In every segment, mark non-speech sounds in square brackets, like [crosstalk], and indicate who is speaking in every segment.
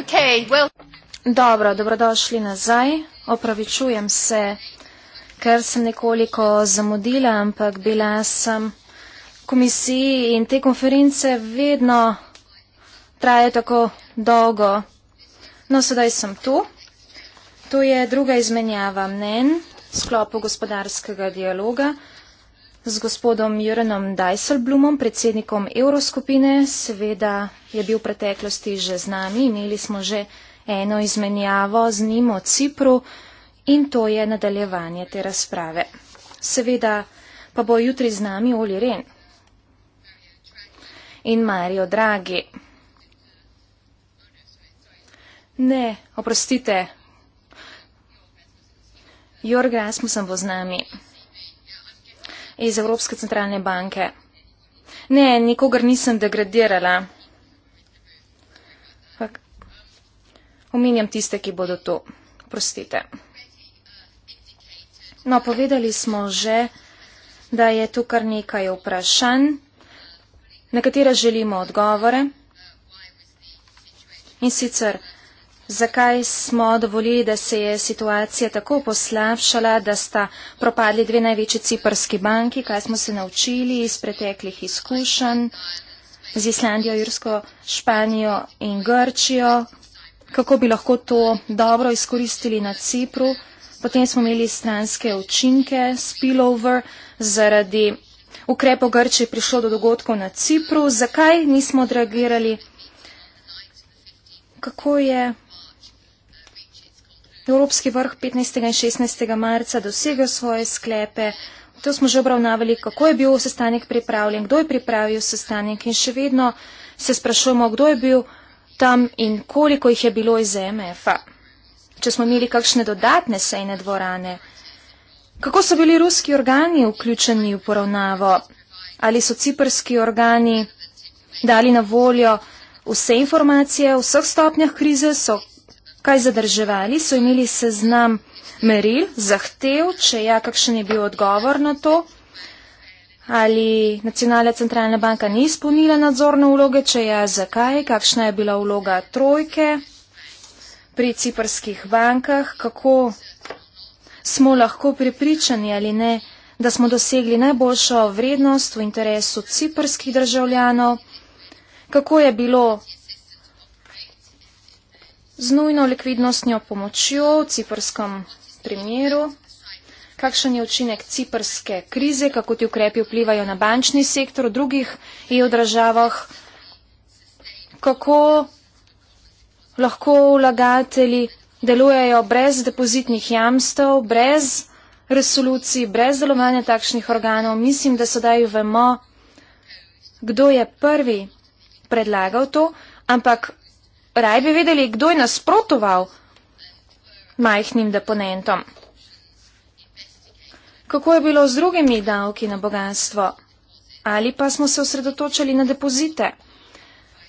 Speaker 1: Okay, well. Dobro, dobrodošli nazaj. Opravičujem se, ker sem nekoliko zamudila, ampak bila sem v komisiji in te konference vedno traje tako dolgo. No, sedaj sem tu. To je druga izmenjava mnen v sklopu gospodarskega dialoga. Z gospodom Jurenom Dajselblumom, predsednikom Evroskupine, seveda je bil v preteklosti že z nami, imeli smo že eno izmenjavo z njim o Cipru in to je nadaljevanje te razprave. Seveda pa bo jutri z nami Oli Ren in Marijo Dragi. Ne, oprostite. Jorg Rasmussen bo z nami iz Evropske centralne banke. Ne, nikogar nisem degradirala. Fak. Omenjam tiste, ki bodo to. Prostite. No, povedali smo že, da je tu kar nekaj vprašanj, na katera želimo odgovore. In sicer, Zakaj smo dovolili, da se je situacija tako poslavšala, da sta propadli dve največji ciprski banki? Kaj smo se naučili iz preteklih izkušenj z Islandijo, Jursko, Španijo in Grčijo? Kako bi lahko to dobro izkoristili na Cipru? Potem smo imeli stranske učinke, spillover, zaradi ukrepo Grčije prišlo do dogodkov na Cipru. Zakaj nismo odreagirali? Kako je Evropski vrh 15. in 16. marca dosegel svoje sklepe. To smo že obravnavali, kako je bil sestanek pripravljen, kdo je pripravil sestanek in še vedno se sprašujemo, kdo je bil tam in koliko jih je bilo iz e MF-a. Če smo imeli kakšne dodatne sejne dvorane, kako so bili ruski organi vključeni v poravnavo? Ali so ciprski organi dali na voljo vse informacije o vseh stopnjah krize, so kaj zadrževali, so imeli seznam meril, zahtev, če ja, kakšen je bil odgovor na to, ali nacionalna centralna banka ni izpolnila nadzorne vloge, če ja, zakaj, kakšna je bila vloga trojke pri ciprskih bankah, kako smo lahko prepričani ali ne, da smo dosegli najboljšo vrednost v interesu ciprskih državljanov, kako je bilo z nujno likvidnostnjo pomočjo v ciprskem primeru. Kakšen je učinek ciprske krize, kako ti ukrepi vplivajo na bančni sektor v drugih EU državah, kako lahko vlagateli delujejo brez depozitnih jamstev, brez resolucij, brez delovanja takšnih organov. Mislim, da sedaj vemo, kdo je prvi predlagal to, ampak Raj bi vedeli, kdo je nasprotoval majhnim deponentom. Kako je bilo z drugimi davki na bogatstvo? Ali pa smo se osredotočili na depozite?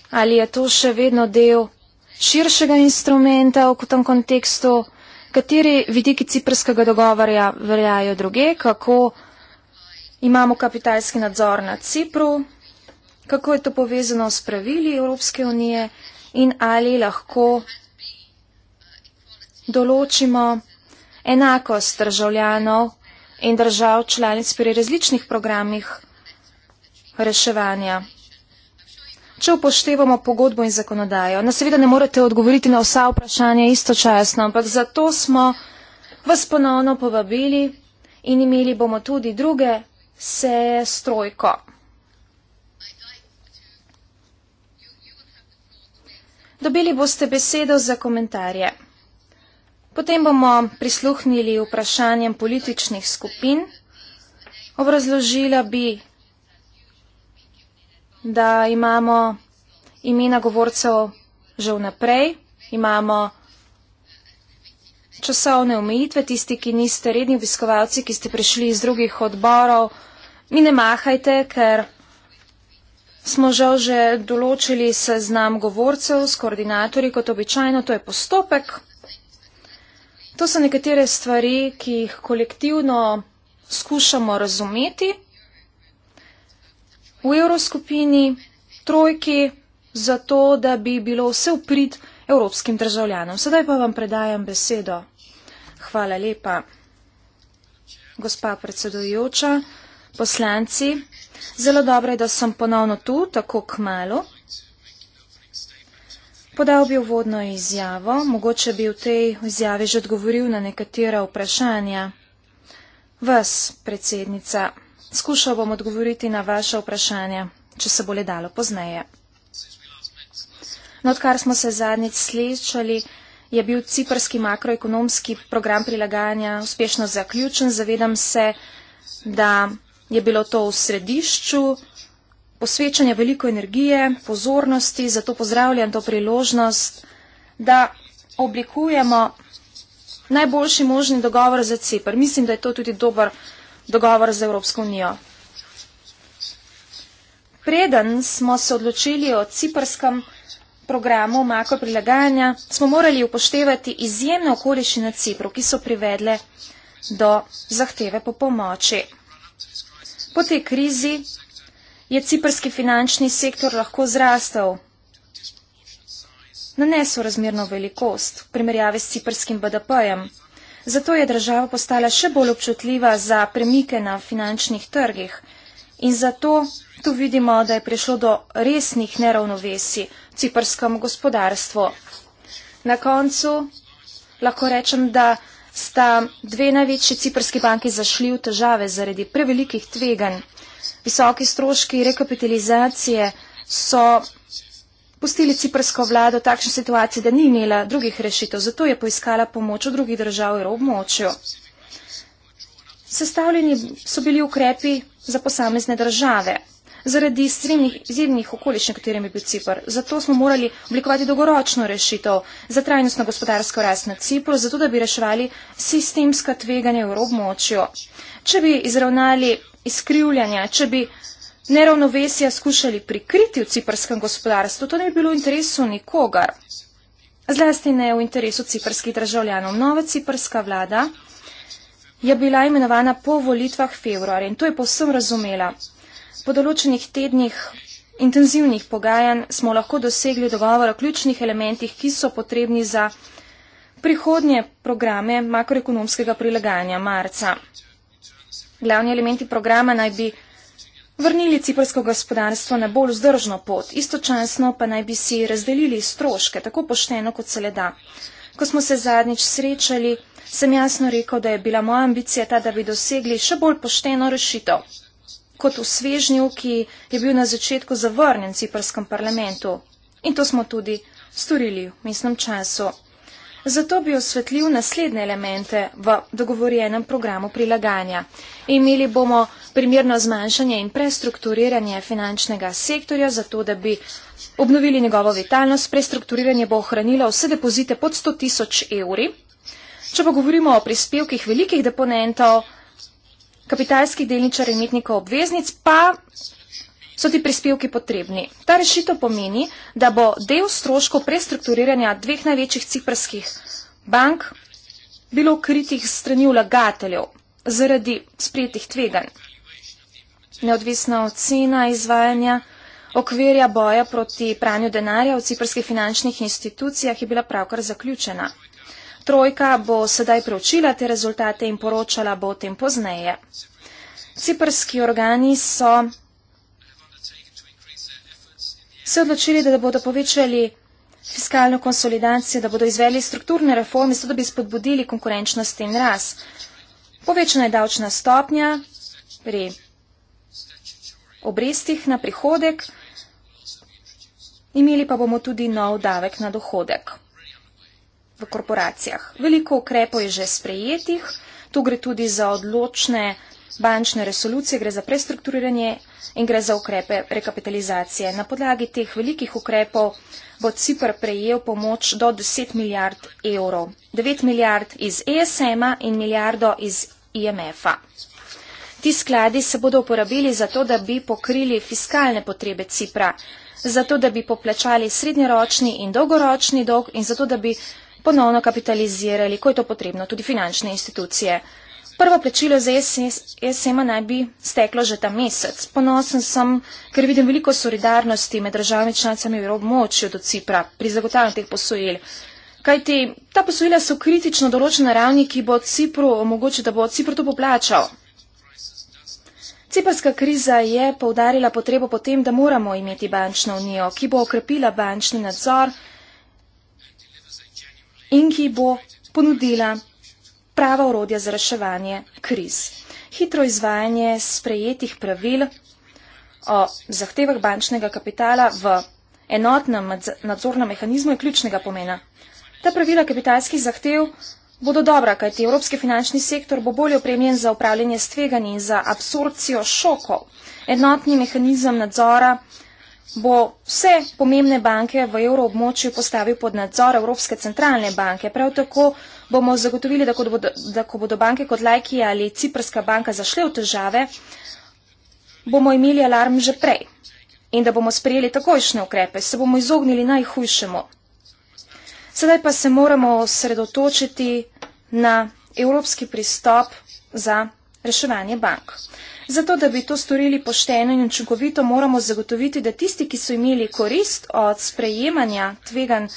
Speaker 1: Ali je to še vedno del širšega instrumenta v tem kontekstu? Kateri vidiki ciprskega dogovora veljajo druge? Kako imamo kapitalski nadzor na Cipru? Kako je to povezano s pravili Evropske unije? in ali lahko določimo enakost državljanov in držav članic pri različnih programih reševanja. Če upoštevamo pogodbo in zakonodajo, nas no, seveda ne morete odgovoriti na vsa vprašanja istočasno, ampak zato smo vas ponovno povabili in imeli bomo tudi druge seje strojko. Dobili boste besedo za komentarje. Potem bomo prisluhnili vprašanjem političnih skupin. Obrazložila bi, da imamo imena govorcev že vnaprej, imamo časovne omejitve, tisti, ki niste redni obiskovalci, ki ste prišli iz drugih odborov, mi ne mahajte, ker smo žal že določili seznam govorcev s koordinatorji, kot običajno to je postopek. To so nekatere stvari, ki jih kolektivno skušamo razumeti. V evroskupini trojki za to, da bi bilo vse uprit evropskim državljanom. Sedaj pa vam predajam besedo. Hvala lepa, gospa predsedujoča, poslanci, Zelo dobro je, da sem ponovno tu, tako kmalo. Podal bi uvodno izjavo, mogoče bi v tej izjavi že odgovoril na nekatera vprašanja. Vas, predsednica, skušal bom odgovoriti na vaše vprašanje, če se bo le dalo pozneje. No, odkar smo se zadnjič slišali, je bil ciprski makroekonomski program prilagajanja uspešno zaključen. Zavedam se, da je bilo to v središču posvečanja veliko energije, pozornosti, zato pozdravljam to priložnost, da oblikujemo najboljši možni dogovor za CEPR. Mislim, da je to tudi dober dogovor za Evropsko unijo. Preden smo se odločili o ciprskem programu mako prilagajanja, smo morali upoštevati izjemne okoliščine Cipru, ki so privedle do zahteve po pomoči. Po tej krizi je ciprski finančni sektor lahko zrastel na nesorazmerno velikost v primerjavi s ciprskim BDP-jem. Zato je država postala še bolj občutljiva za premike na finančnih trgih in zato tu vidimo, da je prišlo do resnih neravnovesij v ciprskem gospodarstvu. Na koncu lahko rečem, da sta dve največji ciprski banki zašli v težave zaradi prevelikih tveganj. Visoki stroški rekapitalizacije so pustili ciprsko vlado v takšni situaciji, da ni imela drugih rešitev, zato je poiskala pomoč v drugih držav in območju. Sestavljeni so bili ukrepi za posamezne države zaradi stremnih izjemnih okoliščin, katerimi je bil Cipr. Zato smo morali oblikovati dolgoročno rešitev za trajnostno gospodarsko rast na Cipru, zato da bi reševali sistemska tveganja v območju. Če bi izravnali izkrivljanja, če bi neravnovesja skušali prikriti v ciprskem gospodarstvu, to ne bi bilo v interesu nikogar. Zlasti ne v interesu ciprskih državljanov. Nova ciprska vlada je bila imenovana po volitvah februarja in to je povsem razumela. Po določenih tednih intenzivnih pogajanj smo lahko dosegli dogovor o ključnih elementih, ki so potrebni za prihodnje programe makroekonomskega prilagajanja marca. Glavni elementi programa naj bi vrnili ciprsko gospodarstvo na bolj vzdržno pot, istočasno pa naj bi si razdelili stroške tako pošteno, kot se le da. Ko smo se zadnjič srečali, sem jasno rekel, da je bila moja ambicija ta, da bi dosegli še bolj pošteno rešitev kot v svežnju, ki je bil na začetku zavrnjen v ciprskem parlamentu. In to smo tudi storili v mestnem času. Zato bi osvetljil naslednje elemente v dogovorjenem programu prilagajanja. Imeli bomo primerno zmanjšanje in prestrukturiranje finančnega sektorja, zato da bi obnovili njegovo vitalnost. Prestrukturiranje bo ohranilo vse depozite pod 100 tisoč evri. Če pa govorimo o prispevkih velikih deponentov, kapitalskih delničarjev imetnikov obveznic, pa so ti prispevki potrebni. Ta rešitev pomeni, da bo del stroškov prestrukturiranja dveh največjih ciprskih bank bilo kritih strani vlagateljev zaradi sprijetih tveganj. Neodvisna ocena izvajanja okvirja boja proti pranju denarja v ciprskih finančnih institucijah je bila pravkar zaključena. Trojka bo sedaj preučila te rezultate in poročala bo o tem pozneje. Ciprski organi so se odločili, da bodo povečali fiskalno konsolidacijo, da bodo izveli strukturne reforme, zato da bi spodbudili konkurenčnost in raz. Povečana je davčna stopnja pri obrestih na prihodek, imeli pa bomo tudi nov davek na dohodek v korporacijah. Veliko ukrepov je že sprejetih, tu gre tudi za odločne bančne resolucije, gre za prestrukturiranje in gre za ukrepe rekapitalizacije. Na podlagi teh velikih ukrepov bo Cipr prejel pomoč do 10 milijard evrov. 9 milijard iz ESM-a in milijardo iz IMF-a. Ti skladi se bodo uporabili za to, da bi pokrili fiskalne potrebe Cipra, za to, da bi poplačali srednjeročni in dolgoročni dolg in za to, da bi ponovno kapitalizirali, ko je to potrebno, tudi finančne institucije. Prvo plačilo za SM-a naj bi steklo že ta mesec. Ponosen sem, ker vidim veliko solidarnosti med državami članicami v območju do Cipra pri zagotavljanju teh posojil. Kajti ta posojila so kritično določene ravni, ki bo Cipru omogočil, da bo Cipr to poplačal. Ciprska kriza je poudarila potrebo potem, da moramo imeti bančno unijo, ki bo okrepila bančni nadzor in ki bo ponudila prava urodja za reševanje kriz. Hitro izvajanje sprejetih pravil o zahtevah bančnega kapitala v enotnem nadzornem mehanizmu je ključnega pomena. Ta pravila kapitalskih zahtev bodo dobra, kajti evropski finančni sektor bo bolje opremljen za upravljanje stveganj in za absorpcijo šokov. Enotni mehanizem nadzora bo vse pomembne banke v evroobmočju postavil pod nadzor Evropske centralne banke. Prav tako bomo zagotovili, da ko bodo, da ko bodo banke kot Lajki ali Ciprska banka zašle v težave, bomo imeli alarm že prej in da bomo sprejeli takojšne ukrepe, se bomo izognili najhujšemu. Sedaj pa se moramo sredotočiti na evropski pristop za reševanje bank. Zato, da bi to storili pošteno in učinkovito, moramo zagotoviti, da tisti, ki so imeli korist od sprejemanja tvegan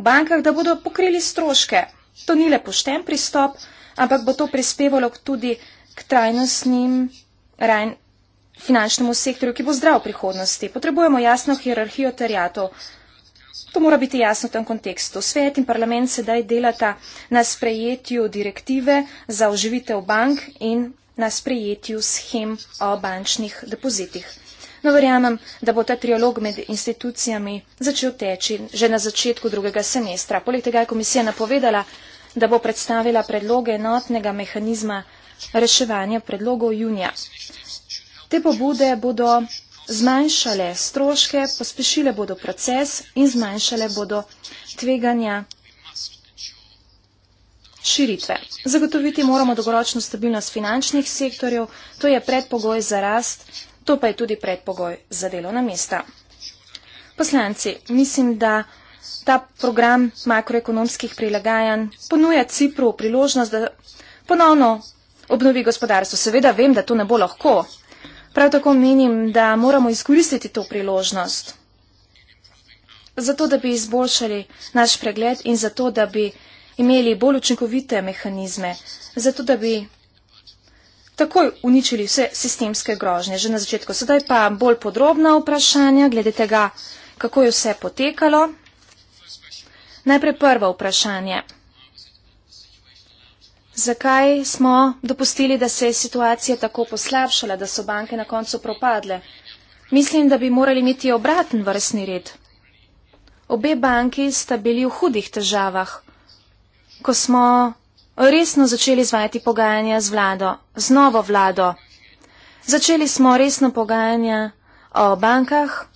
Speaker 1: v bankah, da bodo pokrili stroške. To ni le pošten pristop, ampak bo to prispevalo tudi k trajnostnim rajn finančnemu sektorju, ki bo zdrav v prihodnosti. Potrebujemo jasno hierarhijo terjatov. To mora biti jasno v tem kontekstu. Svet in parlament sedaj delata na sprejetju direktive za oživitev bank in na sprejetju schem o bančnih depozitih. No, verjamem, da bo ta trialog med institucijami začel teči že na začetku drugega semestra. Poleg tega je komisija napovedala, da bo predstavila predloge enotnega mehanizma reševanja predlogov junija. Te pobude bodo zmanjšale stroške, pospešile bodo proces in zmanjšale bodo tveganja širitve. Zagotoviti moramo dolgoročno stabilnost finančnih sektorjev, to je predpogoj za rast, to pa je tudi predpogoj za delovna mesta. Poslanci, mislim, da ta program makroekonomskih prilagajanj ponuja Cipru priložnost, da ponovno obnovi gospodarstvo. Seveda vem, da to ne bo lahko. Prav tako menim, da moramo izkoristiti to priložnost, zato da bi izboljšali naš pregled in zato da bi imeli bolj učinkovite mehanizme, zato da bi takoj uničili vse sistemske grožnje. Že na začetku sedaj pa bolj podrobna vprašanja glede tega, kako je vse potekalo. Najprej prvo vprašanje. Zakaj smo dopustili, da se je situacija tako poslabšala, da so banke na koncu propadle? Mislim, da bi morali imeti obraten vrstni red. Obe banki sta bili v hudih težavah ko smo resno začeli izvajati pogajanja z vlado, z novo vlado. Začeli smo resno pogajanja o bankah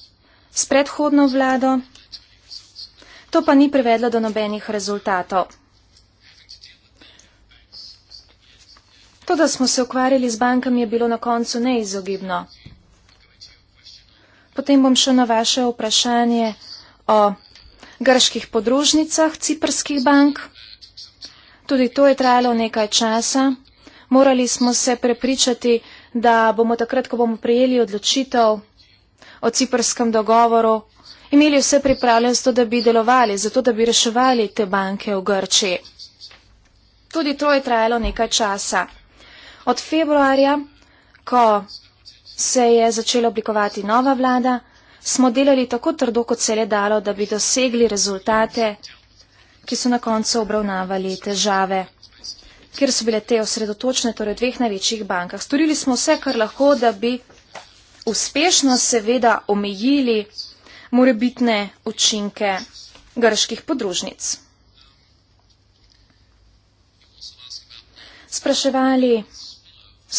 Speaker 1: s predhodno vlado. To pa ni privedlo do nobenih rezultatov. To, da smo se ukvarjali z bankami, je bilo na koncu neizogibno. Potem bom šel na vaše vprašanje o grških podružnicah ciprskih bank. Tudi to je trajalo nekaj časa. Morali smo se prepričati, da bomo takrat, ko bomo prijeli odločitev o ciprskem dogovoru, imeli vse pripravljeno, zato da bi delovali, zato da bi reševali te banke v Grči. Tudi to je trajalo nekaj časa. Od februarja, ko se je začela oblikovati nova vlada, smo delali tako trdo, kot se je dalo, da bi dosegli rezultate, ki so na koncu obravnavali težave. Ker so bile te osredotočene, torej v dveh največjih bankah. Storili smo vse, kar lahko, da bi uspešno seveda omejili morebitne učinke grških podružnic. Spraševali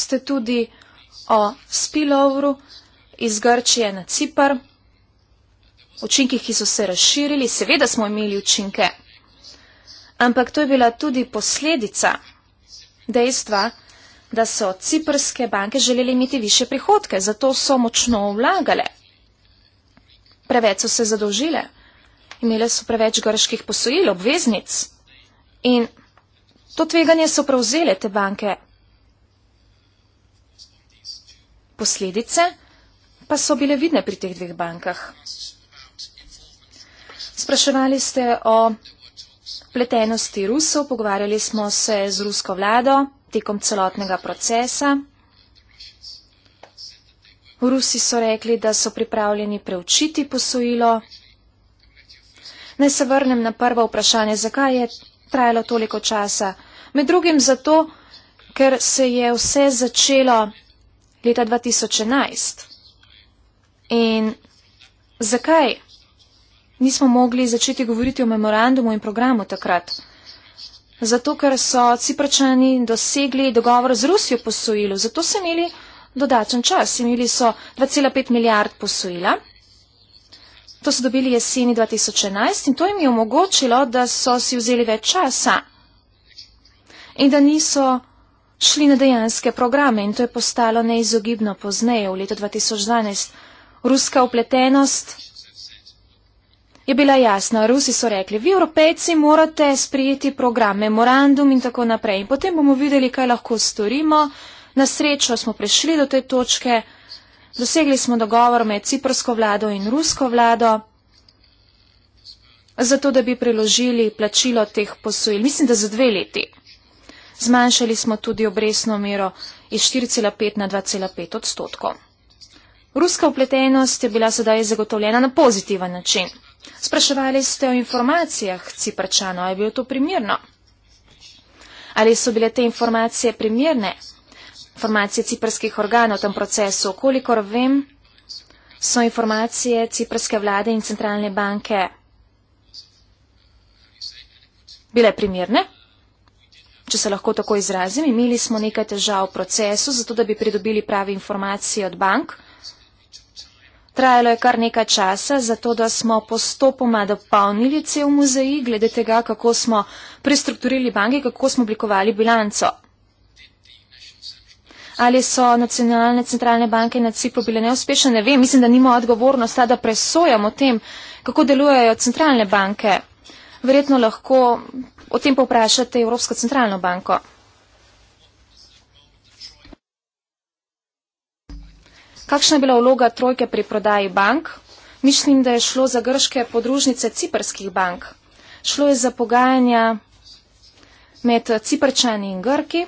Speaker 1: ste tudi o spilovru iz Grčije na Cipar, učinkih, ki so se razširili. Seveda smo imeli učinke ampak to je bila tudi posledica dejstva, da so ciprske banke želeli imeti više prihodke, zato so močno vlagale. Preveč so se zadolžile, imele so preveč grških posojil, obveznic in to tveganje so prevzele te banke. Posledice pa so bile vidne pri teh dveh bankah. Spraševali ste o pletenosti Rusov, pogovarjali smo se z rusko vlado tekom celotnega procesa. Rusi so rekli, da so pripravljeni preučiti posojilo. Naj se vrnem na prvo vprašanje, zakaj je trajalo toliko časa. Med drugim zato, ker se je vse začelo leta 2011. In zakaj? nismo mogli začeti govoriti o memorandumu in programu takrat. Zato, ker so Cipračani dosegli dogovor z Rusijo posojilu, zato so imeli dodačen čas. Imeli so 2,5 milijard posojila. To so dobili jeseni 2011 in to jim je omogočilo, da so si vzeli več časa in da niso šli na dejanske programe in to je postalo neizogibno pozneje v letu 2012. Ruska upletenost je bila jasna. Rusi so rekli, vi, evropejci, morate sprijeti program, memorandum in tako naprej. In potem bomo videli, kaj lahko storimo. Na srečo smo prišli do te točke, dosegli smo dogovor med ciprsko vlado in rusko vlado, zato da bi preložili plačilo teh posojil. Mislim, da za dve leti. Zmanjšali smo tudi obresno mero iz 4,5 na 2,5 odstotkov. Ruska upletenost je bila sedaj zagotovljena na pozitiven način. Spraševali ste o informacijah Ciprčano, je bilo to primirno? Ali so bile te informacije primirne? Informacije ciprskih organov v tem procesu, kolikor vem, so informacije ciprske vlade in centralne banke bile primirne? Če se lahko tako izrazim, imeli smo nekaj težav v procesu, zato da bi pridobili pravi informacije od bank – Trajalo je kar nekaj časa, zato da smo postopoma dopolnili cel muzej, glede tega, kako smo prestrukturili banke, kako smo oblikovali bilanco. Ali so nacionalne centralne banke na Cipru bile neuspešne, ne vem. Mislim, da nimo odgovornost ta, da presojamo o tem, kako delujejo centralne banke. Verjetno lahko o tem povprašate Evropsko centralno banko. Kakšna je bila vloga trojke pri prodaji bank? Mislim, da je šlo za grške podružnice ciperskih bank. Šlo je za pogajanja med ciperčani in grki,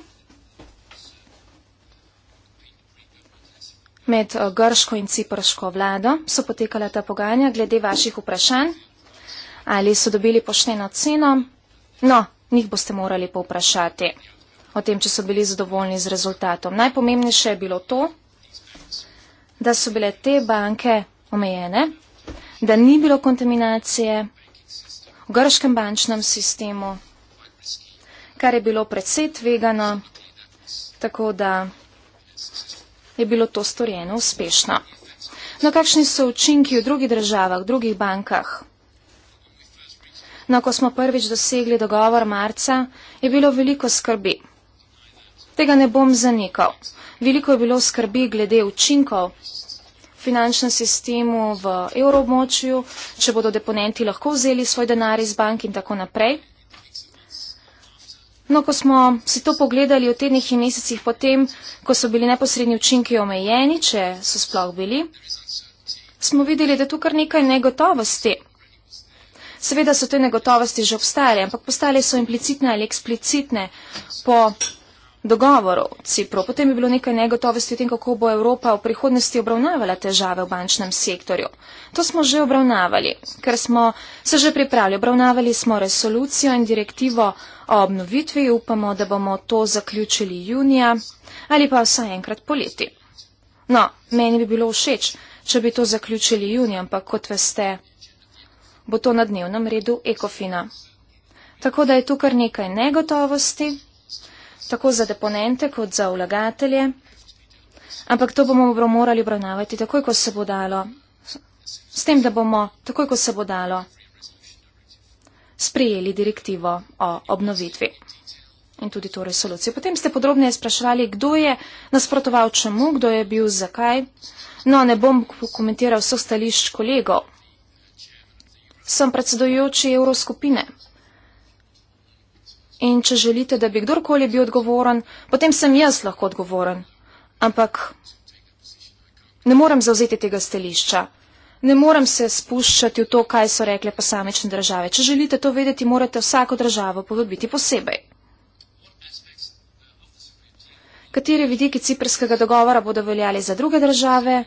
Speaker 1: med eh, grško in ciperško vlado. So potekala ta pogajanja glede vaših vprašanj, ali so dobili pošteno ceno. No, njih boste morali povprašati o tem, če so bili zadovoljni z rezultatom. Najpomembnejše je bilo to, da so bile te banke omejene, da ni bilo kontaminacije v grškem bančnem sistemu, kar je bilo predvsej tvegano, tako da je bilo to storjeno uspešno. No, kakšni so učinki v drugih državah, v drugih bankah? No, ko smo prvič dosegli dogovor marca, je bilo veliko skrbi. Tega ne bom zanikal. Veliko je bilo skrbi glede učinkov v finančnem sistemu v evroobmočju, če bodo deponenti lahko vzeli svoj denar iz bank in tako naprej. No, ko smo si to pogledali v tednih in mesecih potem, ko so bili neposredni učinki omejeni, če so sploh bili, smo videli, da je tu kar nekaj negotovosti. Seveda so te negotovosti že obstajale, ampak postale so implicitne ali eksplicitne po dogovorov. Cipro. Potem je bilo nekaj negotovosti o tem, kako bo Evropa v prihodnosti obravnavala težave v bančnem sektorju. To smo že obravnavali, ker smo se že pripravili. Obravnavali smo resolucijo in direktivo o obnovitvi. Upamo, da bomo to zaključili junija ali pa vsaj enkrat poleti. No, meni bi bilo všeč, če bi to zaključili junija, ampak kot veste, bo to na dnevnem redu ekofina. Tako da je tu kar nekaj negotovosti tako za deponente kot za vlagatelje, ampak to bomo morali obravnavati takoj, ko se bo dalo, s tem, da bomo takoj, ko se bo dalo, sprejeli direktivo o obnovitvi in tudi to resolucijo. Potem ste podrobneje spraševali, kdo je nasprotoval čemu, kdo je bil zakaj. No, ne bom komentiral vseh stališč kolegov. Sem predsedojoči Evroskupine. In če želite, da bi kdorkoli bil odgovoren, potem sem jaz lahko odgovoren. Ampak ne morem zauzeti tega stališča. Ne morem se spuščati v to, kaj so rekle posamečne države. Če želite to vedeti, morate vsako državo povabiti posebej. Kateri vidiki ciprskega dogovora bodo veljali za druge države?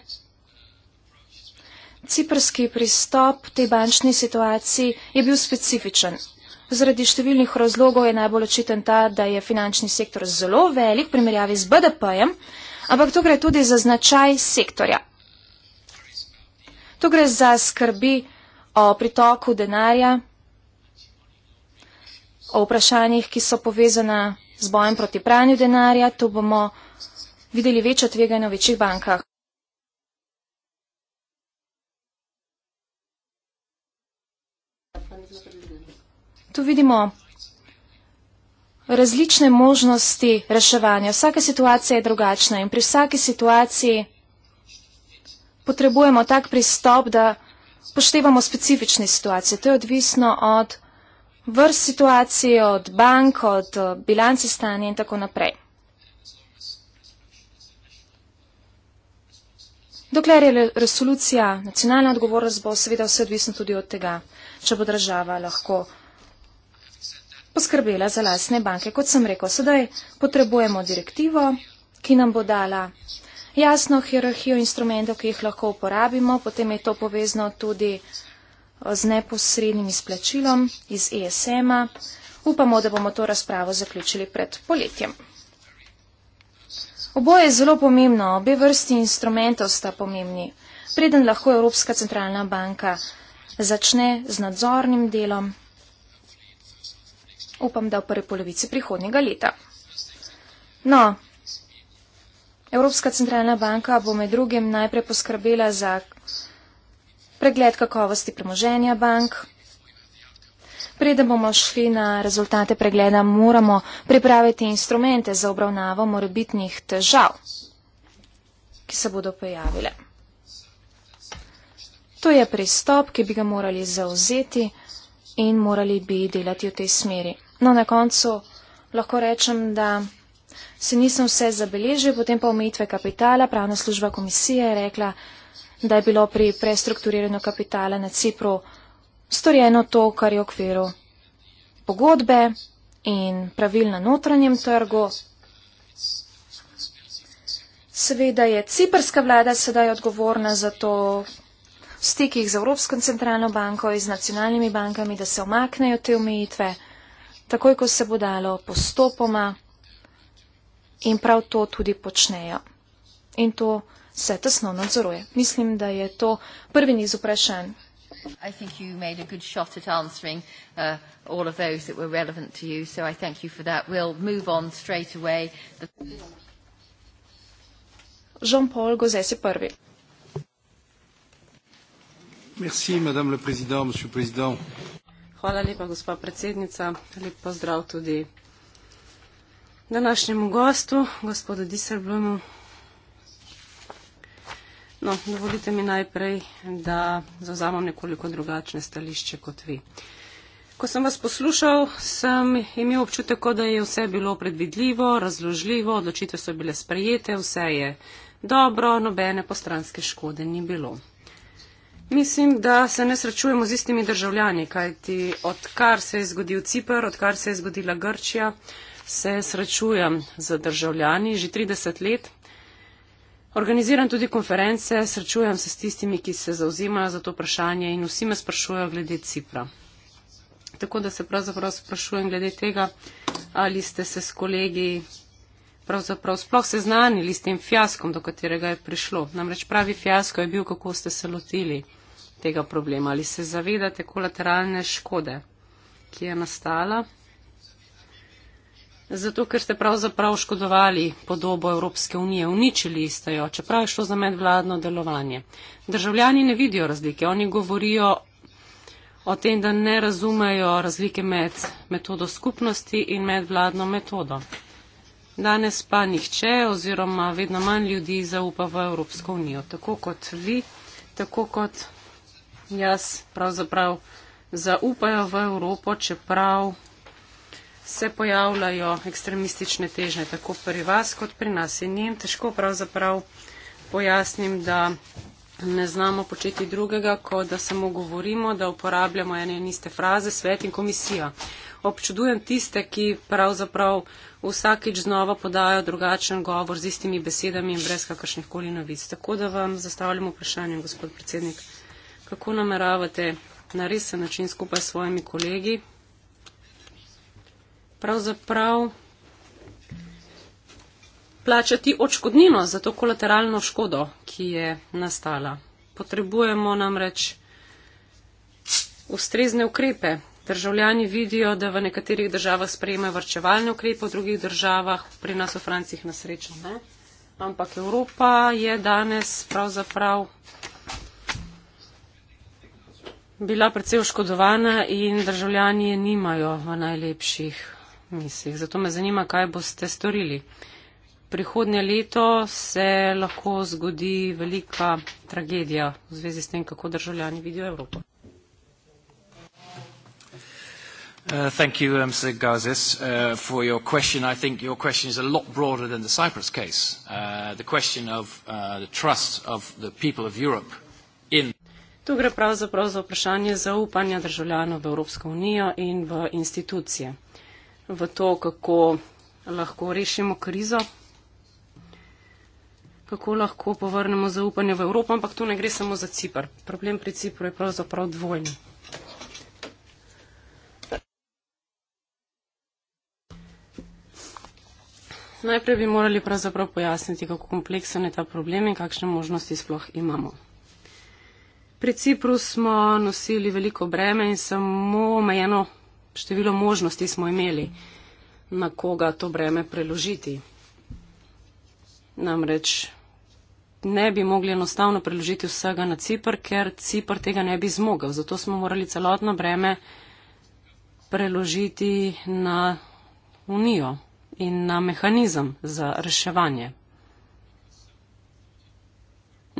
Speaker 1: Ciprski pristop tej bančni situaciji je bil specifičen. Zaradi številnih razlogov je najbolj očiten ta, da je finančni sektor zelo velik v primerjavi z BDP-jem, ampak to gre tudi za značaj sektorja. To gre za skrbi o pritoku denarja, o vprašanjih, ki so povezana z bojem proti pranju denarja. Tu bomo videli večja tveganja v večjih bankah. Tu vidimo različne možnosti reševanja. Vsaka situacija je drugačna in pri vsaki situaciji potrebujemo tak pristop, da poštevamo specifične situacije. To je odvisno od vrst situacije, od bank, od eh, bilance stanja in tako naprej. Dokler je resolucija nacionalna odgovornost, bo seveda vse odvisno tudi od tega, če bo država lahko poskrbela za lasne banke. Kot sem rekel, sedaj potrebujemo direktivo, ki nam bo dala jasno hierarhijo instrumentov, ki jih lahko uporabimo, potem je to povezno tudi eh, z neposrednim izplačilom iz ESM-a. Upamo, da bomo to razpravo zaključili pred poletjem. Oboje je zelo pomembno, obe vrsti instrumentov sta pomembni. Preden lahko Evropska centralna banka začne z nadzornim delom, upam, da v prvi polovici prihodnjega leta. No, Evropska centralna banka bo med drugim najprej poskrbela za pregled kakovosti premoženja bank. Preden bomo šli na rezultate pregleda, moramo pripraviti instrumente za obravnavo morebitnih težav, ki se bodo pojavile. To je pristop, ki bi ga morali zauzeti in morali bi delati v tej smeri. No, na koncu lahko rečem, da se nisem vse zabeležil, potem pa omejitve kapitala. Pravna služba komisije je rekla, da je bilo pri prestrukturiranju kapitala na Cipru storjeno to, kar je v okviru pogodbe in pravil na notranjem trgu. Seveda je ciprska vlada sedaj odgovorna za to v stikih z Evropsko centralno banko in z nacionalnimi bankami, da se omaknejo te omejitve takoj, ko se bo dalo postopoma in prav to tudi počnejo. In to se tesno nadzoruje. Mislim, da je to prvi niz vprašanj. I think you made a good shot at
Speaker 2: answering uh, all of those that were relevant to you, so I thank you for that. We'll move on straight
Speaker 1: away. The... Jean-Paul Gauzès, prvi.
Speaker 3: Merci, Madame le Président, Monsieur le Président. Hvala lepa, gospa predsednica. Lep pozdrav tudi današnjemu gostu, gospodu Diserblumu. No, dovolite mi najprej, da zauzamem nekoliko drugačne stališče kot vi. Ko sem vas poslušal, sem imel občutek, da je vse bilo predvidljivo, razložljivo, odločitve so bile sprejete, vse je dobro, nobene postranske škode ni bilo. Mislim, da se ne srečujemo z istimi državljani, kajti odkar se je zgodil Cipr, odkar se je zgodila Grčija, se srečujem z državljani že 30 let. Organiziram tudi konference, srečujem se s tistimi, ki se zauzimajo za to vprašanje in vsi me sprašujejo glede Cipra. Tako da se pravzaprav sprašujem glede tega, ali ste se s kolegi pravzaprav sploh seznanili s tem fiaskom, do katerega je prišlo. Namreč pravi fiasko je bil, kako ste se lotili tega problema? Ali se zavedate kolateralne škode, ki je nastala? Zato, ker ste pravzaprav škodovali podobo Evropske unije, uničili ste jo, čeprav je šlo za medvladno delovanje. Državljani ne vidijo razlike, oni govorijo o tem, da ne razumejo razlike med metodo skupnosti in medvladno metodo. Danes pa nihče oziroma vedno manj ljudi zaupa v Evropsko unijo, tako kot vi, tako kot jaz pravzaprav zaupajo v Evropo, čeprav se pojavljajo ekstremistične težnje tako pri vas kot pri nas. In njim težko pravzaprav pojasnim, da ne znamo početi drugega, kot da samo govorimo, da uporabljamo ene in iste fraze, svet in komisija. Občudujem tiste, ki pravzaprav vsakič znova podajo drugačen govor z istimi besedami in brez kakršnih koli novic. Tako da vam zastavljam vprašanje, gospod predsednik kako nameravate na resen način skupaj s svojimi kolegi pravzaprav plačati očkodnino za to kolateralno škodo, ki je nastala. Potrebujemo namreč ustrezne ukrepe. Državljani vidijo, da v nekaterih državah sprejemajo vrčevalne ukrepe, v drugih državah, pri nas v Franciji na srečo ne. Ampak Evropa je danes pravzaprav bila predvsej oškodovana in državljani je nimajo v najlepših mislih. Zato me zanima, kaj boste storili. Prihodnje leto se lahko zgodi velika tragedija v zvezi s tem, kako državljani vidijo Evropo.
Speaker 1: Uh, thank you, Mr. Um, Gazis, uh, for your question. I think your question is a lot broader than the Cyprus case. Uh, the question of uh, the trust of the people of Europe in.
Speaker 3: Tu gre pravzaprav za vprašanje zaupanja državljanov v Evropsko unijo in v institucije. V to, kako lahko rešimo krizo, kako lahko povrnemo zaupanje v Evropo, ampak tu ne gre samo za Cipr. Problem pri Cipru je pravzaprav dvojni. Najprej bi morali pravzaprav pojasniti, kako kompleksen je ta problem in kakšne možnosti sploh imamo. Pri Cipru smo nosili veliko breme in samo omejeno število možnosti smo imeli, na koga to breme preložiti. Namreč ne bi mogli enostavno preložiti vsega na Cipr, ker Cipr tega ne bi zmogel. Zato smo morali celotno breme preložiti na Unijo in na mehanizem za reševanje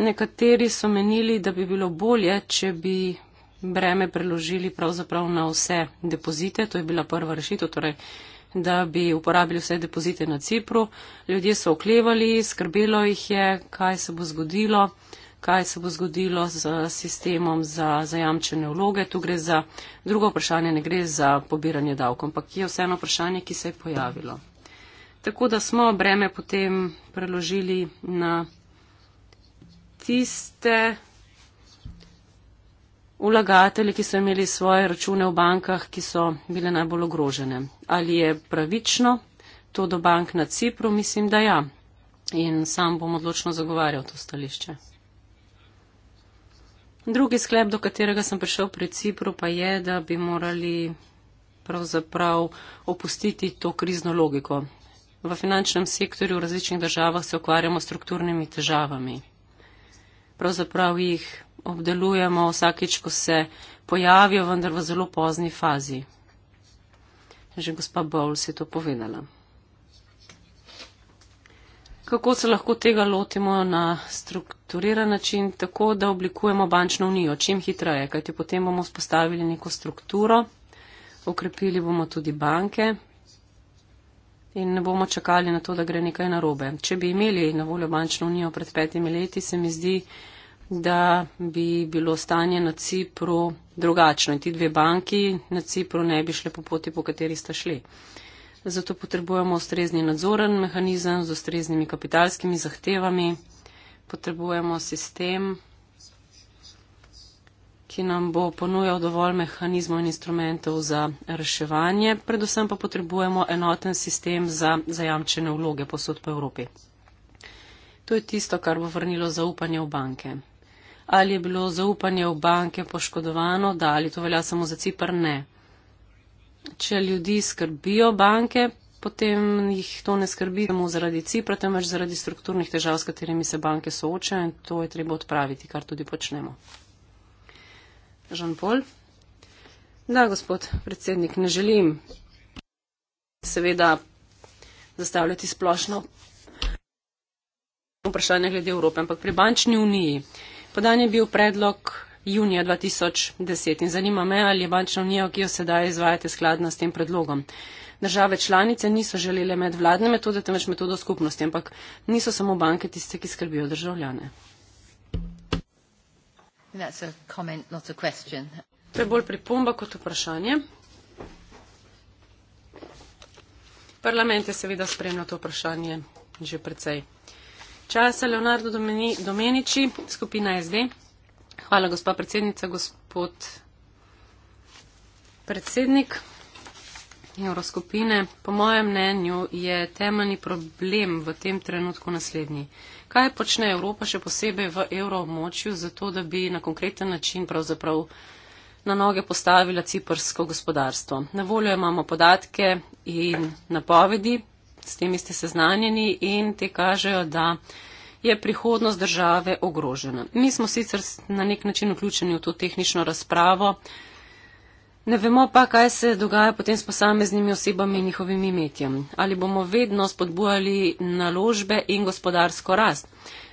Speaker 3: Nekateri so menili, da bi bilo bolje, če bi breme preložili pravzaprav na vse depozite, to je bila prva rešitev, torej, da bi uporabili vse depozite na Cipru. Ljudje so oklevali, skrbelo jih je, kaj se bo zgodilo, kaj se bo zgodilo z sistemom za zajamčene vloge. Tu gre za drugo vprašanje, ne gre za pobiranje davkom, ampak je vseeno vprašanje, ki se je pojavilo. Tako da smo breme potem preložili na tiste vlagatelje, ki so imeli svoje račune v bankah, ki so bile najbolj ogrožene. Ali je pravično to do bank na Cipru? Mislim, da ja. In sam bom odločno zagovarjal to stališče. Drugi sklep, do katerega sem prišel pri Cipru, pa je, da bi morali pravzaprav opustiti to krizno logiko. V finančnem sektorju v različnih državah se ukvarjamo strukturnimi težavami pravzaprav jih obdelujemo vsakeč, ko se pojavijo, vendar v zelo pozni fazi. Že gospa Bowles je to povedala. Kako se lahko tega lotimo na strukturiran način, tako da oblikujemo bančno unijo, čim hitreje, kajti potem bomo spostavili neko strukturo, okrepili bomo tudi banke, in ne bomo čakali na to, da gre nekaj narobe. Če bi imeli na voljo bančno unijo pred petimi leti, se mi zdi, da bi bilo stanje na Cipru drugačno in ti dve banki na Cipru ne bi šle po poti, po kateri sta šli. Zato potrebujemo ustrezni nadzoren mehanizem z ustreznimi kapitalskimi zahtevami, potrebujemo sistem ki nam bo ponujal dovolj mehanizmov in instrumentov za reševanje, predvsem pa potrebujemo enoten sistem za zajamčene vloge posod po Evropi. To je tisto, kar bo vrnilo zaupanje v banke. Ali je bilo zaupanje v banke poškodovano, da ali to velja samo za Cipr, ne. Če ljudi skrbijo banke, potem jih to ne skrbi samo zaradi Cipra, temveč zaradi strukturnih težav, s katerimi se banke soočajo in to je treba odpraviti, kar tudi počnemo. Žanpol. Da, gospod predsednik, ne želim seveda zastavljati splošno vprašanje glede Evrope, ampak pri bančni uniji. Podan je bil predlog junija 2010 in zanima me, ali je bančna unija, ki jo sedaj izvajate skladna s tem predlogom. Države članice niso želele med vladne metode, temveč metodo skupnosti, ampak niso samo banke tiste, ki skrbijo državljane. To je bolj pripomba kot vprašanje. Parlament je seveda spremljal to vprašanje že precej. Časa Leonardo Domenici, skupina SD. Hvala, gospa predsednica, gospod predsednik evroskupine. Po mojem mnenju je temeljni problem v tem trenutku naslednji. Kaj počne Evropa še posebej v evroobmočju za to, da bi na konkreten način pravzaprav na noge postavila ciprsko gospodarstvo? Na voljo imamo podatke in napovedi, s temi ste seznanjeni in te kažejo, da je prihodnost države ogrožena. Mi smo sicer na nek način vključeni v to tehnično razpravo, Ne vemo pa, kaj se dogaja potem s posameznimi osebami in njihovim imetjem. Ali bomo vedno spodbujali naložbe in gospodarsko rast.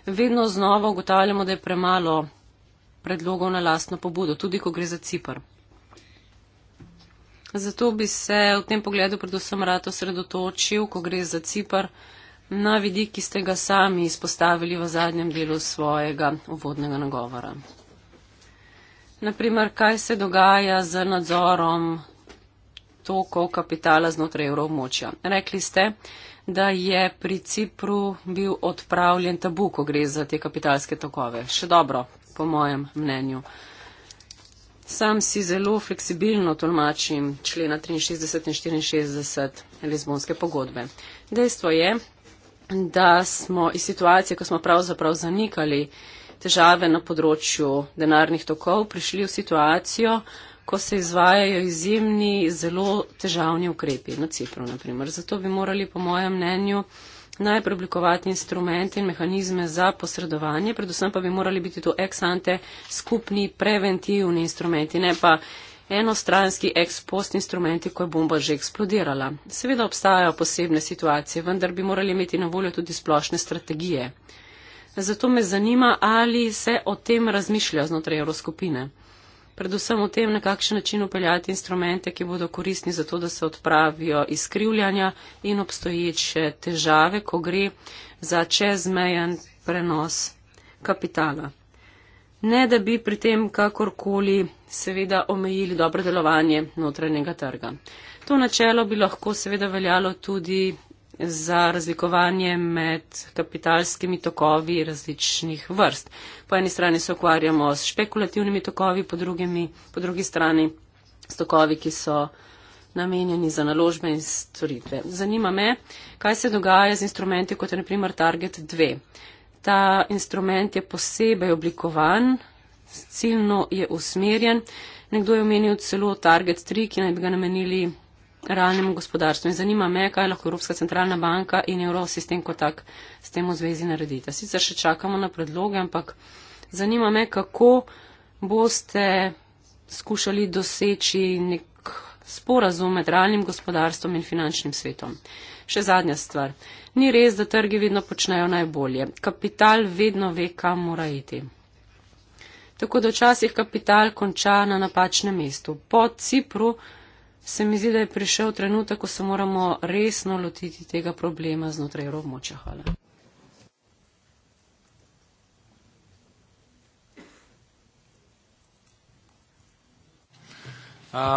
Speaker 3: Vedno znova ugotavljamo, da je premalo predlogov na lastno pobudo, tudi ko gre za Cipr. Zato bi se v tem pogledu predvsem rad osredotočil, ko gre za Cipr, na vidik, ki ste ga sami izpostavili v zadnjem delu svojega uvodnega nagovora. Naprimer, kaj se dogaja z nadzorom toko kapitala znotraj evroobmočja? Rekli ste, da je pri Cipru bil odpravljen tabu, ko gre za te kapitalske tokove. Še dobro, po mojem mnenju. Sam si zelo fleksibilno tolmačim člena 63 in 64 Lizbonske pogodbe. Dejstvo je, da smo iz situacije, ko smo pravzaprav zanikali, težave na področju denarnih tokov prišli v situacijo, ko se izvajajo izjemni, zelo težavni ukrepi na Cipru, naprimer. Zato bi morali, po mojem mnenju, najprej oblikovati instrumente in mehanizme za posredovanje, predvsem pa bi morali biti to ex ante skupni preventivni instrumenti, ne pa enostranski ex post instrumenti, ko je bomba že eksplodirala. Seveda obstajajo posebne situacije, vendar bi morali imeti na voljo tudi splošne strategije Zato me zanima, ali se o tem razmišlja znotraj evroskupine. Predvsem o tem, na kakšen način upeljati instrumente, ki bodo koristni za to, da se odpravijo izkrivljanja in obstoječe težave, ko gre za čezmejen prenos kapitala. Ne, da bi pri tem kakorkoli seveda omejili dobro delovanje notranjega trga. To načelo bi lahko seveda veljalo tudi za razlikovanje med kapitalskimi tokovi različnih vrst. Po eni strani se ukvarjamo s špekulativnimi tokovi, po, drugimi, po drugi strani s tokovi, ki so namenjeni za naložbe in storitve. Zanima me, kaj se dogaja z instrumenti, kot je naprimer Target 2. Ta instrument je posebej oblikovan, ciljno je usmerjen. Nekdo je omenil celo Target 3, ki naj bi ga namenili realnemu gospodarstvu. In zanima me, kaj lahko Evropska centralna banka in evrosistem kot tak s tem v zvezi naredita. Sicer še čakamo na predloge, ampak zanima me, kako boste skušali doseči nek sporazum med realnim gospodarstvom in finančnim svetom. Še zadnja stvar. Ni res, da trgi vedno počnejo najbolje. Kapital vedno ve, kam mora iti. Tako da včasih kapital konča na napačnem mestu. Po Cipru se mi zdi, da je prišel trenutek, ko se moramo resno lotiti tega problema znotraj evroobmočja. Hvala.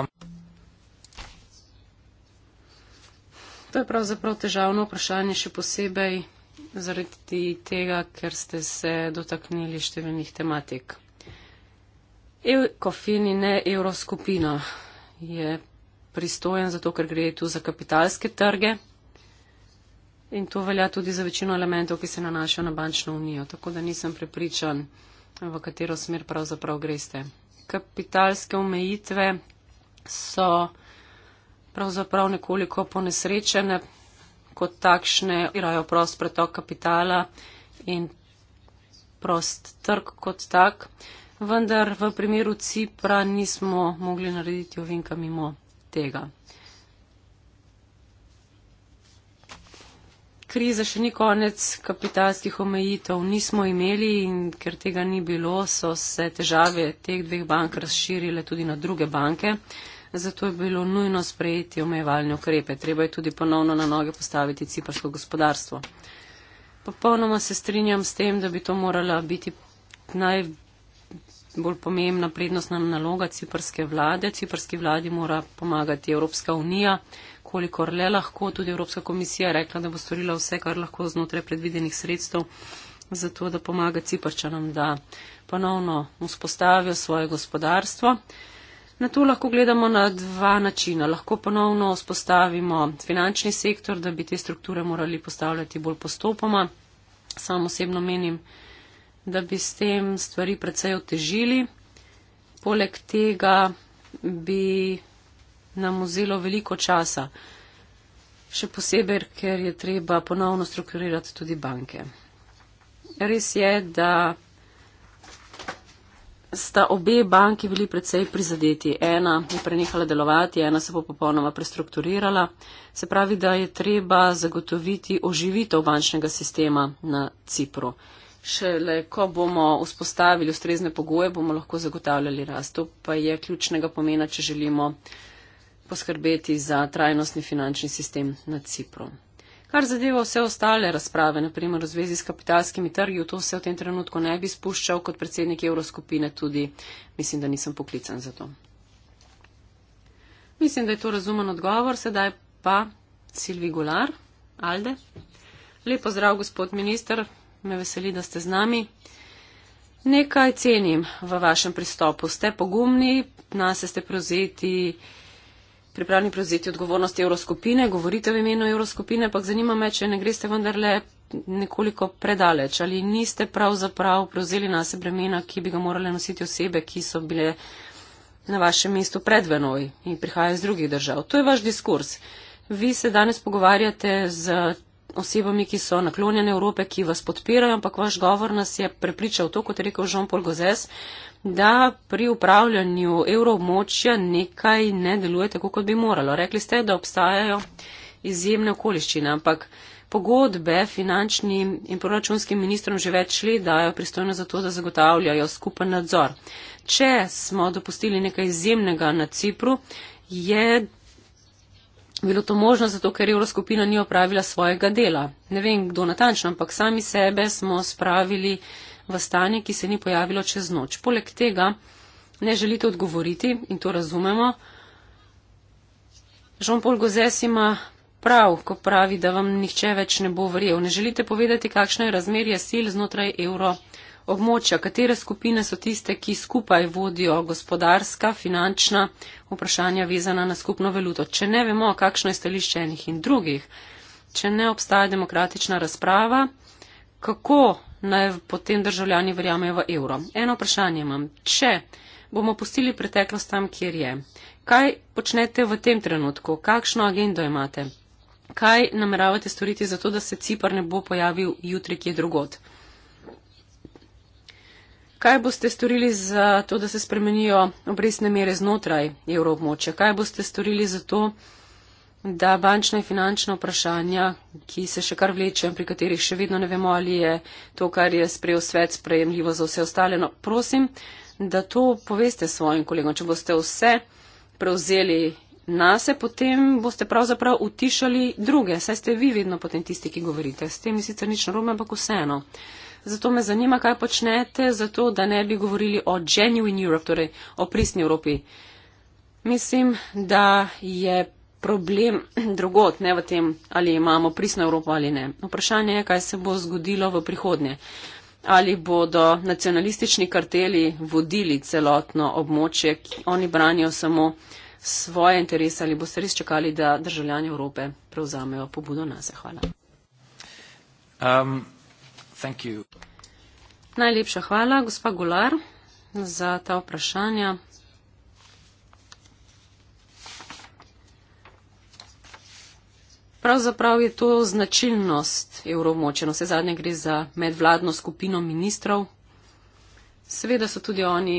Speaker 3: Um. To je pravzaprav težavno vprašanje, še posebej zaradi tega, ker ste se dotaknili številnih tematik. EU-kofin in ne evroskupina je pristojen, zato ker gre tu za kapitalske trge. In to velja tudi za večino elementov, ki se nanašajo na bančno unijo. Tako da nisem prepričan, v katero smer pravzaprav greste. Kapitalske omejitve so pravzaprav nekoliko ponesrečene, kot takšne igrajo prost pretok kapitala in prost trg kot tak. Vendar v primeru Cipra nismo mogli narediti ovinka mimo tega. Kriza še ni konec kapitalskih omejitev, nismo imeli in ker tega ni bilo, so se težave teh dveh bank razširile tudi na druge banke. Zato je bilo nujno sprejeti omejevalne ukrepe. Treba je tudi ponovno na noge postaviti ciparsko gospodarstvo. Popolnoma se strinjam s tem, da bi to morala biti naj, bolj pomembna prednostna naloga ciprske vlade. Ciprski vladi mora pomagati Evropska unija, kolikor le lahko. Tudi Evropska komisija je rekla, da bo storila vse, kar lahko znotraj predvidenih sredstev, zato da pomaga ciprčanom, da ponovno vzpostavijo svoje gospodarstvo. Na to lahko gledamo na dva načina. Lahko ponovno vzpostavimo finančni sektor, da bi te strukture morali postavljati bolj postopoma. Sam osebno menim, da bi s tem stvari precej otežili. Poleg tega bi nam vzelo veliko časa, še posebej, ker je treba ponovno strukturirati tudi banke. Res je, da sta obe banki bili precej prizadeti. Ena je prenehala delovati, ena se bo popolnoma prestrukturirala. Se pravi, da je treba zagotoviti oživitev bančnega sistema na Cipru. Šele ko bomo vzpostavili ustrezne pogoje, bomo lahko zagotavljali rast. To pa je ključnega pomena, če želimo poskrbeti za trajnostni finančni sistem na Cipru. Kar zadeva vse ostale razprave, naprimer v zvezi s kapitalskimi trgi, to se v tem trenutku ne bi spuščal kot predsednik evroskupine, tudi mislim, da nisem poklican za to. Mislim, da je to razumen odgovor, sedaj pa Silvi Gular, Alde. Lep pozdrav, gospod minister, me veseli, da ste z nami. Nekaj cenim v vašem pristopu. Ste pogumni, na se ste prevzeti, pripravljeni prevzeti odgovornost Evroskupine, govorite v imenu Evroskupine, pa zanima me, če ne greste vendarle nekoliko predaleč, ali niste pravzaprav prevzeli na se bremena, ki bi ga morale nositi osebe, ki so bile na vašem mestu pred Venoj in prihajajo iz drugih držav. To je vaš diskurs. Vi se danes pogovarjate z osebami, ki so naklonjene Evrope, ki vas podpirajo, ampak vaš govor nas je prepričal to, kot je rekel Jean-Paul Gozes, da pri upravljanju evroobmočja nekaj ne deluje tako, kot bi moralo. Rekli ste, da obstajajo izjemne okoliščine, ampak pogodbe finančnim in proračunskim ministrom že več let dajo pristojno za to, da zagotavljajo skupen nadzor. Če smo dopustili nekaj izjemnega na Cipru, je bilo to možno, zato ker evroskupina ni opravila svojega dela. Ne vem, kdo natančno, ampak sami sebe smo spravili v stanje, ki se ni pojavilo čez noč. Poleg tega ne želite odgovoriti in to razumemo. Jean-Paul Gozes ima prav, ko pravi, da vam nihče več ne bo verjel. Ne želite povedati, kakšno je razmerje sil znotraj evroskupine območja, katere skupine so tiste, ki skupaj vodijo gospodarska, finančna vprašanja vezana na skupno valuto. Če ne vemo, kakšno je stališče enih in drugih, če ne obstaja demokratična razprava, kako naj potem državljani verjamejo v evro. Eno vprašanje imam. Če bomo pustili preteklost tam, kjer je, kaj počnete v tem trenutku, kakšno agendo imate? Kaj nameravate storiti za to, da se Cipr ne bo pojavil jutri kje drugod? Kaj boste storili za to, da se spremenijo obresne mere znotraj evroobmočja? Kaj boste storili za to, da bančna in finančna vprašanja, ki se še kar vleče in pri katerih še vedno ne vemo, ali je to, kar je sprejel svet, sprejemljivo za vse ostale? No, prosim, da to poveste svojim kolegom. Če boste vse prevzeli nase, potem boste pravzaprav utišali druge. Saj ste vi vedno potem tisti, ki govorite. S tem je sicer nič narobe, ampak vseeno. Zato me zanima, kaj počnete, zato da ne bi govorili o genuine Europe, torej o pristni Evropi. Mislim, da je problem [clears throat] drugot, ne v tem, ali imamo pristno Evropo ali ne. Vprašanje je, kaj se bo zgodilo v prihodnje. Ali bodo nacionalistični karteli vodili celotno območje, ki oni branijo samo svoje interese, ali boste res čakali, da državljani Evrope prevzamejo pobudo na se. Hvala. Um. Najlepša hvala, gospa Gular, za ta vprašanja. Pravzaprav je to značilnost evromoče, no vse zadnje gre za medvladno skupino ministrov. Seveda so tudi oni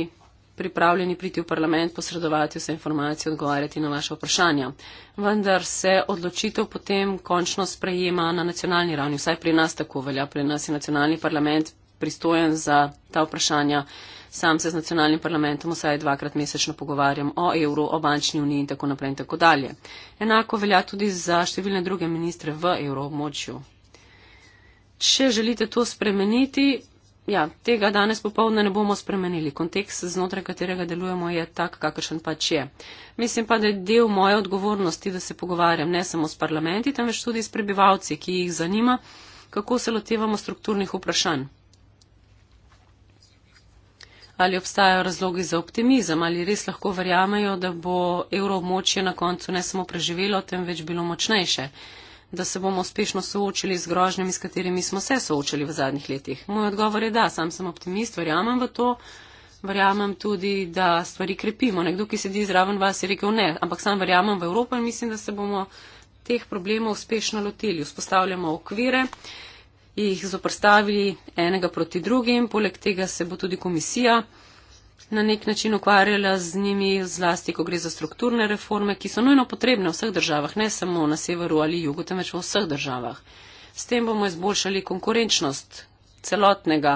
Speaker 3: pripravljeni priti v parlament, posredovati vse informacije, odgovarjati na vaše vprašanja. Vendar se odločitev potem končno sprejema na nacionalni ravni. Vsaj pri nas tako velja. Pri nas je nacionalni parlament pristojen za ta vprašanja. Sam se z nacionalnim parlamentom vsaj dvakrat mesečno pogovarjam o evru, o bančni uniji in tako naprej in tako dalje. Enako velja tudi za številne druge ministre v evroobmočju. Če želite to spremeniti, ja, tega danes popovdne ne bomo spremenili. Kontekst, znotraj katerega delujemo, je tak, kakršen pač je. Mislim pa, da je del moje odgovornosti, da se pogovarjam ne samo s parlamenti, temveč tudi s prebivalci, ki jih zanima, kako se lotevamo strukturnih vprašanj. Ali obstajajo razlogi za optimizem, ali res lahko verjamejo, da bo evroobmočje na koncu ne samo preživelo, temveč bilo močnejše da se bomo uspešno soočili z grožnjami, s katerimi smo se soočili v zadnjih letih? Moj odgovor je da, sam sem optimist, verjamem v to. Verjamem tudi, da stvari krepimo. Nekdo, ki sedi zraven vas, je rekel ne, ampak sam verjamem v Evropo in mislim, da se bomo teh problemov uspešno lotili. Vzpostavljamo okvire, jih zoprstavili enega proti drugim, poleg tega se bo tudi komisija na nek način ukvarjala z njimi, zlasti, ko gre za strukturne reforme, ki so nujno potrebne v vseh državah, ne samo na severu ali jugu, temveč v vseh državah. S tem bomo izboljšali konkurenčnost celotnega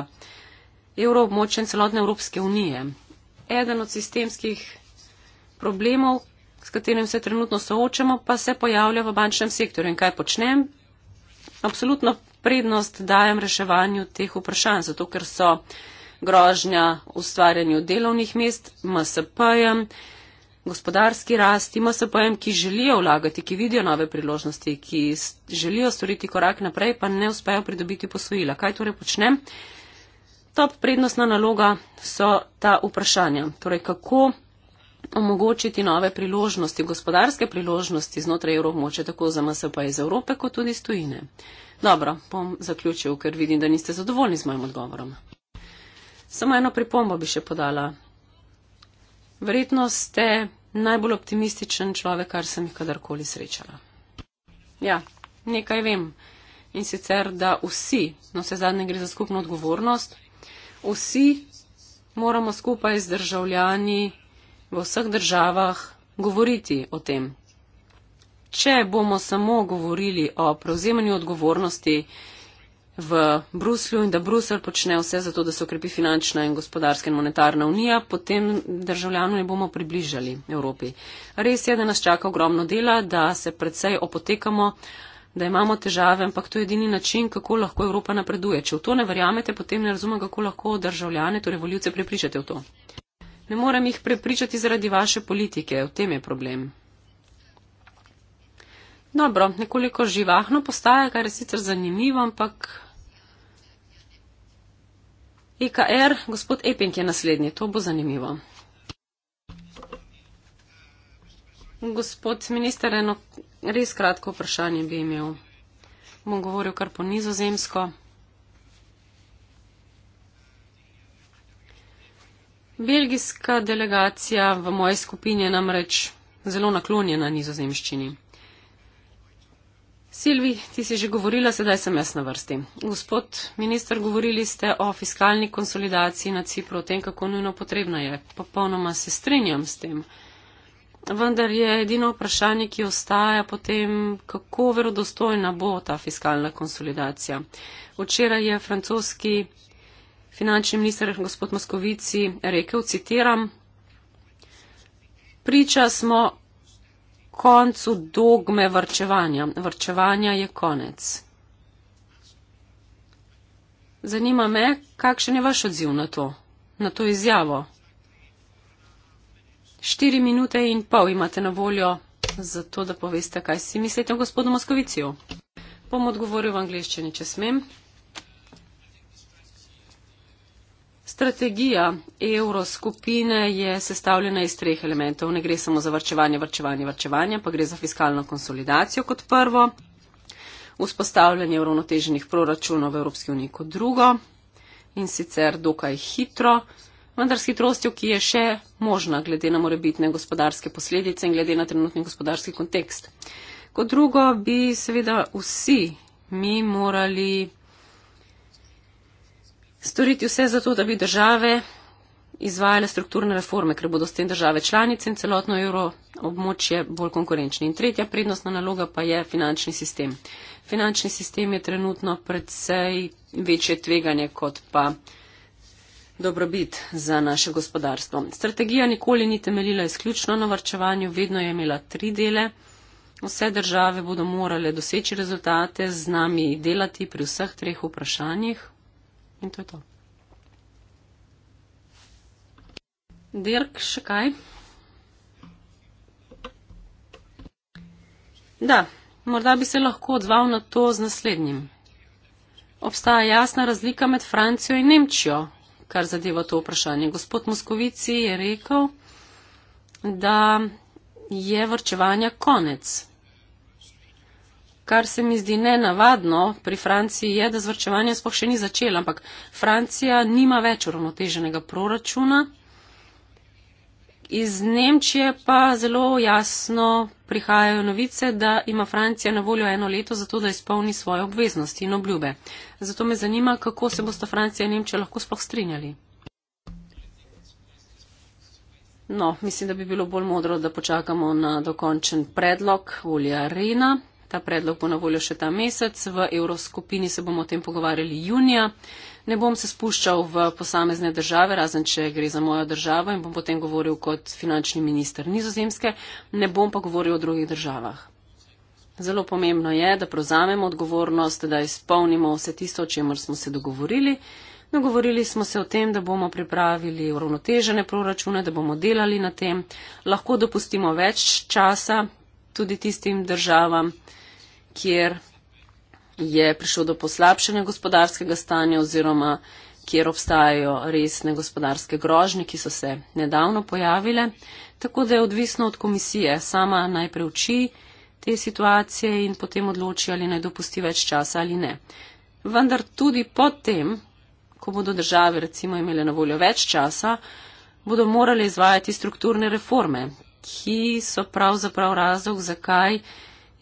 Speaker 3: evroobmočja in celotne Evropske unije. Eden od sistemskih problemov, s katerim se trenutno soočamo, pa se pojavlja v bančnem sektorju. In kaj počnem? Absolutno prednost dajem reševanju teh vprašanj, zato ker so grožnja ustvarjanju delovnih mest, MSP-jem, gospodarski rasti, MSP-jem, ki želijo vlagati, ki vidijo nove priložnosti, ki želijo storiti korak naprej, pa ne uspejo pridobiti posojila. Kaj torej počnem? Top prednostna naloga so ta vprašanja. Torej, kako omogočiti nove priložnosti, gospodarske priložnosti znotraj Evropmoče, tako za MSP iz Evrope, kot tudi stojine. Dobro, bom zaključil, ker vidim, da niste zadovoljni z mojim odgovorom. Samo eno pripombo bi še podala. Verjetno ste najbolj optimističen človek, kar sem jih kadarkoli srečala. Ja, nekaj vem. In sicer, da vsi, no vse zadnje gre za skupno odgovornost, vsi moramo skupaj z državljani v vseh državah govoriti o tem. Če bomo samo govorili o prevzemanju odgovornosti, v Bruslju in da Bruselj počne vse za to, da se okrepi finančna in gospodarska in monetarna unija, potem državljanov ne bomo približali Evropi. Res je, da nas čaka ogromno dela, da se predvsej opotekamo, da imamo težave, ampak to je edini način, kako lahko Evropa napreduje. Če v to ne verjamete, potem ne razumem, kako lahko državljane, torej voljivce, prepričate v to. Ne morem jih prepričati zaradi vaše politike, v tem je problem. Dobro, nekoliko živahno postaja, kar je sicer zanimivo, ampak IKR, e gospod Epink je naslednji, to bo zanimivo. Gospod minister, eno res kratko vprašanje bi imel. Bom govoril kar po nizozemsko. Belgijska delegacija v moji skupini je namreč zelo naklonjena nizozemščini. Silvi, ti si že govorila, sedaj sem jaz na vrsti. Gospod minister, govorili ste o fiskalni konsolidaciji na Cipru, o tem, kako nujno potrebna je. Popolnoma se strinjam s tem. Vendar je edino vprašanje, ki ostaja potem, kako verodostojna bo ta fiskalna konsolidacija. Včeraj je francoski finančni minister gospod Moskovici rekel, citiram, priča smo koncu dogme vrčevanja. Vrčevanja je konec. Zanima me, kakšen je vaš odziv na to, na to izjavo. Štiri minute in pol imate na voljo za to, da poveste, kaj si mislite o gospodu Moskovicijo. Bom odgovoril v angleščini, če smem. Strategija evroskupine je sestavljena iz treh elementov. Ne gre samo za vrčevanje, vrčevanje, vrčevanje, pa gre za fiskalno konsolidacijo kot prvo, vzpostavljanje uravnoteženih proračunov v Evropski uniji kot drugo in sicer dokaj hitro, vendar s hitrostjo, ki je še možna glede na morebitne gospodarske posledice in glede na trenutni gospodarski kontekst. Kot drugo bi seveda vsi mi morali storiti vse za to, da bi države izvajale strukturne reforme, ker bodo s tem države članice in celotno evro območje bolj konkurenčni. In tretja prednostna naloga pa je finančni sistem. Finančni sistem je trenutno predvsej večje tveganje kot pa dobrobit za naše gospodarstvo. Strategija nikoli ni temeljila izključno na varčevanju, vedno je imela tri dele. Vse države bodo morale doseči rezultate z nami delati pri vseh treh vprašanjih. In to je to. Dirk, še kaj? Da, morda bi se lahko odzval na to z naslednjim. Obstaja jasna razlika med Francijo in Nemčijo, kar zadeva to vprašanje. Gospod Moskovici je rekel, da je vrčevanja konec, Kar se mi zdi nenavadno pri Franciji je, da zvrčevanje sploh še ni začelo, ampak Francija nima več uravnoteženega proračuna. Iz Nemčije pa zelo jasno prihajajo novice, da ima Francija na voljo eno leto za to, da izpolni svoje obveznosti in obljube. Zato me zanima, kako se boste Francija in Nemčija lahko sploh strinjali. No, mislim, da bi bilo bolj modro, da počakamo na dokončen predlog Ulja Rina. Ta predlog bo na voljo še ta mesec. V Evroskupini se bomo o tem pogovarjali junija. Ne bom se spuščal v posamezne države, razen če gre za mojo državo in bom potem govoril kot finančni minister nizozemske. Ne bom pa govoril o drugih državah. Zelo pomembno je, da prevzamemo odgovornost, da izpolnimo vse tisto, o čemer smo se dogovorili. Dogovorili smo se o tem, da bomo pripravili uravnotežene proračune, da bomo delali na tem. Lahko dopustimo več časa tudi tistim državam kjer je prišlo do poslabšanja gospodarskega stanja oziroma kjer obstajajo resne gospodarske grožnje, ki so se nedavno pojavile. Tako da je odvisno od komisije. Sama najprej uči te situacije in potem odloči, ali naj dopusti več časa ali ne. Vendar tudi potem, ko bodo države recimo imele na voljo več časa, bodo morali izvajati strukturne reforme, ki so pravzaprav razlog, zakaj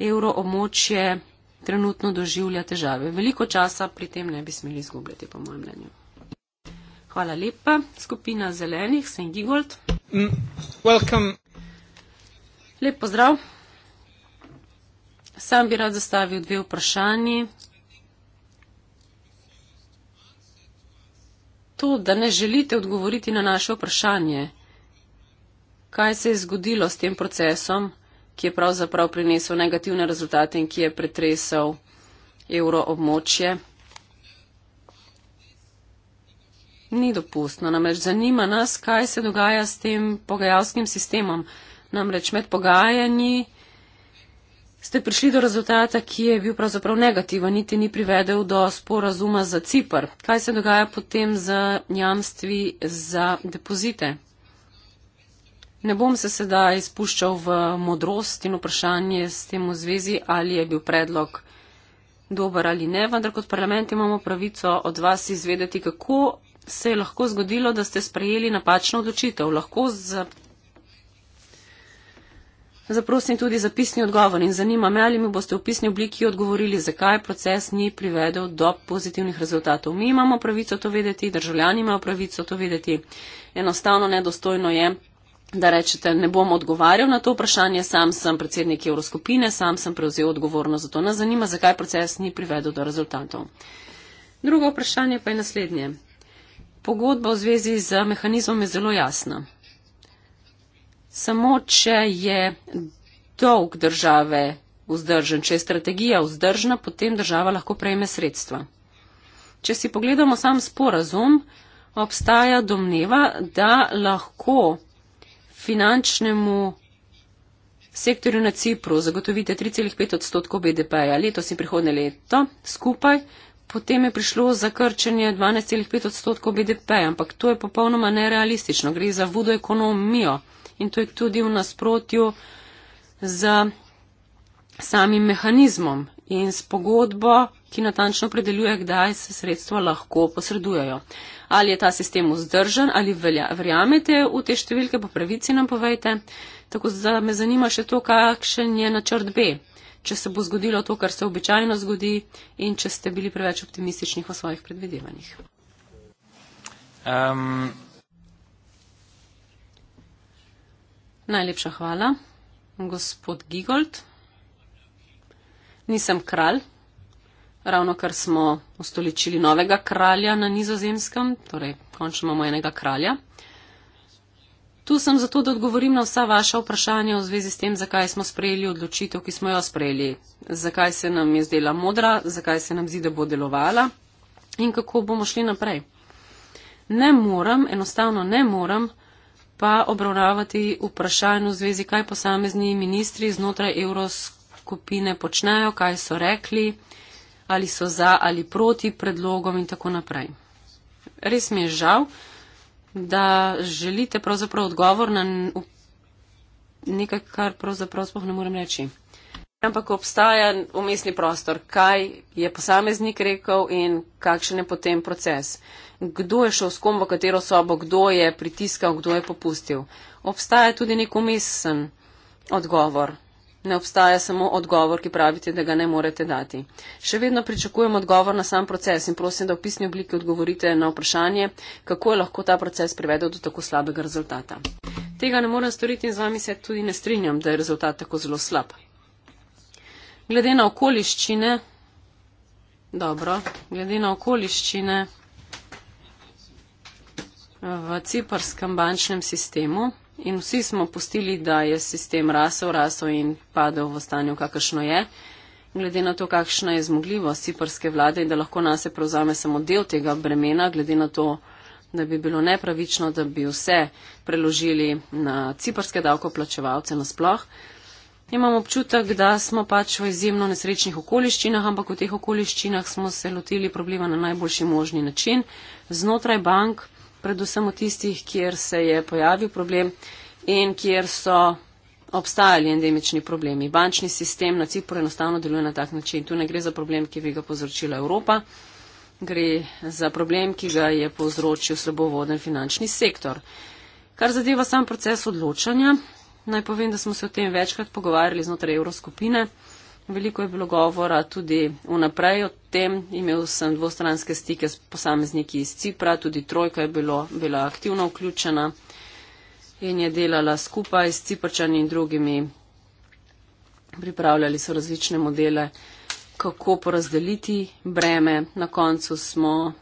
Speaker 3: evro območje trenutno doživlja težave. Veliko časa pri tem ne bi smeli izgubljati, po mojem mnenju. Hvala lepa, skupina zelenih, St. Gigold. Mm, Lep pozdrav. Sam bi rad zastavil dve vprašanji. To, da ne želite odgovoriti na naše vprašanje, kaj se je zgodilo s tem procesom, ki je pravzaprav prinesel negativne rezultate in ki je pretresel euroobmočje. Ni dopustno, namreč zanima nas, kaj se dogaja s tem pogajalskim sistemom. Namreč med pogajanji ste prišli do rezultata, ki je bil pravzaprav negativen, niti ni privedel do sporazuma za Cipr. Kaj se dogaja potem z jamstvi za depozite? Ne bom se sedaj izpuščal v modrost in vprašanje s tem v zvezi, ali je bil predlog dober ali ne, vendar kot parlament imamo pravico od vas izvedeti, kako se je lahko zgodilo, da ste sprejeli napačno odločitev. Lahko zaprosim tudi zapisni odgovor in zanima me, ali mi boste v pisni obliki odgovorili, zakaj proces ni privedel do pozitivnih rezultatov. Mi imamo pravico to vedeti, državljani imajo pravico to vedeti. Enostavno nedostojno je da rečete, ne bom odgovarjal na to vprašanje, sam sem predsednik Evroskupine, sam sem prevzel odgovornost za to. Nas zanima, zakaj proces ni privedel do rezultatov. Drugo vprašanje pa je naslednje. Pogodba v zvezi z mehanizmom je zelo jasna. Samo, če je dolg države vzdržen, če je strategija vzdržna, potem država lahko prejme sredstva. Če si pogledamo sam sporazum, obstaja domneva, da lahko finančnemu sektorju na Cipru zagotovite 3,5 odstotkov BDP-ja letos in prihodne leto skupaj, potem je prišlo za krčenje 12,5 odstotkov BDP-ja, ampak to je popolnoma nerealistično, gre za vudo ekonomijo in to je tudi v nasprotju z samim mehanizmom in s pogodbo, ki natančno predeljuje, kdaj se sredstva lahko posredujejo ali je ta sistem vzdržen, ali velja, verjamete v te številke, po pravici nam povejte. Tako da me zanima še to, kakšen je načrt B, če se bo zgodilo to, kar se običajno zgodi in če ste bili preveč optimistični o svojih predvidevanjih.
Speaker 2: Um.
Speaker 3: Najlepša hvala. Gospod Gigold, nisem kralj, Ravno kar smo ustoličili novega kralja na nizozemskem, torej končno imamo enega kralja. Tu sem zato, da odgovorim na vsa vaša vprašanja v zvezi s tem, zakaj smo sprejeli odločitev, ki smo jo sprejeli, zakaj se nam je zdela modra, zakaj se nam zdi, da bo delovala in kako bomo šli naprej. Ne moram, enostavno ne moram pa obravnavati vprašanj v zvezi, kaj posamezni ministri znotraj evroskupine počnejo, kaj so rekli ali so za ali proti predlogom in tako naprej. Res mi je žal, da želite pravzaprav odgovor na nekaj, kar pravzaprav spoh ne morem reči. Ampak obstaja umestni prostor, kaj je posameznik rekel in kakšen je potem proces. Kdo je šel s kom v katero sobo, kdo je pritiskal, kdo je popustil. Obstaja tudi nek umesten odgovor ne obstaja samo odgovor, ki pravite, da ga ne morete dati. Še vedno pričakujem odgovor na sam proces in prosim, da v pisni obliki odgovorite na vprašanje, kako je lahko ta proces privedel do tako slabega rezultata. Tega ne morem storiti in z vami se tudi ne strinjam, da je rezultat tako zelo slab. Glede na okoliščine, dobro, glede na okoliščine v ciparskem bančnem sistemu, In vsi smo pustili, da je sistem rasel, rasel in padel v stanju, kakršno je. Glede na to, kakšna je zmogljivost siparske vlade in da lahko nas se prevzame samo del tega bremena, glede na to, da bi bilo nepravično, da bi vse preložili na ciparske davkoplačevalce nasploh. Imam občutek, da smo pač v izjemno nesrečnih okoliščinah, ampak v teh okoliščinah smo se lotili problema na najboljši možni način. Znotraj bank predvsem v tistih, kjer se je pojavil problem in kjer so obstajali endemični problemi. Bančni sistem na Cipru enostavno deluje na tak način. Tu ne gre za problem, ki bi ga povzročila Evropa, gre za problem, ki ga je povzročil slabovoden finančni sektor. Kar zadeva sam proces odločanja, naj povem, da smo se o tem večkrat pogovarjali znotraj evroskupine. Veliko je bilo govora tudi vnaprej o tem. Imel sem dvostranske stike s posamezniki iz Cipra, tudi trojka je bilo, bila aktivno vključena in je delala skupaj s Ciprčani in drugimi. Pripravljali so različne modele, kako porazdeliti breme. Na koncu smo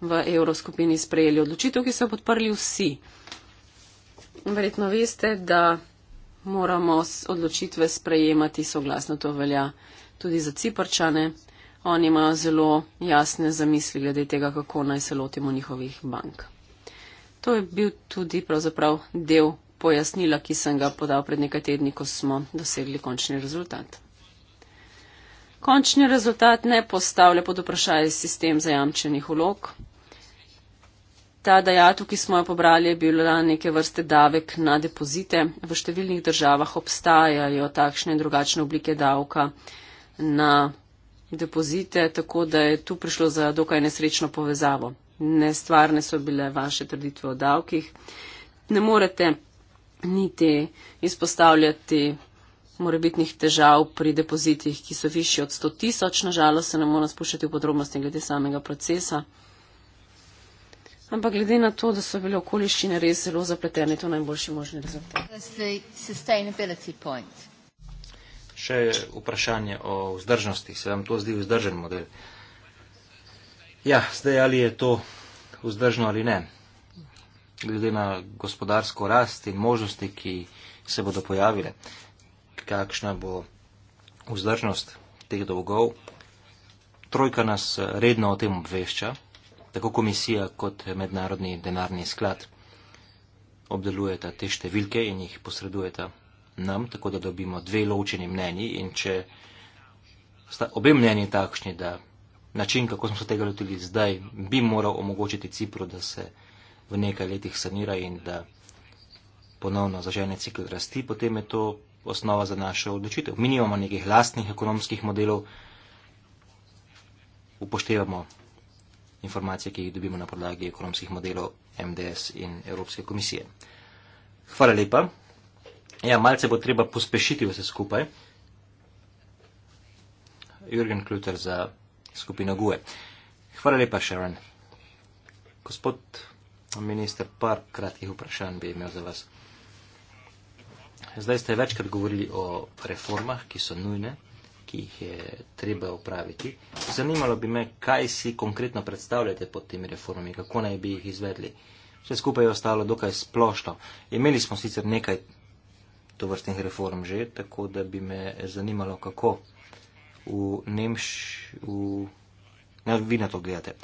Speaker 3: v evroskupini sprejeli odločitev, ki so jo podprli vsi. Verjetno veste, da moramo odločitve sprejemati soglasno. To velja tudi za ciprčane. Oni imajo zelo jasne zamisli glede tega, kako naj se lotimo njihovih bank. To je bil tudi pravzaprav del pojasnila, ki sem ga podal pred nekaj tedni, ko smo dosegli končni rezultat. Končni rezultat ne postavlja pod vprašaj sistem zajamčenih vlog. Ta dejatu, ki smo jo pobrali, je bila neke vrste davek na depozite. V številnih državah obstajajo takšne in drugačne oblike davka na depozite, tako da je tu prišlo za dokaj nesrečno povezavo. Nestvarne so bile vaše trditve o davkih. Ne morete niti izpostavljati morebitnih težav pri depozitih, ki so višji od 100 tisoč. Nažalost se ne moramo spuščati v podrobnosti glede samega procesa. Ampak glede na to, da so bile okoliščine res zelo zapletene, to najboljši možni rezultat.
Speaker 2: Še vprašanje o vzdržnosti. Se vam to zdi vzdržen model? Ja, zdaj ali je to vzdržno ali ne. Glede na gospodarsko rast in možnosti, ki se bodo pojavile, kakšna bo vzdržnost teh dolgov. Trojka nas redno o tem obvešča, tako komisija kot mednarodni denarni sklad obdelujeta te številke in jih posredujeta nam, tako da dobimo dve ločeni mnenji in če sta obe mnenji takšni, da način, kako smo se tega lotili zdaj, bi moral omogočiti Cipru, da se v nekaj letih sanira in da ponovno zažene cikl rasti, potem je to osnova za naše odločitev. Mi nimamo nekih lastnih ekonomskih modelov, upoštevamo informacije, ki jih dobimo na podlagi ekonomskih modelov MDS in Evropske komisije. Hvala lepa. Ja, malce bo treba pospešiti vse skupaj. Jürgen Kluter za skupino GUE. Hvala lepa, Sharon. Gospod minister, par kratkih vprašanj bi imel za vas. Zdaj ste večkrat govorili o reformah, ki so nujne, ki jih je treba upraviti. Zanimalo bi me, kaj si konkretno predstavljate pod temi reformami, kako naj bi jih izvedli. Vse skupaj je ostalo dokaj splošno. Imeli smo sicer nekaj tovrstnih reform že, tako da bi me zanimalo, kako v Nemš, v... Ne, ja, vi na to gledate.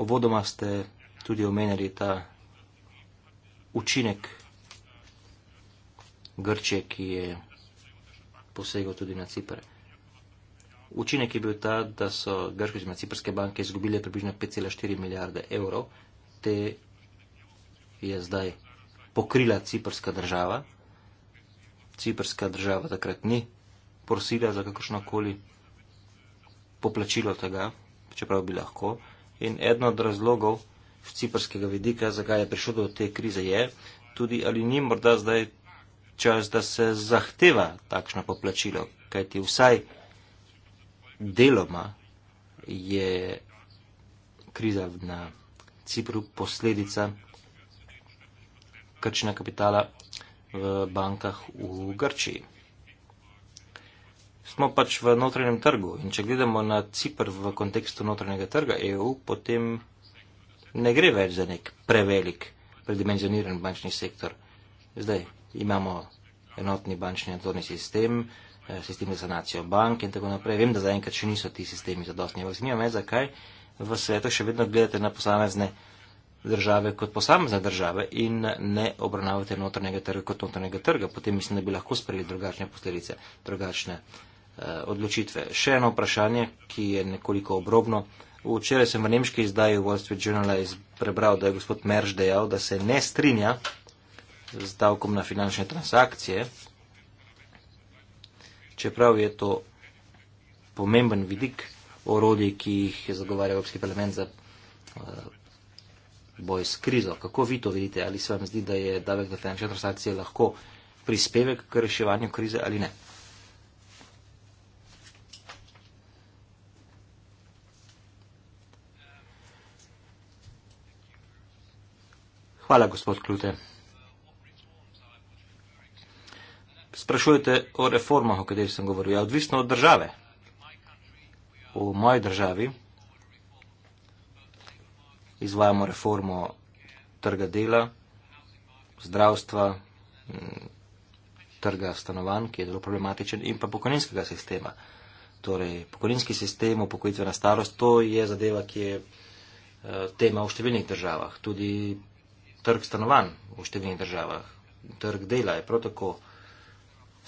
Speaker 2: Obodoma eh, ste tudi omenjali ta učinek Grče, ki je posegel tudi na Cipr. Učinek je bil ta, da so grške oziroma ciprske banke izgubile približno 5,4 milijarde evrov, te je zdaj pokrila ciprska država. Ciprska država takrat ni prosila za kakršnokoli poplačilo tega, čeprav bi lahko. In eden od razlogov z ciprskega vidika, zakaj je prišlo do te krize, je tudi ali ni morda zdaj čas, da se zahteva takšno poplačilo, kajti vsaj deloma je kriza na Cipru posledica krčina kapitala v bankah v Grčiji. Smo pač v notranjem trgu in če gledamo na Cipr v kontekstu notranjega trga EU, potem ne gre več za nek prevelik, predimenzioniran bančni sektor. Zdaj, imamo enotni bančni nadzorni sistem, eh, sistem za sanacijo bank in tako naprej. Vem, da zaenkrat še niso ti sistemi zadostni. Ampak zanima me, zakaj v svetu še vedno gledate na posamezne države kot posamezne države in ne obravnavate notranjega trga kot notranjega trga. Potem mislim, da bi lahko sprejeli drugačne posledice, drugačne uh, odločitve. Še eno vprašanje, ki je nekoliko obrobno. Včeraj sem v nemški izdaji Wall Street Journal prebral, da je gospod Merž dejal, da se ne strinja z davkom na finančne transakcije, čeprav je to pomemben vidik orodje, ki jih je zagovarjal Evropski parlament za uh, boj s krizo. Kako vi to vidite? Ali se vam zdi, da je davek na finančne transakcije lahko prispevek k reševanju krize ali ne? Hvala, gospod Klute. sprašujete o reformah, o kateri sem govoril. Ja, odvisno od države. V moji državi izvajamo reformo trga dela, zdravstva, mm, trga stanovanj, ki je zelo problematičen, in pa pokojninskega sistema. Torej, pokojninski sistem, upokojitvena starost, to je zadeva, ki je eh, tema v številnih državah. Tudi trg stanovanj v številnih državah, trg dela je prav tako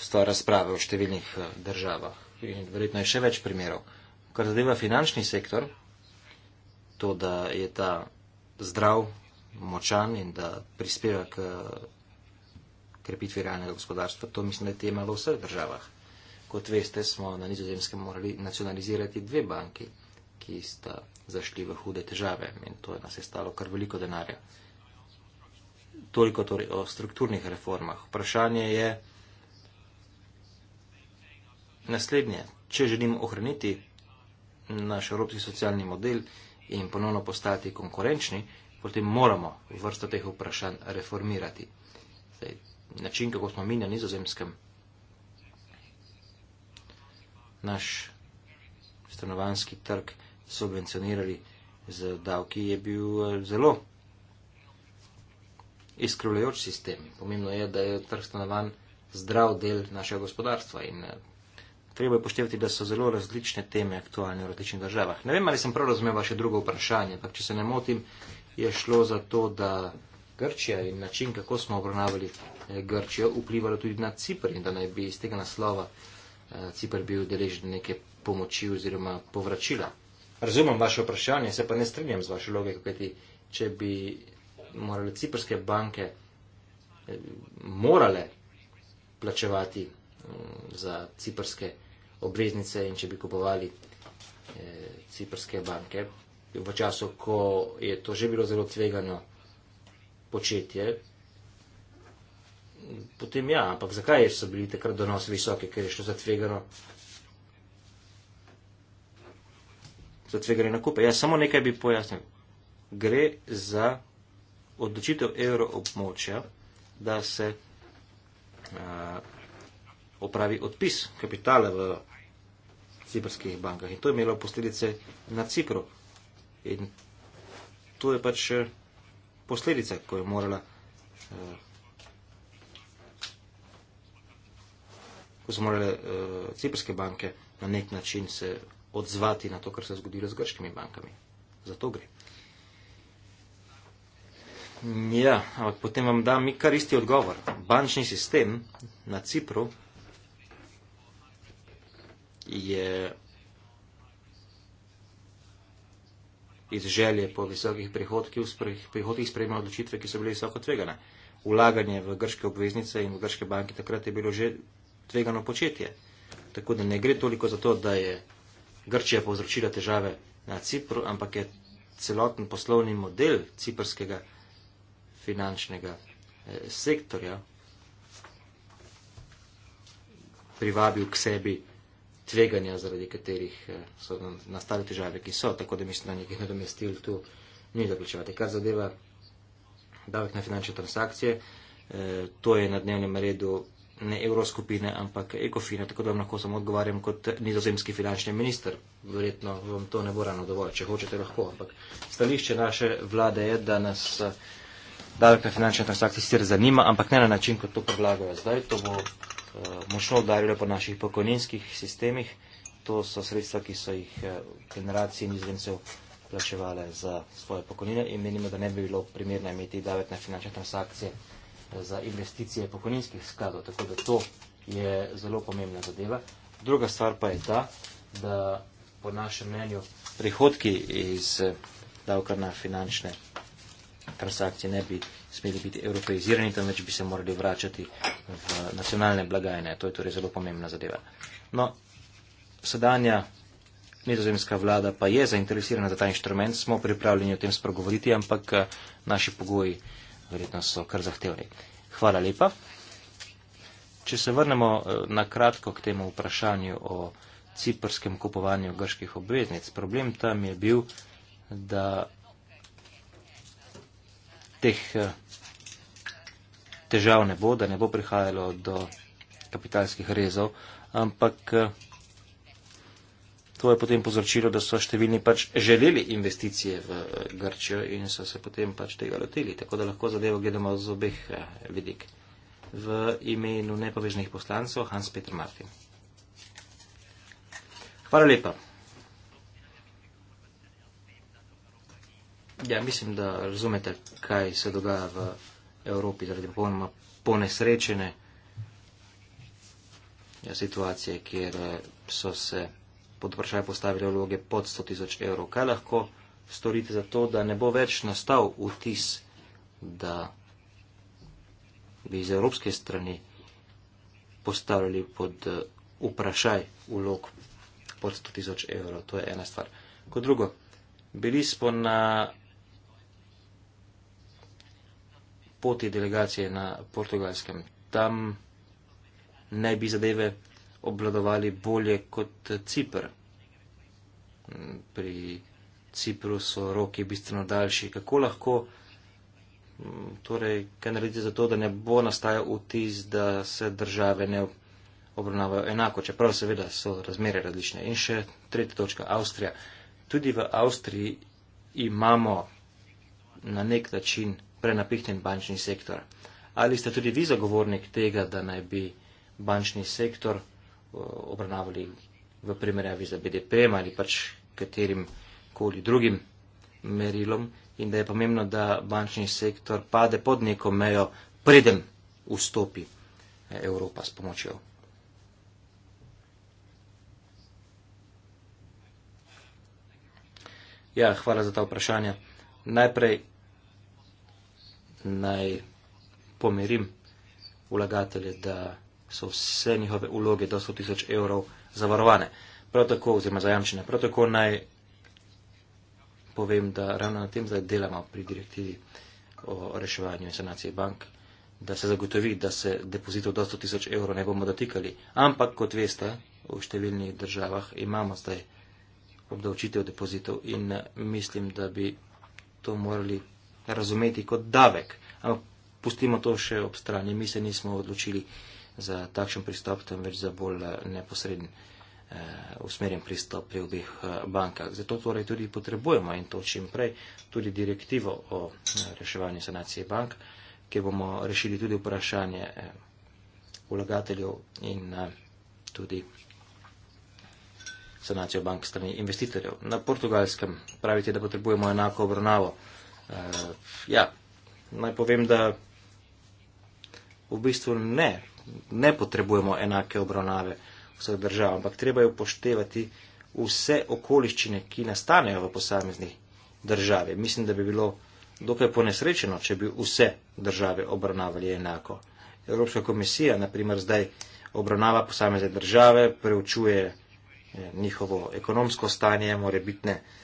Speaker 2: stvar razprave v številnih eh, državah in verjetno je še več primerov. Kar zadeva finančni sektor, to, da je ta zdrav, močan in da prispeva k eh, krepitvi realnega gospodarstva, to mislim, da je tema v vseh državah. Kot veste, smo na nizozemskem morali nacionalizirati dve banki, ki sta zašli v hude težave in to je nas je stalo kar veliko denarja. Toliko torej o strukturnih reformah. Vprašanje je, Naslednje, če želimo ohraniti naš evropski socialni model in ponovno postati konkurenčni, potem moramo vrsto teh vprašanj reformirati. Zdaj, način, kako smo mi na nizozemskem, naš stanovanski trg subvencionirali z davki, je bil eh, zelo iskrivljajoč sistem. Pomembno je, da je trg stanovanj zdrav del našega gospodarstva in eh, treba je poštevati, da so zelo različne teme aktualne v različnih državah. Ne vem, ali sem prav razumel vaše drugo vprašanje, ampak če se ne motim, je šlo za to, da Grčija in način, kako smo obravnavali eh, Grčijo, vplivalo tudi na Cipr in da naj bi iz tega naslova eh, Cipr bil deležen neke pomoči oziroma povračila. Razumem vaše vprašanje, se pa ne strinjam z vašo logiko, kajti če bi morale ciprske banke eh, morale plačevati Mm, za ciprske obreznice in če bi kupovali eh, ciprske banke. V času, ko je to že bilo zelo tvegano početje, potem ja, ampak zakaj so bili takrat donosi visoke, ker je šlo za tvegano? Za tvegane nakupe. Ja, samo nekaj bi pojasnil. Gre za odločitev evroobmočja, da se. Uh, opravi odpis kapitala v ciprskih bankah. In to je imelo posledice na Cipru. In to je pač eh, posledica, ko je morala, eh, ko so morale eh, ciprske banke na nek način se odzvati na to, kar se je zgodilo z grškimi bankami. Zato gre. Ja, ampak potem vam dam mi kar isti odgovor. Bančni sistem na Cipru je iz želje po visokih prihodkih, prihodkih sprejemal odločitve, ki so bile visoko tvegane. Ulaganje v grške obveznice in v grške banke takrat je bilo že tvegano početje. Tako da ne gre toliko za to, da je Grčija povzročila težave na Cipru, ampak je celoten poslovni model ciprskega finančnega eh, sektorja privabil k sebi tveganja, zaradi katerih eh, so nastale težave, ki so, tako da mislim, da nekaj nadomestil tu ni zaključevati. Kar zadeva davek na finančne transakcije, eh, to je na dnevnem redu ne evroskupine, ampak ekofine, tako da vam lahko samo odgovarjam kot nizozemski finančni minister. Verjetno vam to ne bo rano dovolj, če hočete lahko, ampak stališče naše vlade je, da nas eh, davek na finančne transakcije sicer zanima, ampak ne na način, kot to predlagajo zdaj. To bo Eh, močno udarilo po naših pokojninskih sistemih. To so sredstva, ki so jih eh, generacije nizvencev plačevale za svoje pokojnine in menimo, da ne bi bilo primerno imeti davek na finančne transakcije eh, za investicije pokojninskih skladov. Tako da to je zelo pomembna zadeva. Druga stvar pa je ta, da po našem mnenju prihodki iz davka na finančne transakcije ne bi smeli biti evropeizirani, temveč bi se morali vračati v nacionalne blagajne. To je torej zelo pomembna zadeva. No, sedanja nizozemska vlada pa je zainteresirana za ta inštrument, smo pripravljeni o tem spregovoriti, ampak eh, naši pogoji verjetno so kar zahtevni. Hvala lepa. Če se vrnemo eh, na kratko k temu vprašanju o ciprskem kupovanju grških obveznic, problem tam je bil, da teh eh, težav ne bo, da ne bo prihajalo do kapitalskih rezov, ampak eh, to je potem povzročilo, da so številni pač želeli investicije v eh, Grčijo in so se potem pač tega lotili. Tako da lahko zadevo gledamo z obeh vidik. V imenu nepovežnih poslancev Hans Peter Martin. Hvala lepa. Ja, mislim, da razumete, kaj se dogaja v Evropi zaradi popolnoma ponesrečene ja, situacije, kjer eh, so se pod vprašaj postavili vloge pod 100 tisoč evrov. Kaj lahko storite za to, da ne bo več nastal vtis, da bi iz evropske strani postavljali pod eh, vprašaj vlog pod 100 tisoč evrov? To je ena stvar. Kot drugo, bili smo na poti delegacije na portugalskem. Tam naj bi zadeve obladovali bolje kot Cipr. Pri Cipru so roki bistveno daljši. Kako lahko, torej, kaj narediti za to, da ne bo nastajal vtis, da se države ne obravnavajo enako, čeprav seveda so razmere različne. In še tretja točka, Avstrija. Tudi v Avstriji imamo na nek način prenapihnjen bančni sektor. Ali ste tudi vi zagovornik tega, da naj bi bančni sektor obravnavali v primerjavi za BDP-em ali pač katerim koli drugim merilom in da je pomembno, da bančni sektor pade pod neko mejo, preden vstopi e, Evropa s pomočjo. Ja, hvala za ta vprašanja. Najprej naj pomerim vlagatelje, da so vse njihove uloge do 100 tisoč evrov zavarovane, prav tako oziroma zajamčene. Prav tako naj povem, da ravno na tem zdaj delamo pri direktivi o reševanju in sanaciji bank, da se zagotovi, da se depozitov do 100 tisoč evrov ne bomo dotikali. Ampak, kot veste, v številnih državah imamo zdaj obdavčitev depozitov in mislim, da bi to morali razumeti kot davek. Ampak pustimo to še ob strani. Mi se nismo odločili za takšen pristop, temveč za bolj eh, neposreden eh, usmerjen pristop pri obih eh, bankah. Zato torej tudi potrebujemo in to čim prej tudi direktivo o reševanju sanacije bank, kjer bomo rešili tudi vprašanje vlagateljev in tudi sanacijo bank strani investitorjev. Na portugalskem pravite, da potrebujemo enako obravnavo Uh, ja, naj povem, da v bistvu ne, ne potrebujemo enake obravnave vseh držav, ampak treba je upoštevati vse okoliščine, ki nastanejo v posameznih državi. Mislim, da bi bilo dokaj ponesrečeno, če bi vse države obravnavali enako. Evropska komisija, naprimer, zdaj obravnava posamezne države, preučuje eh, njihovo ekonomsko stanje, morebitne države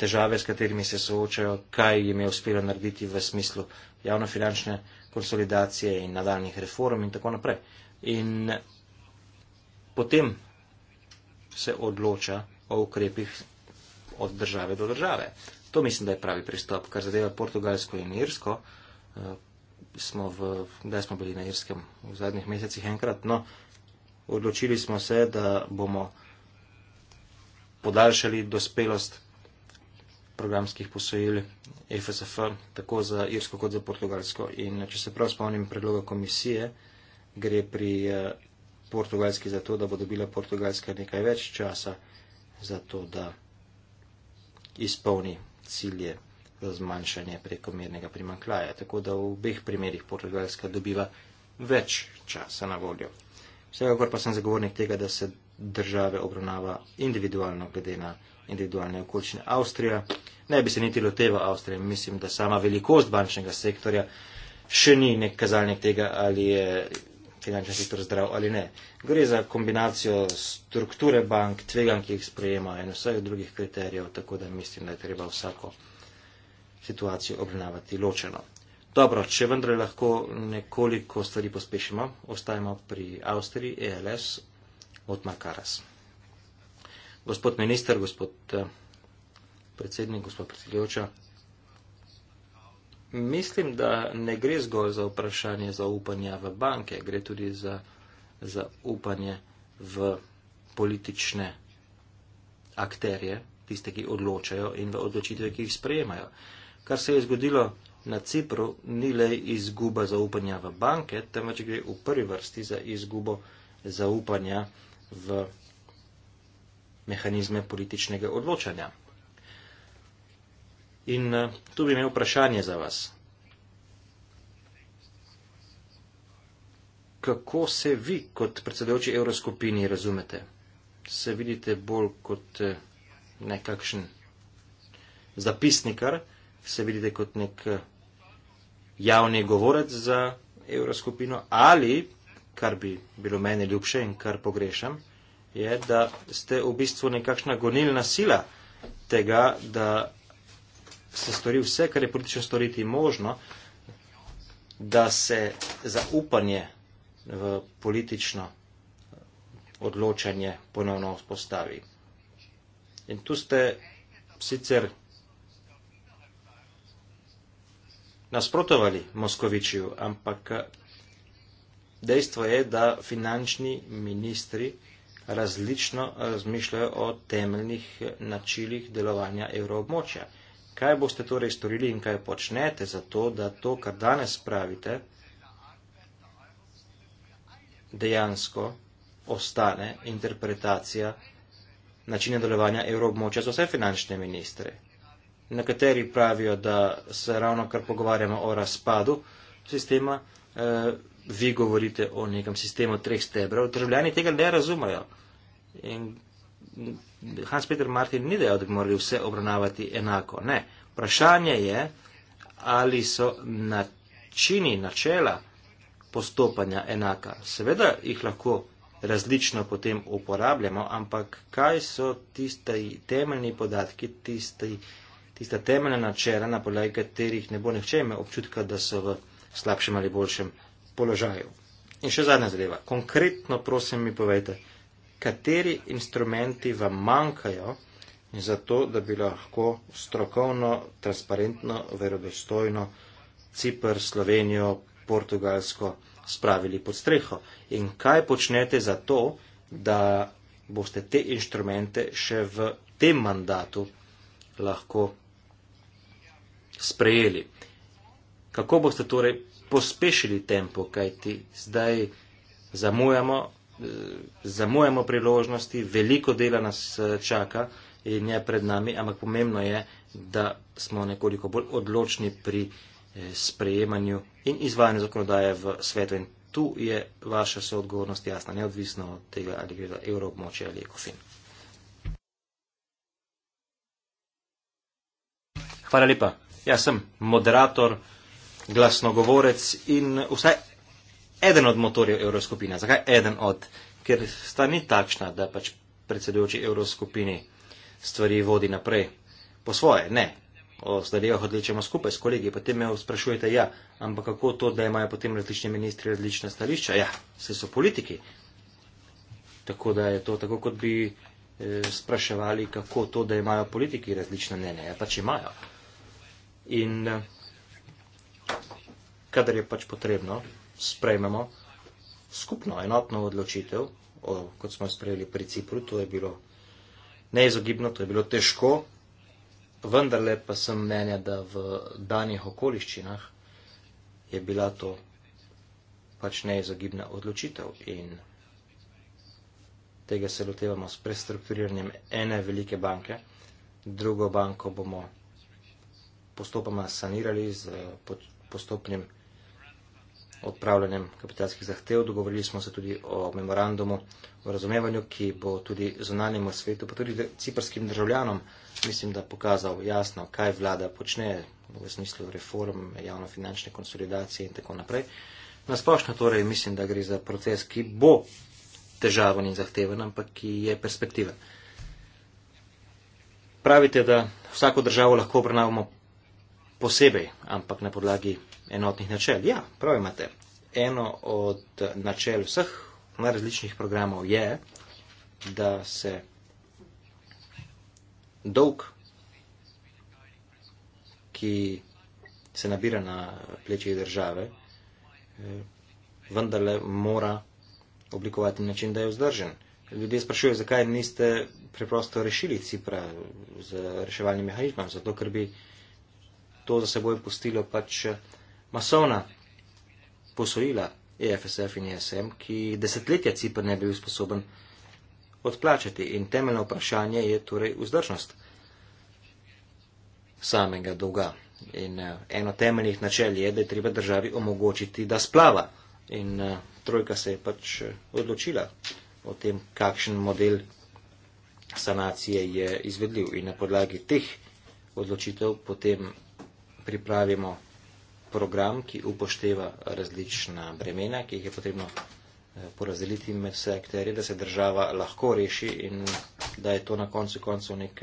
Speaker 2: težave, s katerimi se soočajo, kaj jim je uspelo narediti v smislu javnofinančne konsolidacije in nadaljnih reform in tako naprej. In potem se odloča o ukrepih od države do države. To mislim, da je pravi pristop. Kar zadeva Portugalsko in Irsko, eh, smo v, da smo bili na Irskem v zadnjih mesecih enkrat, no, odločili smo se, da bomo podaljšali dospelost programskih posojil FSF, e tako za Irsko kot za Portugalsko. In eh, če se prav spomnim predloga komisije, gre pri eh, Portugalski za to, da bo dobila Portugalska nekaj več časa za to, da izpolni cilje za zmanjšanje prekomernega primankljaja. Tako da v obeh primerih Portugalska dobiva več časa na voljo. Vsekakor pa sem zagovornik tega, da se države obravnava individualno glede na individualne okoljčine Avstrija. Ne bi se niti loteva Avstrija, mislim, da sama velikost bančnega sektorja še ni nek kazalnik tega, ali je finančni sektor zdrav ali ne. Gre za kombinacijo strukture bank, tvegan, ki jih sprejema in vseh drugih kriterijev, tako da mislim, da je treba vsako situacijo obravnavati ločeno. Dobro, če vendar lahko nekoliko stvari pospešimo, ostajamo pri Avstriji, ELS, od Makaras gospod minister, gospod eh, predsednik, gospod predsedujoča. Mislim, da ne gre zgolj za vprašanje zaupanja v banke, gre tudi za zaupanje v politične akterje, tiste, ki odločajo in v odločitve, ki jih sprejemajo. Kar se je zgodilo na Cipru, ni le izguba zaupanja v banke, temveč gre v prvi vrsti za izgubo zaupanja v mehanizme političnega odločanja. In eh, tu bi imel vprašanje za vas. Kako se vi kot predsedujoči Evroskupini razumete? Se vidite bolj kot eh, nekakšen zapisnikar, se vidite kot nek eh, javni govorec za Evroskupino ali, kar bi bilo meni ljubše in kar pogrešam, je, da ste v bistvu nekakšna gonilna sila tega, da se stori vse, kar je politično storiti možno, da se zaupanje v politično odločanje ponovno vzpostavi. In tu ste sicer nasprotovali Moskovičju, ampak dejstvo je, da finančni ministri različno eh, razmišljajo o temeljnih eh, načilih delovanja evroobmočja. Kaj boste torej storili in kaj počnete za to, da to, kar danes pravite, dejansko ostane interpretacija načina delovanja evroobmočja za vse finančne ministre? Nekateri pravijo, da se ravno kar pogovarjamo o razpadu sistema, eh, vi govorite o nekem sistemu treh stebrov, državljani tega ne razumajo. In Hans Peter Martin ni dejal, da bi morali vse obravnavati enako. Ne. Vprašanje je, ali so načini, načela postopanja enaka. Seveda jih lahko različno potem uporabljamo, ampak kaj so tiste temeljni podatki, tiste, tista temeljna načela, na podlagi katerih ne bo nihče imel občutka, da so v slabšem ali boljšem položaju. In še zadnja zadeva. Konkretno prosim mi povejte, kateri instrumenti vam manjkajo za to, da bi lahko strokovno, transparentno, verodostojno Cipr, Slovenijo, Portugalsko spravili pod streho. In kaj počnete za to, da boste te inštrumente še v tem mandatu lahko sprejeli. Kako boste torej pospešili tempo, kajti zdaj zamujamo, eh, zamujamo priložnosti, veliko dela nas eh, čaka in je pred nami, ampak pomembno je, da smo nekoliko bolj odločni pri eh, sprejemanju in izvajanju zakonodaje v svetu. In tu je vaša soodgovornost jasna, neodvisno od tega, ali gre za evroobmočje ali ekofin. Hvala lepa. Jaz sem moderator glasnogovorec in vsaj eden od motorjev Evroskupine. Zakaj eden od? Ker sta ni takšna, da pač predsedujoči Evroskupini stvari vodi naprej po svoje. Ne. O zadevah odličemo skupaj s kolegi, potem me sprašujete, ja, ampak kako to, da imajo potem različni ministri različna stališča? Ja, vse so politiki. Tako da je to tako, kot bi e, spraševali, kako to, da imajo politiki različne mnenje. Ja, pač imajo. In e, kadar je pač potrebno, sprejmemo skupno enotno odločitev, o, kot smo sprejeli pri Cipru, to je bilo neizogibno, to je bilo težko, vendarle pa sem mnenja, da v danih okoliščinah je bila to pač neizogibna odločitev in tega se lotevamo s prestrukturiranjem ene velike banke, drugo banko bomo postopoma sanirali z postopnim odpravljanjem kapitalskih zahtev. Dogovorili smo se tudi o memorandumu o razumevanju, ki bo tudi zonalnemu svetu, pa tudi ciprskim državljanom, mislim, da pokazal jasno, kaj vlada počne v smislu reform, javnofinančne konsolidacije in tako naprej. Nasplošno torej mislim, da gre za proces, ki bo težaven in zahteven, ampak ki je perspektiven. Pravite, da vsako državo lahko obravnavamo posebej, ampak na podlagi enotnih načel. Ja, prav imate. Eno od načel vseh najrazličnih programov je, da se dolg, ki se nabira na plečih države, eh, vendarle mora oblikovati način, da je vzdržen. Ljudje sprašujejo, zakaj niste preprosto rešili Cipra z reševalnim mehanizmom, zato ker bi to za seboj pustilo pač eh, masovna posojila EFSF in ESM, ki desetletja Cipr ne bi bil sposoben odplačati. In temeljno vprašanje je torej vzdržnost samega dolga. In eh, eno temeljnih načel je, da je treba državi omogočiti, da splava. In eh, trojka se je pač odločila o tem, kakšen model sanacije je izvedljiv. In na podlagi teh odločitev potem pripravimo program, ki upošteva različna bremena, ki jih je potrebno eh, porazdeliti med vse akterje, da se država lahko reši in da je to na koncu koncev nek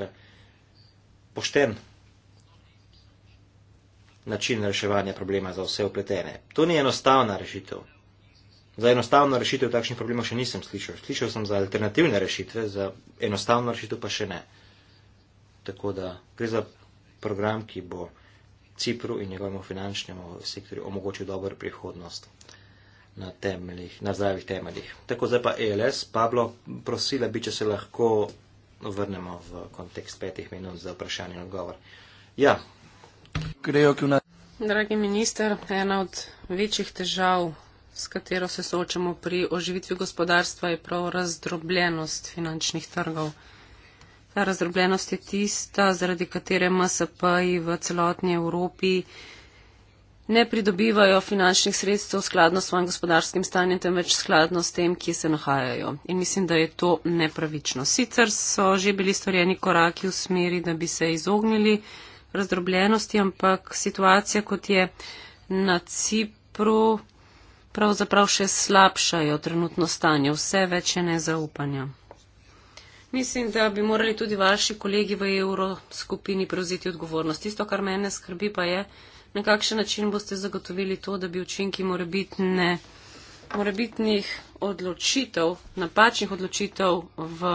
Speaker 2: pošten način reševanja problema za vse upletene. To ni enostavna rešitev. Za enostavno rešitev takšnih problemov še nisem slišal. Slišal sem za alternativne rešitve, za enostavno rešitev pa še ne. Tako da gre za program, ki bo Cipru in njegovemu finančnemu sektorju omogočil dobro prihodnost na, temeljih, na zdravih temeljih. Tako zdaj pa ELS. Pablo, prosila bi, če se lahko vrnemo v kontekst petih minut za vprašanje in odgovor. Ja.
Speaker 3: Dragi minister, ena od večjih težav, s katero se soočamo pri oživitvi gospodarstva, je prav razdrobljenost finančnih trgov. Ta razdrobljenost je tista, zaradi katere MSP-ji v celotni Evropi ne pridobivajo finančnih sredstev skladno s svojim gospodarskim stanjem, temveč skladno s tem, kje se nahajajo. In mislim, da je to nepravično. Sicer so že bili storjeni koraki v smeri, da bi se izognili razdrobljenosti, ampak situacija, kot je na Cipru, pravzaprav še slabšajo trenutno stanje. Vse več je nezaupanja. Mislim, da bi morali tudi vaši kolegi v evroskupini prevzeti odgovornost. Tisto, kar mene skrbi, pa je, na kakšen način boste zagotovili to, da bi učinki morebitne, morebitnih odločitev, napačnih odločitev v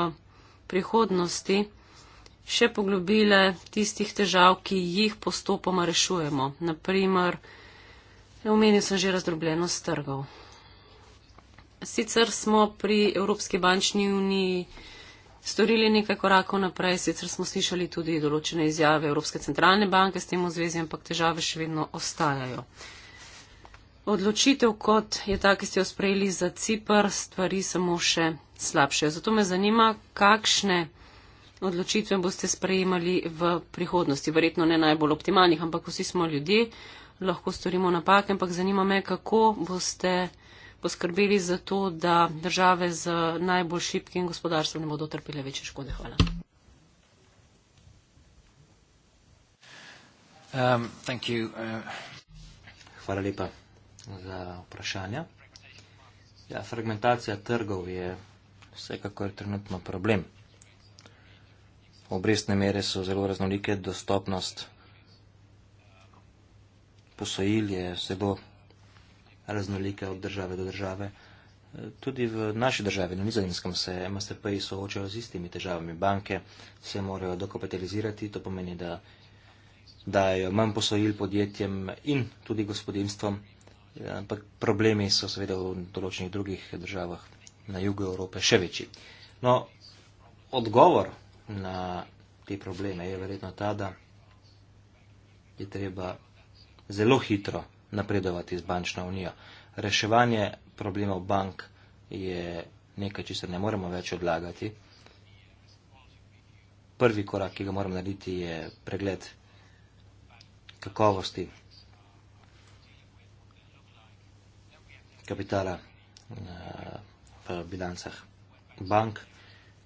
Speaker 3: prihodnosti še poglobile tistih težav, ki jih postopoma rešujemo. Naprimer, omenil sem že razdrobljenost trgov. Sicer smo pri Evropski bančni uniji storili nekaj korakov naprej. Sicer smo slišali tudi določene izjave Evropske centralne banke s tem v zvezi, ampak težave še vedno ostajajo. Odločitev, kot je ta, ki ste jo sprejeli za Cipr, stvari samo še slabšajo. Zato me zanima, kakšne odločitve boste sprejemali v prihodnosti. Verjetno ne najbolj optimalnih, ampak vsi smo ljudje, lahko storimo napake, ampak zanima me, kako boste poskrbeli za to, da države z najbolj šipkim gospodarstvom ne bodo trpile večje škode. Hvala.
Speaker 2: Um, uh, Hvala lepa za vprašanja. Ja, fragmentacija trgov je vsekakor trenutno problem. Obrestne mere so zelo raznolike, dostopnost posojil je zelo raznolike od države do države. Tudi v naši državi, na nizozemskem, se MSTP-ji soočajo z istimi težavami. Banke se morajo dokapitalizirati, to pomeni, da dajo manj posojil podjetjem in tudi gospodinstvom, ampak problemi so seveda v določenih drugih državah na jugu Evrope še večji. No, odgovor na te probleme je verjetno ta, da je treba zelo hitro napredovati z bančno unijo. Reševanje problemov bank je nekaj, če se ne moremo več odlagati. Prvi korak, ki ga moramo narediti, je pregled kakovosti kapitala eh, v bilancah bank.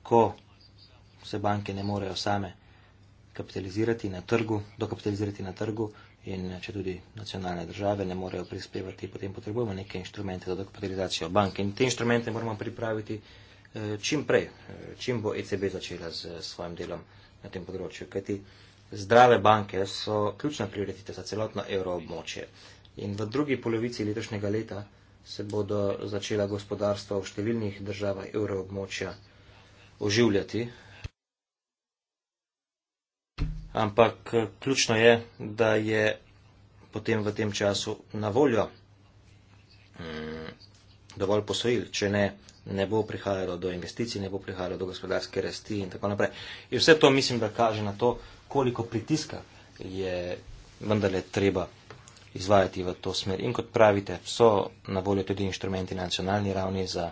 Speaker 2: Ko se banke ne morejo same kapitalizirati na trgu, dokapitalizirati na trgu, in če tudi nacionalne države ne morejo prispevati, potem potrebujemo neke inštrumente za dokapitalizacijo bank in te inštrumente moramo pripraviti eh, čim prej, eh, čim bo ECB začela s svojim delom na tem področju. Kajti zdrave banke so ključna prioriteta za celotno evroobmočje in v drugi polovici letošnjega leta se bodo začela gospodarstva v številnih državah evroobmočja oživljati, ampak eh, ključno je, da je potem v tem času na voljo mm, dovolj posojil, če ne, ne bo prihajalo do investicij, ne bo prihajalo do gospodarske rasti in tako naprej. In vse to mislim, da kaže na to, koliko pritiska je vendarle treba izvajati v to smer. In kot pravite, so na voljo tudi inštrumenti nacionalni ravni za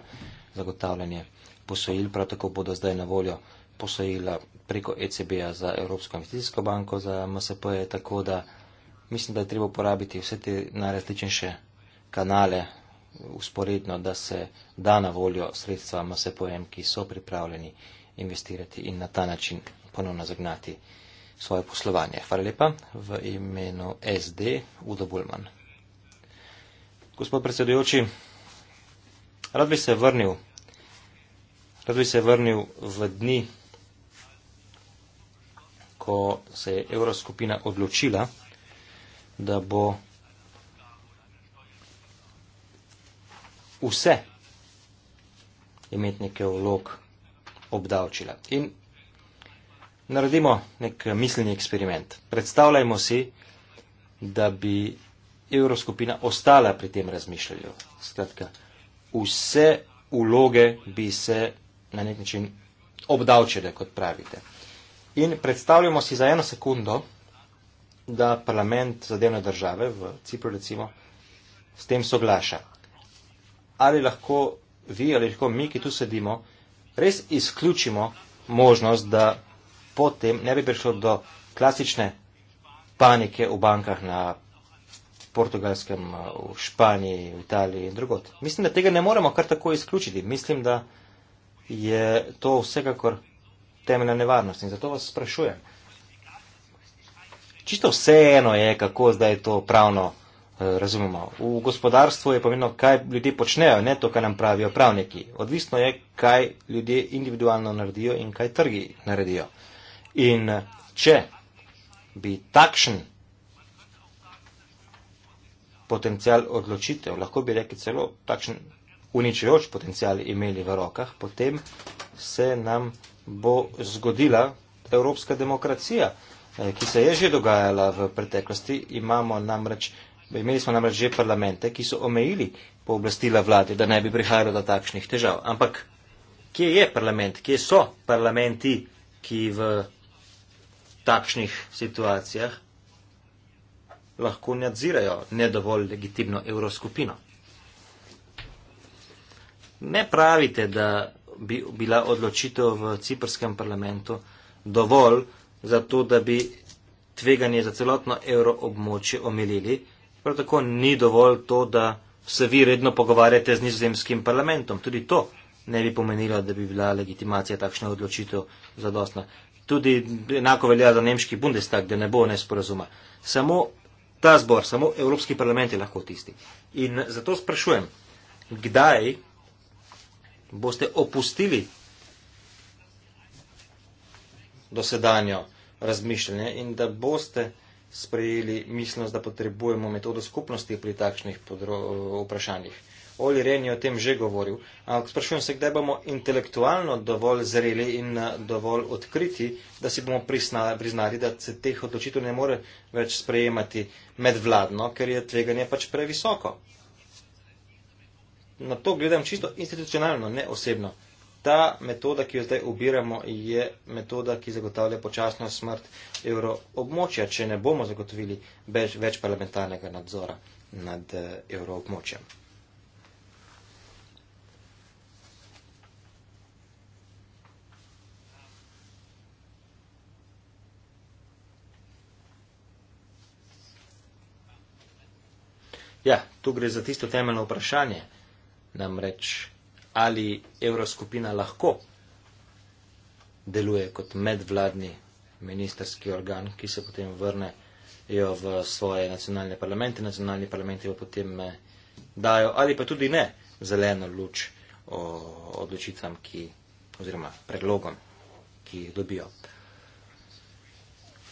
Speaker 2: zagotavljanje posojil, prav tako bodo zdaj na voljo posojila preko ECB-ja za Evropsko investicijsko banko, za MSP-je, tako da mislim, da je treba uporabiti vse te najrazličnejše kanale usporedno, da se da na voljo sredstva MSP-jem, ki so pripravljeni investirati in na ta način ponovno zagnati svoje poslovanje. Hvala lepa v imenu SD Udo Bulman. Gospod predsedujoči, rad bi se vrnil, rad bi se vrnil v dni, ko se je Evroskupina odločila, da bo vse imetnike vlog obdavčila. In naredimo nek mislni eksperiment. Predstavljajmo si, da bi Evroskupina ostala pri tem razmišljanju. Skratka, vse vloge bi se na nek način obdavčile, kot pravite. In predstavljamo si za eno sekundo, da parlament zadevne države v Cipru recimo s tem soglaša. Ali lahko vi ali lahko mi, ki tu sedimo, res izključimo možnost, da potem ne bi prišlo do klasične panike v bankah na portugalskem, eh, v Španiji, v Italiji in drugot. Mislim, da tega ne moremo kar tako izključiti. Mislim, da je to vsekakor temeljna nevarnost. In zato vas sprašujem. Čisto vseeno je, kako zdaj to pravno eh, razumemo. V gospodarstvu je pomembno, kaj ljudje počnejo, ne to, kar nam pravijo pravniki. Odvisno je, kaj ljudje individualno naredijo in kaj trgi naredijo. In če bi takšen potencial odločitev, lahko bi rekli celo takšen uničujoč potencial imeli v rokah, potem se nam bo zgodila evropska demokracija, eh, ki se je že dogajala v preteklosti. Namreč, imeli smo namreč že parlamente, ki so omejili pooblastila vlade, da ne bi prihajalo do takšnih težav. Ampak kje je parlament, kje so parlamenti, ki v takšnih situacijah lahko nadzirajo nedovolj legitimno evroskupino? Ne pravite, da bi bila odločitev v ciprskem parlamentu dovolj za to, da bi tveganje za celotno evroobmočje omilili. Prav tako ni dovolj to, da se vi redno pogovarjate z nizozemskim parlamentom. Tudi to ne bi pomenilo, da bi bila legitimacija takšna odločitev zadostna. Tudi enako velja za nemški Bundestag, da ne bo nesporazuma. Samo ta zbor, samo Evropski parlament je lahko tisti. In zato sprašujem, kdaj boste opustili dosedanjo razmišljanje in da boste sprejeli mislnost, da potrebujemo metodo skupnosti pri takšnih podro, vprašanjih. Oli Ren je o tem že govoril, ampak sprašujem se, kdaj bomo intelektualno dovolj zreli in eh, dovolj odkriti, da si bomo prisna, priznali, da se teh odločitev ne more več sprejemati medvladno, ker je tveganje pač previsoko na to gledam čisto institucionalno, ne osebno. Ta metoda, ki jo zdaj ubiramo, je metoda, ki zagotavlja počasno smrt evroobmočja, če ne bomo zagotovili bež, več parlamentarnega nadzora nad eh, evroobmočjem. Ja, tu gre za tisto temeljno vprašanje. Namreč ali Evroskupina lahko deluje kot medvladni ministerski organ, ki se potem vrnejo v svoje nacionalne parlamente, nacionalni parlamenti jo potem eh, dajo ali pa tudi ne zeleno luč o odločitvam ki, oziroma predlogom, ki jih dobijo.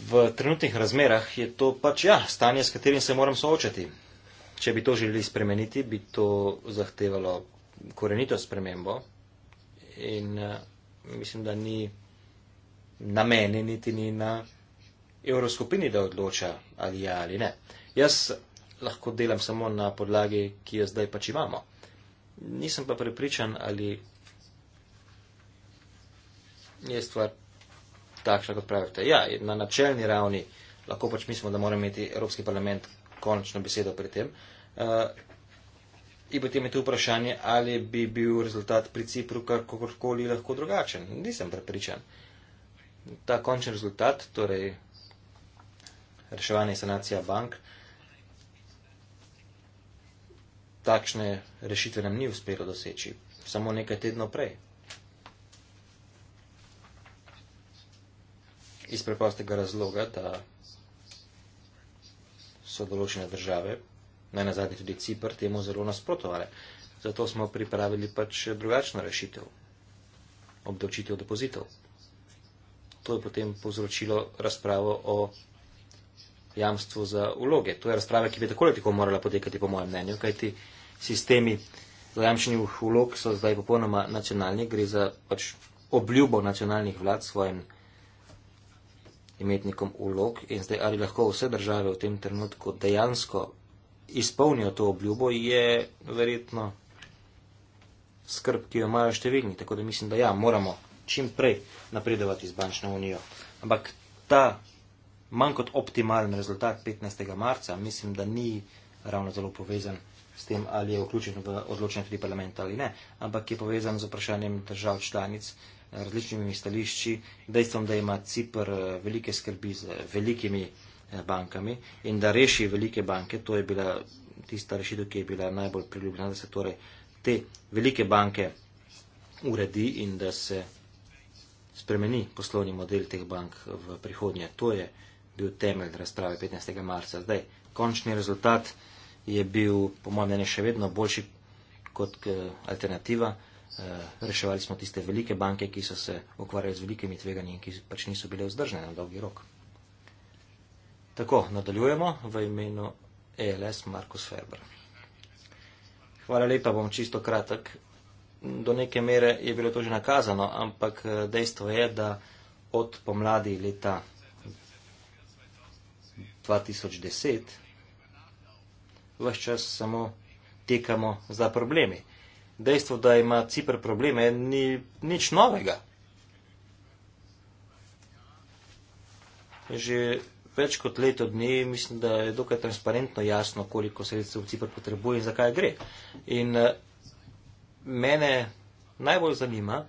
Speaker 2: V trenutnih razmerah je to pač ja, stanje, s katerim se moram soočati če bi to želeli spremeniti, bi to zahtevalo korenito spremembo in uh, mislim, da ni na meni, niti ni na evroskupini, da odloča ali ja ali ne. Jaz lahko delam samo na podlagi, ki jo zdaj pač imamo. Nisem pa prepričan, ali je stvar takšna, kot pravite. Ja, na načelni ravni lahko pač mislimo, da mora imeti Evropski parlament končno besedo pri tem. Uh, in potem je tu vprašanje, ali bi bil rezultat pri Cipru kakorkoli lahko drugačen. Nisem prepričan. Ta končen rezultat, torej reševanje sanacija bank, takšne rešitve nam ni uspelo doseči. Samo nekaj tednov prej. Iz preprostega razloga, da so določene države, naj na zadnje tudi Cipr, temu zelo nasprotovale. Zato smo pripravili pač drugačno rešitev, obdavčitev depozitov. To je potem povzročilo razpravo o jamstvu za vloge. To je razprava, ki bi tako ali tako morala potekati, po mojem mnenju, kajti sistemi zajamčenih vlog so zdaj popolnoma nacionalni, gre za pač obljubo nacionalnih vlad svojim imetnikom ulog in zdaj ali lahko vse države v tem trenutku dejansko izpolnijo to obljubo, je verjetno skrb, ki jo imajo številni. Tako da mislim, da ja, moramo čim prej napredovati z bančno unijo. Ampak ta manj kot optimalen rezultat 15. marca mislim, da ni ravno zelo povezan s tem, ali je vključen v odločenje tudi parlamenta ali ne, ampak je povezan z vprašanjem držav članic, različnimi stališči, dejstvom, da ima Cipr eh, velike skrbi z eh, velikimi eh, bankami in da reši velike banke, to je bila tista rešitev, ki je bila najbolj priljubljena, da se torej te velike banke uredi in da se spremeni poslovni model teh bank v prihodnje. To je bil temelj razprave 15. marca. Zdaj, končni rezultat je bil, po mojem mnenju, še vedno boljši kot alternativa. Eh, reševali smo tiste velike banke, ki so se ukvarjali z velikimi tveganji in ki pač niso bile vzdržne na dolgi rok. Tako, nadaljujemo v imenu ELS Markus Ferber. Hvala lepa, bom čisto kratek. Do neke mere je bilo to že nakazano, ampak eh, dejstvo je, da od pomladi leta 2010 vse čas samo tekamo za problemi dejstvo, da ima Cipr probleme, ni nič novega. Že več kot leto dni mislim, da je dokaj transparentno jasno, koliko sredstev Cipr potrebuje in zakaj gre. In eh, mene najbolj zanima,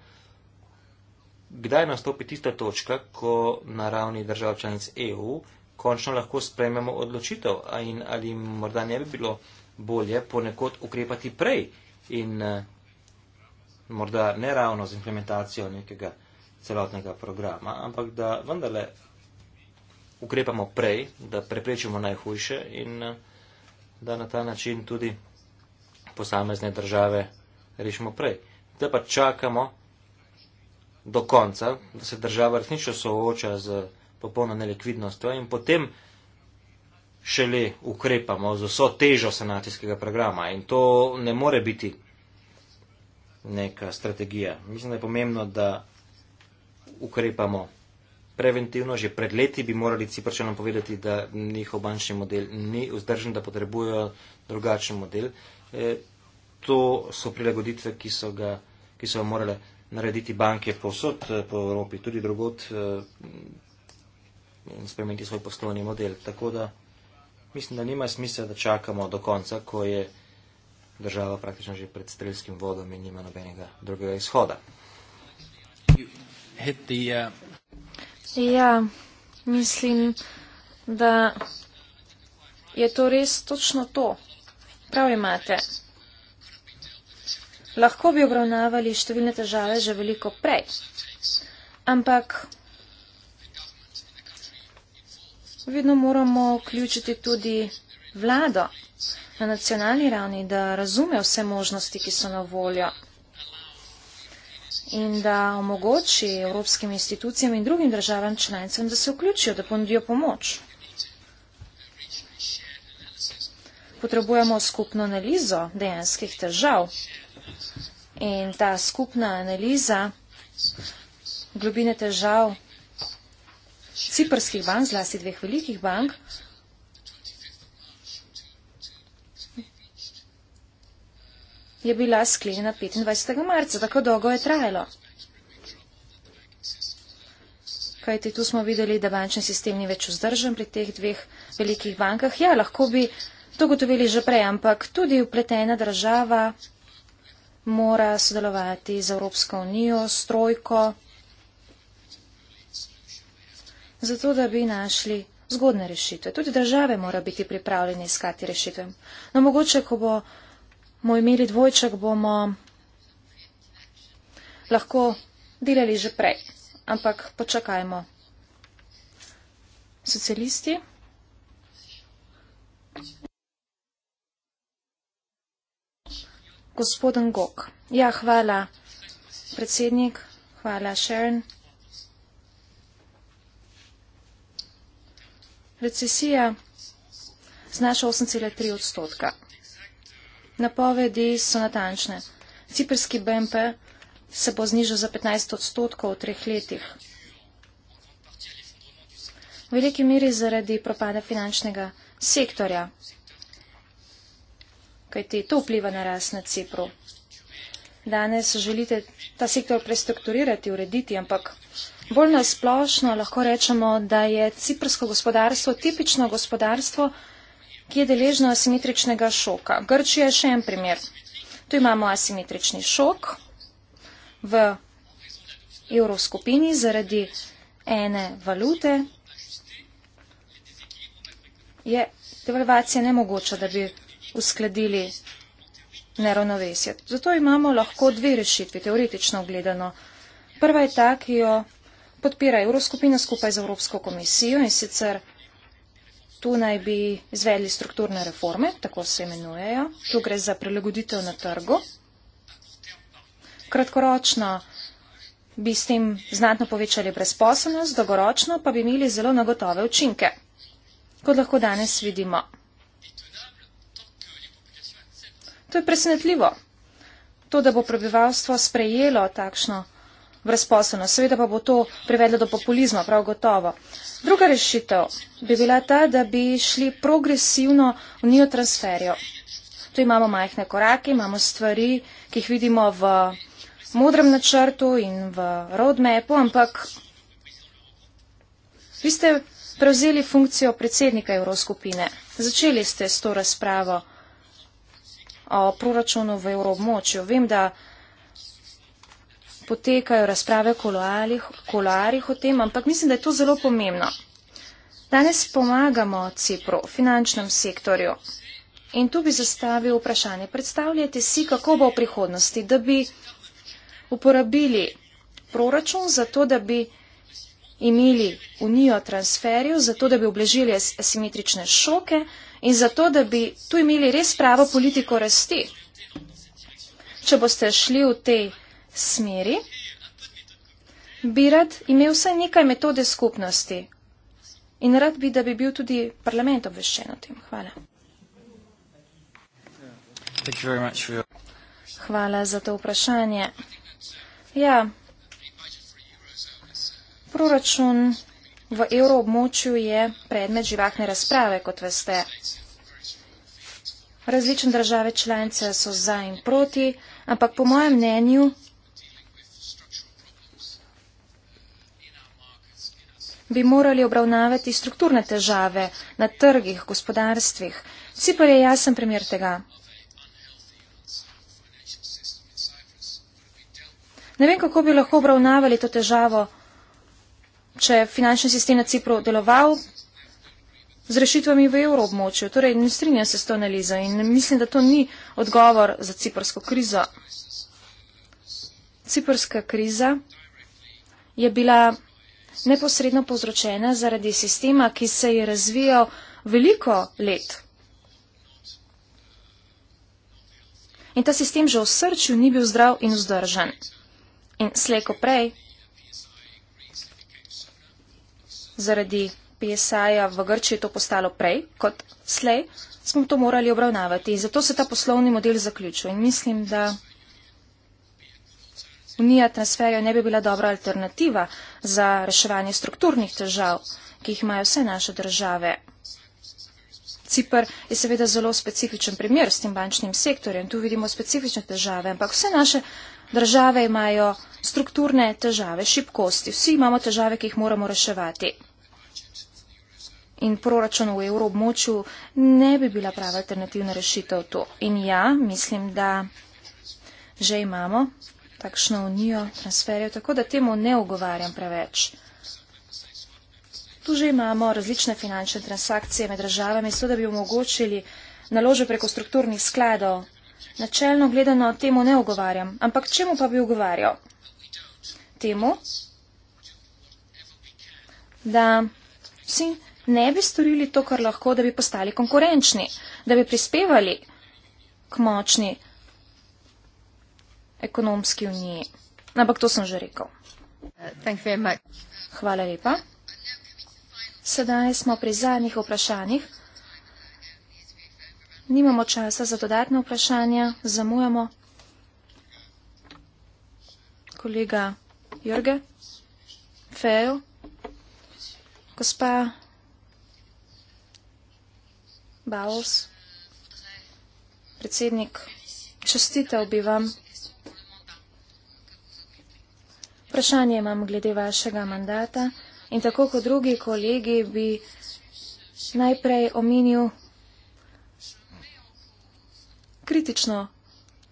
Speaker 2: kdaj nastopi tista točka, ko na ravni držav članic EU končno lahko sprejmemo odločitev in ali morda ne bi bilo bolje ponekod ukrepati prej, in uh, morda ne ravno z implementacijo nekega celotnega programa, ampak da vendarle ukrepamo prej, da preprečimo najhujše in uh, da na ta način tudi posamezne države rešimo prej. Da pa čakamo do konca, da se država resnično sooča z popolno nelikvidnostjo in potem šele ukrepamo z vso težo sanacijskega programa in to ne more biti neka strategija. Mislim, da je pomembno, da ukrepamo preventivno. Že pred leti bi morali Ciprčanom povedati, da njihov bančni model ni vzdržen, da potrebujejo drugačen model. E, to so prilagoditve, ki so, ga, ki so ga morale narediti banke posod e, po Evropi, tudi drugot e, in spremeniti svoj poslovni model. Tako da mislim, da nima smisla, da čakamo do konca, ko je država praktično že pred strelskim vodom in nima nobenega drugega izhoda. Uh,
Speaker 1: ja, mislim, da je to res točno to. Prav imate. Lahko bi obravnavali številne težave že veliko prej, ampak vedno moramo vključiti tudi vlado na nacionalni ravni, da razume vse možnosti, ki so na voljo in da omogoči evropskim institucijam in drugim državam članicam, da se vključijo, da ponudijo pomoč. Potrebujemo skupno analizo dejanskih držav in ta skupna analiza globine težav ciprskih bank, zlasti dveh velikih bank, je bila sklenjena 25. marca, tako dolgo je trajalo. Kajti tu smo videli, da bančni sistem ni več vzdržen pri teh dveh velikih bankah. Ja, lahko bi to gotovili že prej, ampak tudi upletena država mora sodelovati z Evropsko unijo, s trojko zato da bi našli zgodne rešitve. Tudi države mora biti pripravljene iskati rešitve. No, mogoče, ko bomo imeli dvojček, bomo lahko delali že prej. Ampak počakajmo. Socialisti. Gospod Ngok. Ja, hvala, predsednik. Hvala, Sharon. recesija znaša 8,3 odstotka. Napovedi so natančne. Ciperski BMP se bo znižal za 15 odstotkov v treh letih. V veliki meri zaradi propada finančnega sektorja, kajti to vpliva na rast na Cipru. Danes želite ta sektor prestrukturirati, urediti, ampak Bolj nasplošno lahko rečemo, da je ciprsko gospodarstvo tipično gospodarstvo, ki je deležno asimetričnega šoka. Grčija je še en primer. Tu imamo asimetrični šok v evroskupini zaradi ene valute. Je devalvacija nemogoča, da bi uskladili neravnovesje. Zato imamo lahko dve rešitvi, teoretično gledano. Prva je ta, ki jo podpira Evroskupina skupaj z Evropsko komisijo in sicer tu naj bi izvedli strukturne reforme, tako se imenujejo. Tu gre za prilagoditev na trgu. Kratkoročno bi s tem znatno povečali brezposobnost, dolgoročno pa bi imeli zelo nagotove učinke, kot lahko danes vidimo. To je presenetljivo. To, da bo prebivalstvo sprejelo takšno brezposobnost. Seveda pa bo to privedlo do populizma, prav gotovo. Druga rešitev bi bila ta, da bi šli progresivno v njo transferjo. Tu imamo majhne korake, imamo stvari, ki jih vidimo v modrem načrtu in v roadmapu, ampak vi ste prevzeli funkcijo predsednika Evroskupine. Začeli ste s to razpravo o proračunu v evroobmočju. Vem, da potekajo razprave v kolarjih o tem, ampak mislim, da je to zelo pomembno. Danes pomagamo Cipru, finančnem sektorju. In tu bi zastavil vprašanje. Predstavljate si, kako bo v prihodnosti, da bi uporabili proračun za to, da bi imeli unijo transferjev, za to, da bi oblažili asimetrične šoke in za to, da bi tu imeli res pravo politiko rasti. Če boste šli v tej smeri, bi rad imel vsaj nekaj metode skupnosti in rad bi, da bi bil tudi parlament obveščen o tem. Hvala. Hvala za to vprašanje. Ja, proračun v evroobmočju je predmet živahne razprave, kot veste. Različne države članice so za in proti, ampak po mojem mnenju bi morali obravnavati strukturne težave na trgih, gospodarstvih. Cipar je jasen primer tega. Ne vem, kako bi lahko obravnavali to težavo, če finančni sistem na Cipru deloval z rešitvami v evroobmočju. Torej, ne strinjam se s to analizo in mislim, da to ni odgovor za ciprsko krizo. Ciprska kriza je bila neposredno povzročena zaradi sistema, ki se je razvijal veliko let. In ta sistem že v srčju ni bil zdrav in vzdržen. In slejko prej, zaradi PSA-ja v Grči je to postalo prej, kot slej, smo to morali obravnavati. In zato se ta poslovni model zaključil. In mislim, da unija transferjev ne bi bila dobra alternativa za reševanje strukturnih težav, ki jih imajo vse naše države. Cipr je seveda zelo specifičen primer s tem bančnim sektorjem. Tu vidimo specifične težave, ampak vse naše države imajo strukturne težave, šibkosti. Vsi imamo težave, ki jih moramo reševati. In proračun v evroobmočju ne bi bila prava alternativna rešitev to. In ja, mislim, da že imamo takšno unijo transferjev, tako da temu ne ogovarjam preveč. Tu že imamo različne finančne transakcije med državami, so da bi omogočili naložbe preko strukturnih skladov. Načelno gledano temu ne ogovarjam, ampak čemu pa bi ogovarjal? Temu, da vsi ne bi storili to, kar lahko, da bi postali konkurenčni, da bi prispevali k močni ekonomski uniji. Ampak to sem že rekel. Hvala lepa. Sedaj smo pri zadnjih vprašanjih. Nimamo časa za dodatne vprašanja, zamujamo. Kolega Jorge, Fejo, gospa Baus, predsednik, čestitev bi vam. Vprašanje imam glede vašega mandata in tako kot drugi kolegi bi najprej omenil kritično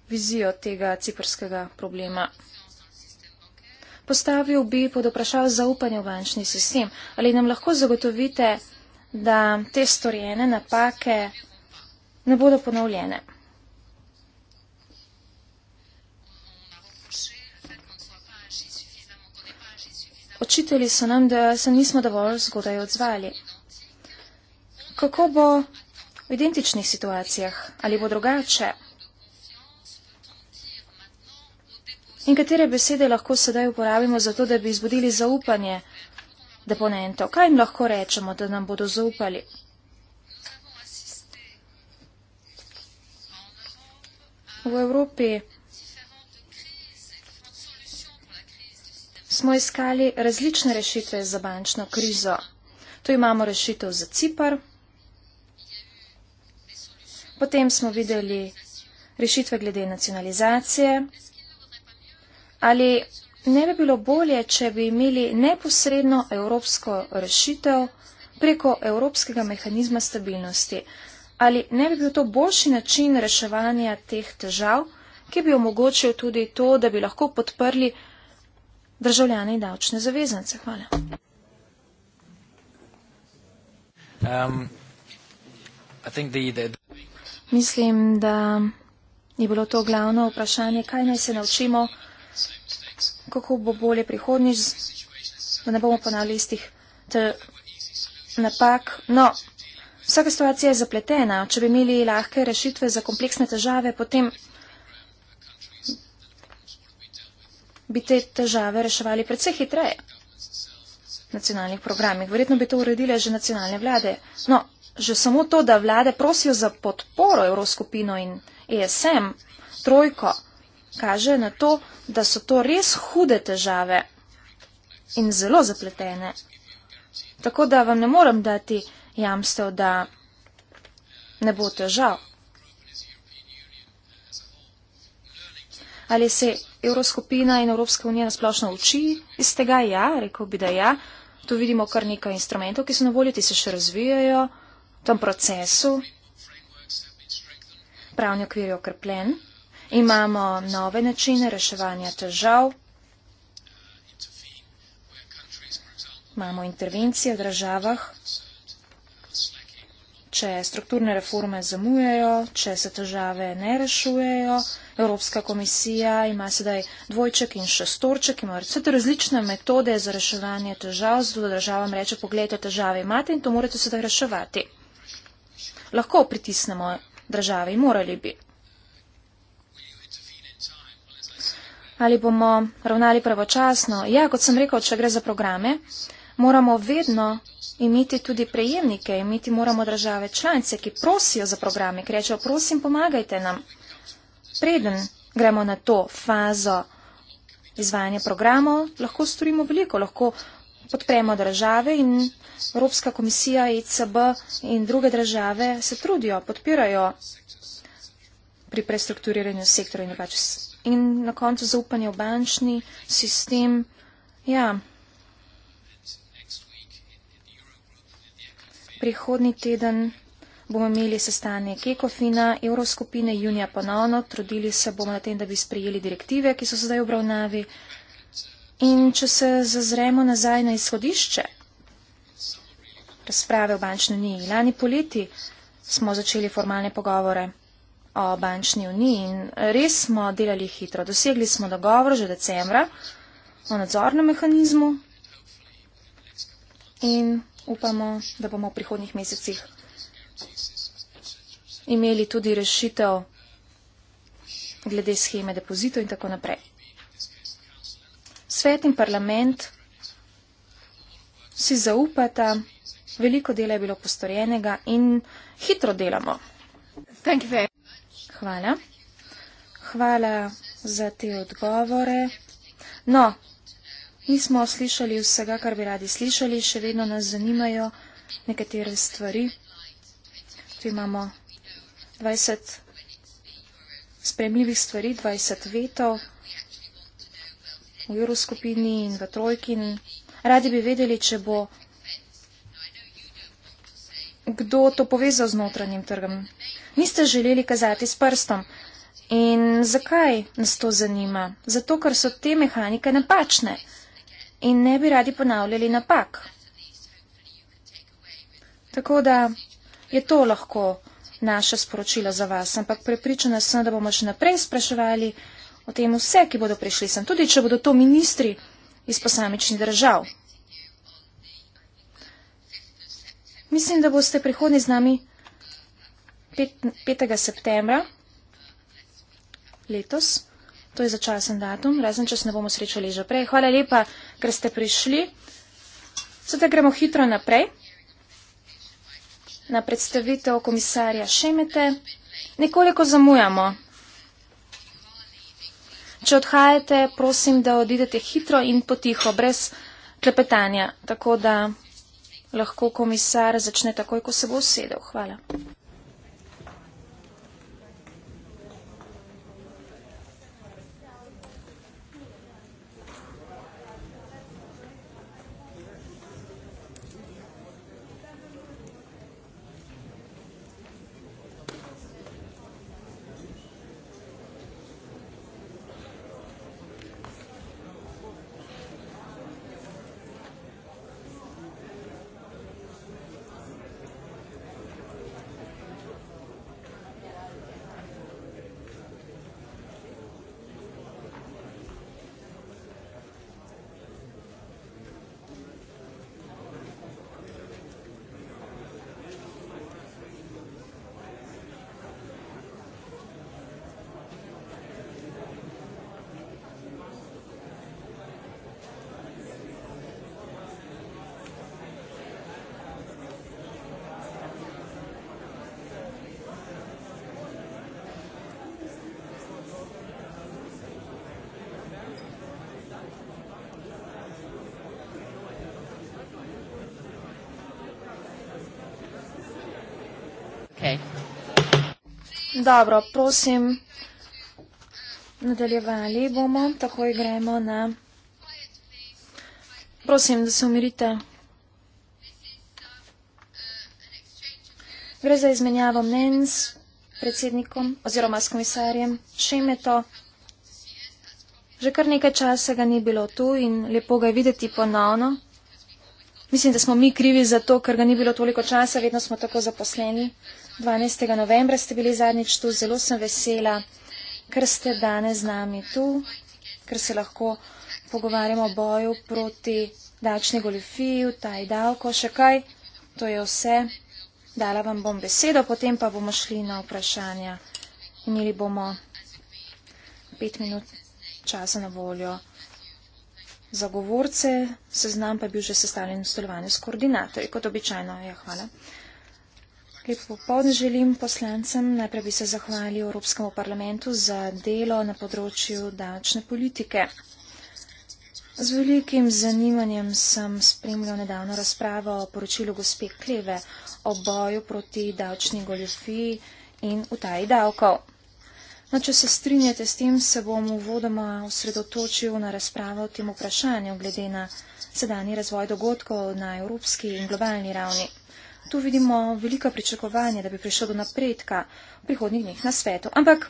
Speaker 1: vizijo tega ciprskega problema. Postavil bi pod vprašal zaupanje v bančni sistem. Ali nam lahko zagotovite, da te storjene napake ne bodo ponovljene? Očitali so nam, da se nismo dovolj zgodaj odzvali. Kako bo v identičnih situacijah ali bo drugače? In katere besede lahko sedaj uporabimo za to, da bi izbudili zaupanje deponentov? Kaj jim lahko rečemo, da nam bodo zaupali? V Evropi smo iskali različne rešitve za bančno krizo. Tu imamo rešitev za Cipr, potem smo videli rešitve glede nacionalizacije. Ali ne bi bilo bolje, če bi imeli neposredno evropsko rešitev preko Evropskega mehanizma stabilnosti? Ali ne bi bil to boljši način reševanja teh težav, ki bi omogočil tudi to, da bi lahko podprli državljane in davčne zavezance. Hvala. Um, Mislim, da je bilo to glavno vprašanje, kaj naj se naučimo, kako bo bolje prihodnjič, da ne bomo ponavljali istih napak. No, vsaka situacija je zapletena. Če bi imeli lahke rešitve za kompleksne težave, potem bi te težave reševali predvsej hitreje. Nacionalnih programih. Verjetno bi to uredile že nacionalne vlade. No, že samo to, da vlade prosijo za podporo Evroskupino in ESM, trojko, kaže na to, da so to res hude težave in zelo zapletene. Tako da vam ne morem dati jamstev, da ne bo težav. ali se Evroskupina in Evropska unija nasplošno uči iz tega? Ja, rekel bi, da ja. Tu vidimo kar nekaj instrumentov, ki so na voljo, ti se še razvijajo v tem procesu. Pravni okvir je okrepljen. Imamo nove načine reševanja težav. Imamo intervencije v državah, če strukturne reforme zamujajo, če se težave ne rešujejo, Evropska komisija ima sedaj dvojček in šestorček, ima vse te različne metode za reševanje težav, zato da državam reče, pogledajte, težave imate in to morate sedaj reševati. Lahko pritisnemo države in morali bi. Ali bomo ravnali pravočasno? Ja, kot sem rekel, če gre za programe, moramo vedno imeti tudi prejemnike, imeti moramo države članice, ki prosijo za programe, ki rečejo, prosim, pomagajte nam preden gremo na to fazo izvajanja programov, lahko storimo veliko, lahko podpremo države in Evropska komisija, ECB in druge države se trudijo, podpirajo pri prestrukturiranju sektorja in drugače. In na koncu zaupanje v bančni sistem. Ja. Prihodni teden bomo imeli sestanje Kekofina, Evroskupine, junija ponovno, trudili se bomo na tem, da bi sprejeli direktive, ki so zdaj v obravnavi. In če se zazremo nazaj na izhodišče razprave o bančni uniji, lani poleti smo začeli formalne pogovore o bančni uniji in res smo delali hitro. Dosegli smo dogovor že decembra o nadzornem mehanizmu in upamo, da bomo v prihodnjih mesecih imeli tudi rešitev glede scheme depozitov in tako naprej. Svet in parlament si zaupata, veliko dela je bilo postorjenega in hitro delamo. Hvala. Hvala za te odgovore. No, nismo slišali vsega, kar bi radi slišali, še vedno nas zanimajo nekatere stvari. Tu imamo 20 spremljivih stvari, 20 veto v Euroskupini in v Trojki. Radi bi vedeli, če bo kdo to povezal z notranjim trgom. Niste želeli kazati s prstom. In zakaj nas to zanima? Zato, ker so te mehanike napačne in ne bi radi ponavljali napak. Tako da je to lahko naše sporočilo za vas, ampak prepričana sem, da bomo še naprej spraševali o tem vse, ki bodo prišli sem, tudi če bodo to ministri iz posamičnih držav. Mislim, da boste prihodni z nami 5. septembra letos. To je začasen datum, razen če se ne bomo srečali že prej. Hvala lepa, ker ste prišli. Sedaj gremo hitro naprej na predstavitev komisarja Šemete. Nekoliko zamujamo. Če odhajate, prosim, da odidete hitro in potiho, brez klepetanja, tako da lahko komisar začne takoj, ko se bo usedel. Hvala. Dobro, prosim, nadaljevali bomo, takoj gremo na. Prosim, da se umirite. Gre za izmenjavo mnen s predsednikom oziroma s komisarjem Šemeto. Že kar nekaj časa ga ni bilo tu in lepo ga je videti ponovno. Mislim, da smo mi krivi za to, ker ga ni bilo toliko časa, vedno smo tako zaposleni. 12. novembra ste bili zadnjič tu, zelo sem vesela, ker ste danes z nami tu, ker se lahko pogovarjamo o boju proti dačni golifiju, taj davko, še kaj, to je vse. Dala vam bom besedo, potem pa bomo šli na vprašanja. Imeli bomo pet minut časa na voljo za govorce, seznam pa je bil že sestavljen v stolovanju s koordinatorji, kot običajno. Ja, hvala. Lepo podne želim poslancem. Najprej bi se zahvalil Evropskemu parlamentu za delo na področju davčne politike. Z velikim zanimanjem sem spremljal nedavno razpravo o poročilu gospe Kleve o boju proti davčni goljofiji in utaji davkov. No, če se strinjate s tem, se bom uvodoma osredotočil na razpravo o tem vprašanju glede na sedanji razvoj dogodkov na evropski in globalni ravni tu vidimo veliko pričakovanje, da bi prišel do napredka v prihodnjih dneh na svetu. Ampak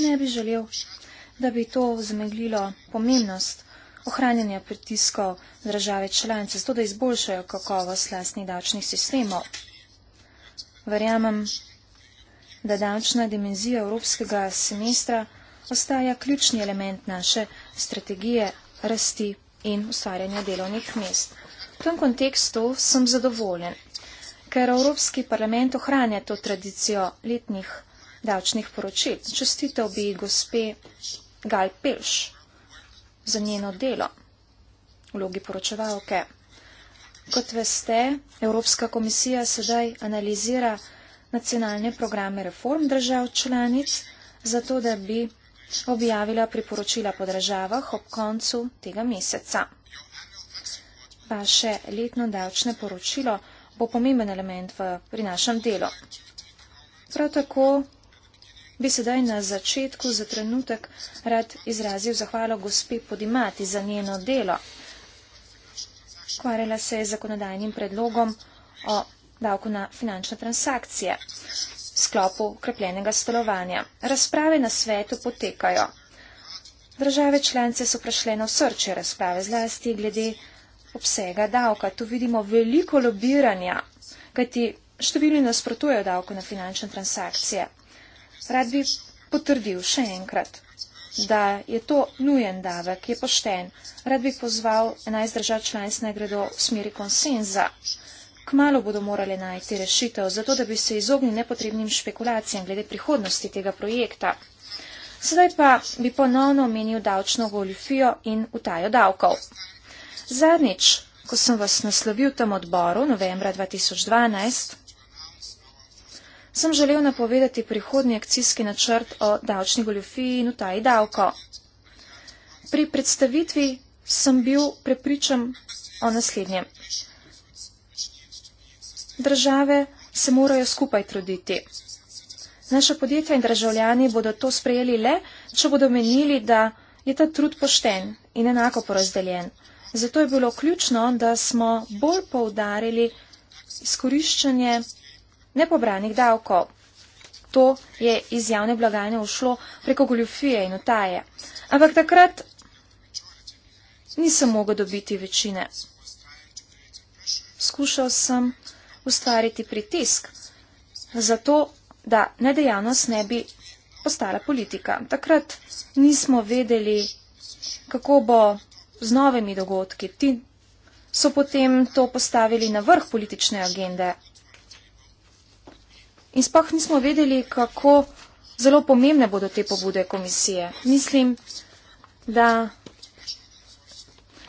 Speaker 1: ne bi želel, da bi to zameglilo pomembnost ohranjanja pritiskov države članice, zato da izboljšajo kakovost lastnih davčnih sistemov. Verjamem, da davčna dimenzija evropskega semestra ostaja ključni element naše strategije rasti in ustvarjanja delovnih mest tem kontekstu sem zadovoljen, ker Evropski parlament ohranja to tradicijo letnih davčnih poročil. Čestitev bi gospe Gal Pelš za njeno delo v vlogi poročevalke. Kot veste, Evropska komisija sedaj analizira nacionalne programe reform držav članic, zato da bi objavila priporočila po državah ob koncu tega meseca pa še letno davčne poročilo bo pomemben element pri našem delu. Prav tako bi sedaj na začetku za trenutek rad izrazil zahvalo gospe Podimati za njeno delo. Kvarjala se je zakonodajnim predlogom o davku na finančne transakcije v sklopu ukrepljenega stolovanja. Razprave na svetu potekajo. Države članice so prešle na srče razprave zlasti glede obsega davka. Tu vidimo veliko lobiranja, kajti številni nasprotujejo davku na finančne transakcije. Rad bi potrdil še enkrat, da je to nujen davek, je pošten. Rad bi pozval 11 držav članic naj gredo v smeri konsenza. Kmalo bodo morali najti rešitev, zato da bi se izognili nepotrebnim špekulacijam glede prihodnosti tega projekta. Sedaj pa bi ponovno omenil davčno goljufijo in utajo davkov. Zadnjič, ko sem vas naslovil v tem odboru, novembra 2012, sem želel napovedati prihodnji akcijski načrt o davčni goljofiji in utaji davko. Pri predstavitvi sem bil prepričan o naslednjem. Države se morajo skupaj truditi. Naša podjetja in državljani bodo to sprejeli le, če bodo menili, da je ta trud pošten in enako porazdeljen. Zato je bilo ključno, da smo bolj poudarili izkoriščanje nepobranih davkov. To je iz javne blagajne ušlo preko goljufije in utaje. Ampak takrat nisem mogel dobiti večine. Skušal sem ustvariti pritisk, zato da nedejavnost ne bi postala politika. Takrat nismo vedeli, kako bo z novimi dogodki. Ti so potem to postavili na vrh politične agende. In spah nismo vedeli, kako zelo pomembne bodo te pobude komisije. Mislim, da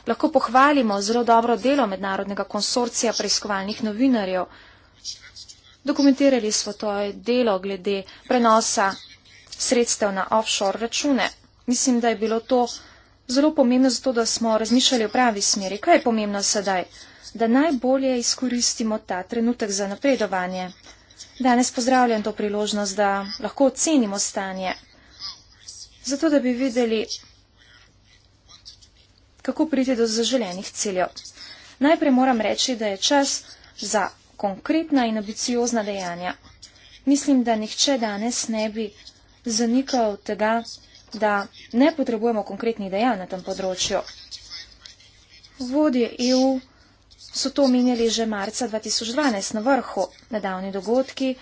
Speaker 1: lahko pohvalimo zelo dobro delo Mednarodnega konsorcija preiskovalnih novinarjev. Dokumentirali smo to delo glede prenosa sredstev na offshore račune. Mislim, da je bilo to zelo pomembno zato, da smo razmišljali v pravi smeri. Kaj je pomembno sedaj? Da najbolje izkoristimo ta trenutek za napredovanje. Danes pozdravljam to priložnost, da lahko ocenimo stanje. Zato, da bi videli, kako priti do zaželenih ciljev. Najprej moram reči, da je čas za konkretna in ambiciozna dejanja. Mislim, da nihče danes ne bi zanikal tega, da ne potrebujemo konkretnih dejanj na tem področju. Vodje EU so to omenjali že marca 2012 na vrhu. Nedavni dogodki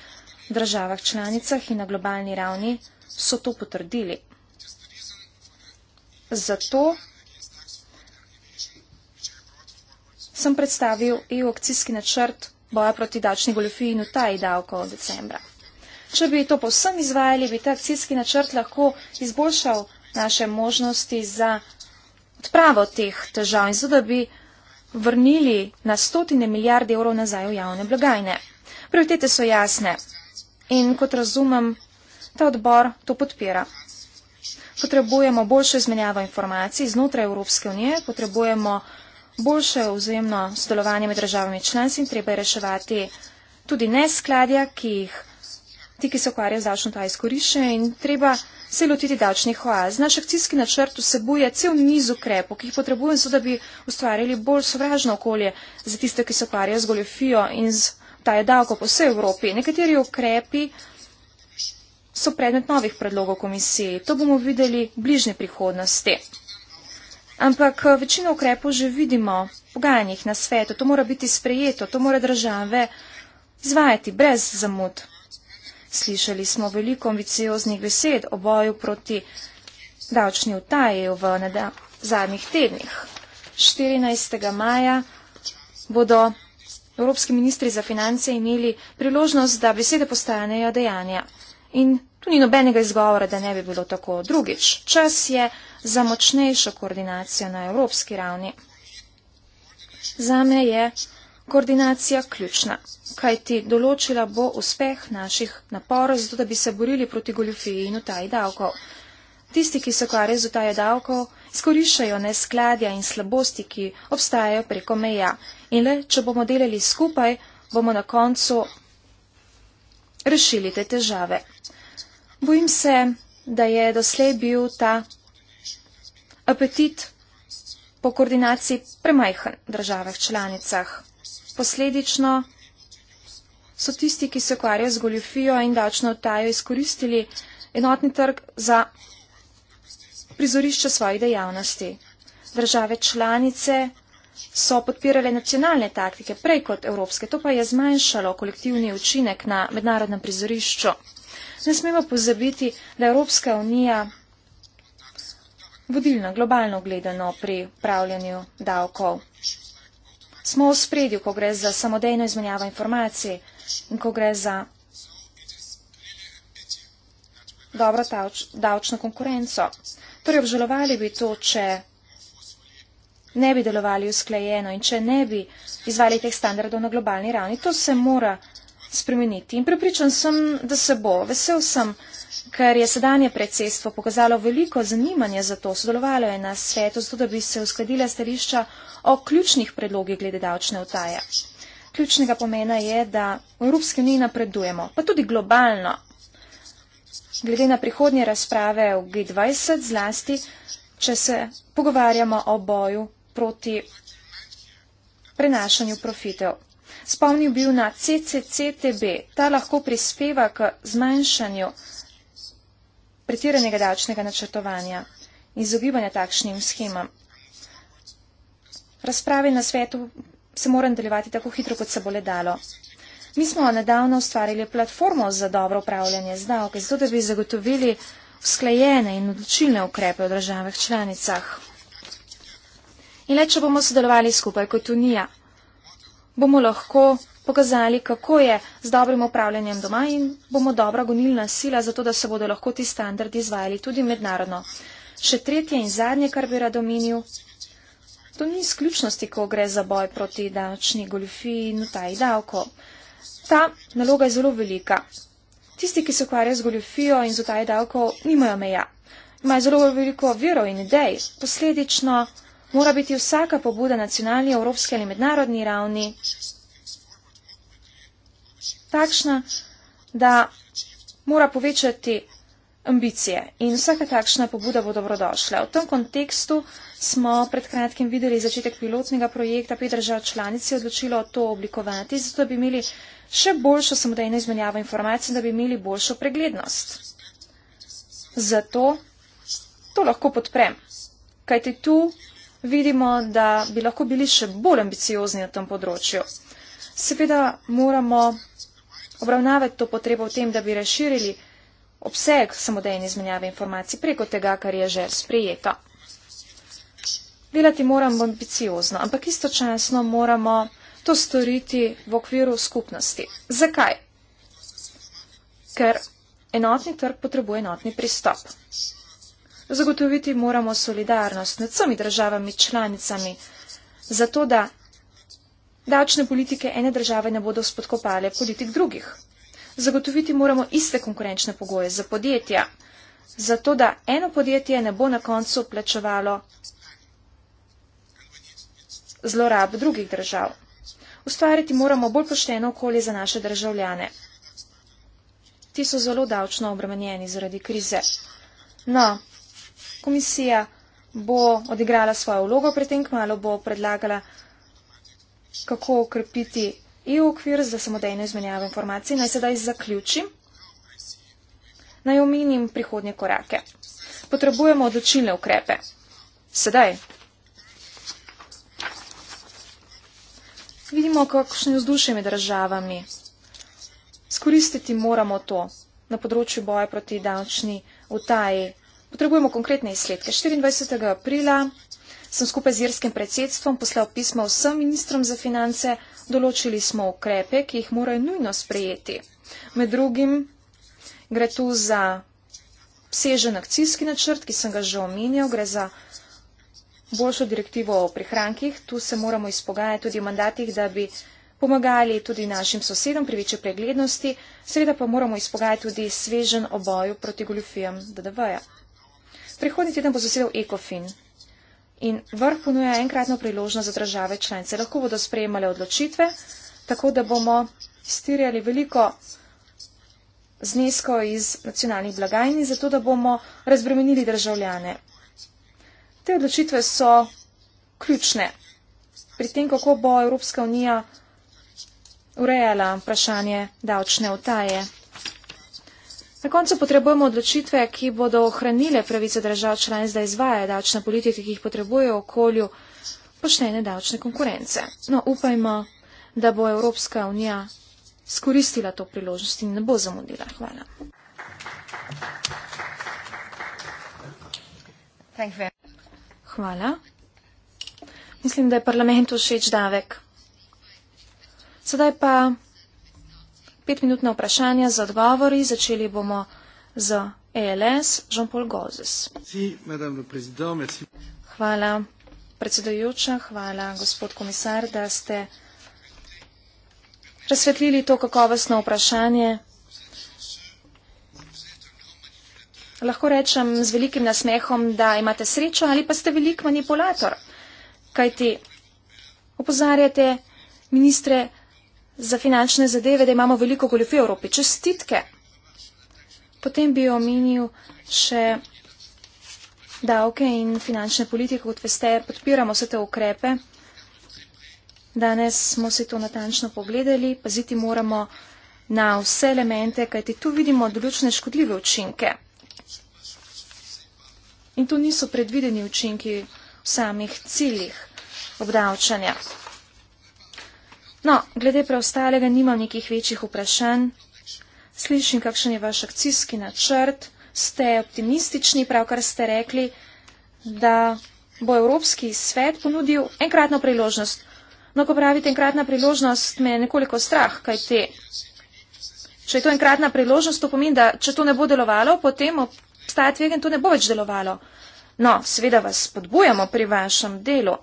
Speaker 1: v državah članicah in na globalni ravni so to potrdili. Zato sem predstavil EU akcijski načrt boja proti dačni goljofiji in utaji davkov od decembra. Če bi to povsem izvajali, bi ta akcijski načrt lahko izboljšal naše možnosti za odpravo teh težav in zato bi vrnili na stotine milijarde evrov nazaj v javne blagajne. Prioritete so jasne in kot razumem, ta odbor to podpira. Potrebujemo boljšo izmenjavo informacij znotraj Evropske unije, potrebujemo boljše vzajemno sodelovanje med državami članci in treba je reševati tudi neskladja, ki jih ti, ki se ukvarjajo z davčno taj izkoriščenje in treba se lotiti davčnih oaz. Naš akcijski načrt vsebuje cel niz ukrepov, ki jih potrebujemo, da bi ustvarili bolj sovražno okolje za tiste, ki se ukvarjajo z goljofijo in z taj davko po vsej Evropi. Nekateri ukrepi so predmet novih predlogov komisije. To bomo videli v bližnji prihodnosti. Ampak eh, večino ukrepov že vidimo, pogajanjih na svetu, to mora biti sprejeto, to mora države izvajati brez zamud. Slišali smo veliko ambicioznih besed o boju proti davčni utaji v zadnjih tednih. 14. maja bodo evropski ministri za finance imeli priložnost, da besede postanejo dejanja. In tu ni nobenega izgovora, da ne bi bilo tako. Drugič, čas je za močnejšo koordinacijo na evropski ravni. Zame je koordinacija ključna, kajti določila bo uspeh naših naporov, zato da bi se borili proti goljofiji in utaji davkov. Tisti, ki se ukvarjajo z utaje davkov, skorišajo neskladja in slabosti, ki obstajajo preko meja. In le, če bomo delali skupaj, bomo na koncu rešili te težave. Bojim se, da je doslej bil ta apetit po koordinaciji premajhen v državah članicah. Posledično so tisti, ki se ukvarjajo z goljofijo in davčno odtajo, izkoristili enotni trg za prizorišče svojih dejavnosti. Države članice so podpirale nacionalne taktike prej kot evropske, to pa je zmanjšalo kolektivni učinek na mednarodnem prizorišču. Ne smemo pozabiti, da Evropska unija vodilna globalno gledano pri upravljanju davkov smo v spredju, ko gre za samodejno izmenjavo informacij in ko gre za dobro tavč, davčno konkurenco. Torej obžalovali bi to, če ne bi delovali usklajeno in če ne bi izvali teh standardov na globalni ravni. To se mora spremeniti in pripričan sem, da se bo. Vesel sem, Ker je sedanje predsedstvo pokazalo veliko zanimanja za to, sodelovalo je na svetu, zato da bi se uskladila stališča o ključnih predlogih glede davčne utaje. Ključnega pomena je, da v Evropski uniji napredujemo, pa tudi globalno. Glede na prihodnje razprave v G20 zlasti, če se pogovarjamo o boju proti prenašanju profitev. Spomnil bi na CCCTB. Ta lahko prispeva k zmanjšanju profitev pretiranega davčnega načrtovanja, izogibanja takšnim schemam. Razprave na svetu se moram delovati tako hitro, kot se bo le dalo. Mi smo nedavno ustvarili platformo za dobro upravljanje z davke, zato da bi zagotovili usklajene in odločilne ukrepe v državah članicah. In le, če bomo sodelovali skupaj kot Unija, bomo lahko pokazali, kako je z dobrim upravljanjem doma in bomo dobra gonilna sila, zato da se bodo lahko ti standardi izvajali tudi mednarodno. Še tretje in zadnje, kar bi rad omenil, to ni izključnosti, ko gre za boj proti davčni goljufiji in utaji davko. Ta naloga je zelo velika. Tisti, ki se ukvarjajo z goljufijo in z utaji davko, nimajo meja. Imajo zelo veliko verov in idej. Posledično mora biti vsaka pobuda nacionalni, evropski ali mednarodni ravni takšna, da mora povečati ambicije in vsaka takšna pobuda bo dobrodošla. V tem kontekstu smo pred kratkim videli začetek pilotnega projekta, pet držav članici je odločilo to oblikovati, zato bi imeli še boljšo samodejno izmenjavo informacij, da bi imeli boljšo preglednost. Zato to lahko podprem, kajte tu vidimo, da bi lahko bili še bolj ambiciozni na tem področju. Seveda moramo obravnavati to potrebo v tem, da bi razširili obseg samodejne izmenjave informacij preko tega, kar je že sprejeto. Delati moramo ambiciozno, ampak istočasno moramo to storiti v okviru skupnosti. Zakaj? Ker enotni trg potrebuje enotni pristop. Zagotoviti moramo solidarnost med vsemi državami članicami, zato da Davčne politike ene države ne bodo spodkopale politik drugih. Zagotoviti moramo iste konkurenčne pogoje za podjetja, zato da eno podjetje ne bo na koncu plačevalo zlorab drugih držav. Ustvariti moramo bolj pošteno okolje za naše državljane. Ti so zelo davčno obremenjeni zaradi krize. No, komisija bo odigrala svojo vlogo, pri tem kmalo bo predlagala kako okrepiti EU okvir za samodejno izmenjavo informacij. Naj sedaj zaključim. Naj omenim prihodnje korake. Potrebujemo odločilne ukrepe. Sedaj. Vidimo, kakšne vzdušje med državami. Skoristiti moramo to na področju boja proti davčni utaji. Potrebujemo konkretne izsledke. 24. aprila sem skupaj z irskim predsedstvom poslal pismo vsem ministrom za finance, določili smo ukrepe, ki jih morajo nujno sprejeti. Med drugim gre tu za sežen akcijski načrt, ki sem ga že omenjal, gre za boljšo direktivo o prihrankih. Tu se moramo izpogajati tudi o mandatih, da bi pomagali tudi našim sosedom pri večji preglednosti, seveda pa moramo izpogajati tudi svežen oboju proti goljufijam DDV-ja. Prihodnji teden bo zasedal ECOFIN in vrh ponuja enkratno priložnost za države članice. Lahko bodo sprejemale odločitve, tako da bomo stirjali veliko znesko iz nacionalnih blagajni, zato da bomo razbremenili državljane. Te odločitve so ključne pri tem, kako bo Evropska unija urejala vprašanje davčne utaje. Na koncu potrebujemo odločitve, ki bodo ohranile pravice držav članic, da izvajajo davčne politike, ki jih potrebujejo okolju poštene davčne konkurence. No, upajmo, da bo Evropska unija skoristila to priložnost in ne bo zamudila. Hvala. Hvala. Mislim, da je parlamentu všeč davek. Sedaj pa petminutna vprašanja z odgovori. Začeli bomo z ELS, Jean-Paul Gozes. Hvala, predsedujoča, hvala, gospod komisar, da ste razsvetlili to kakovostno vprašanje. Lahko rečem z velikim nasmehom, da imate srečo ali pa ste velik manipulator, kajti opozarjate ministre, za finančne zadeve, da imamo veliko goljofi v Evropi. Čestitke. Potem bi omenil še davke in finančne politike, kot veste, podpiramo vse te ukrepe. Danes smo si to natančno pogledali, paziti moramo na vse elemente, kajti tu vidimo določene škodljive učinke. In to niso predvideni učinki v samih ciljih obdavčanja. No, glede preostalega nimam nekih večjih vprašanj. Slišim, kakšen je vaš akcijski načrt. Ste optimistični, pravkar ste rekli, da bo Evropski svet ponudil enkratno priložnost. No, ko pravite enkratna priložnost, me je nekoliko strah, kaj te. Če je to enkratna priložnost, to pomeni, da če to ne bo delovalo, potem obstaja tvegan, to ne bo več delovalo. No, seveda vas spodbujamo pri vašem delu.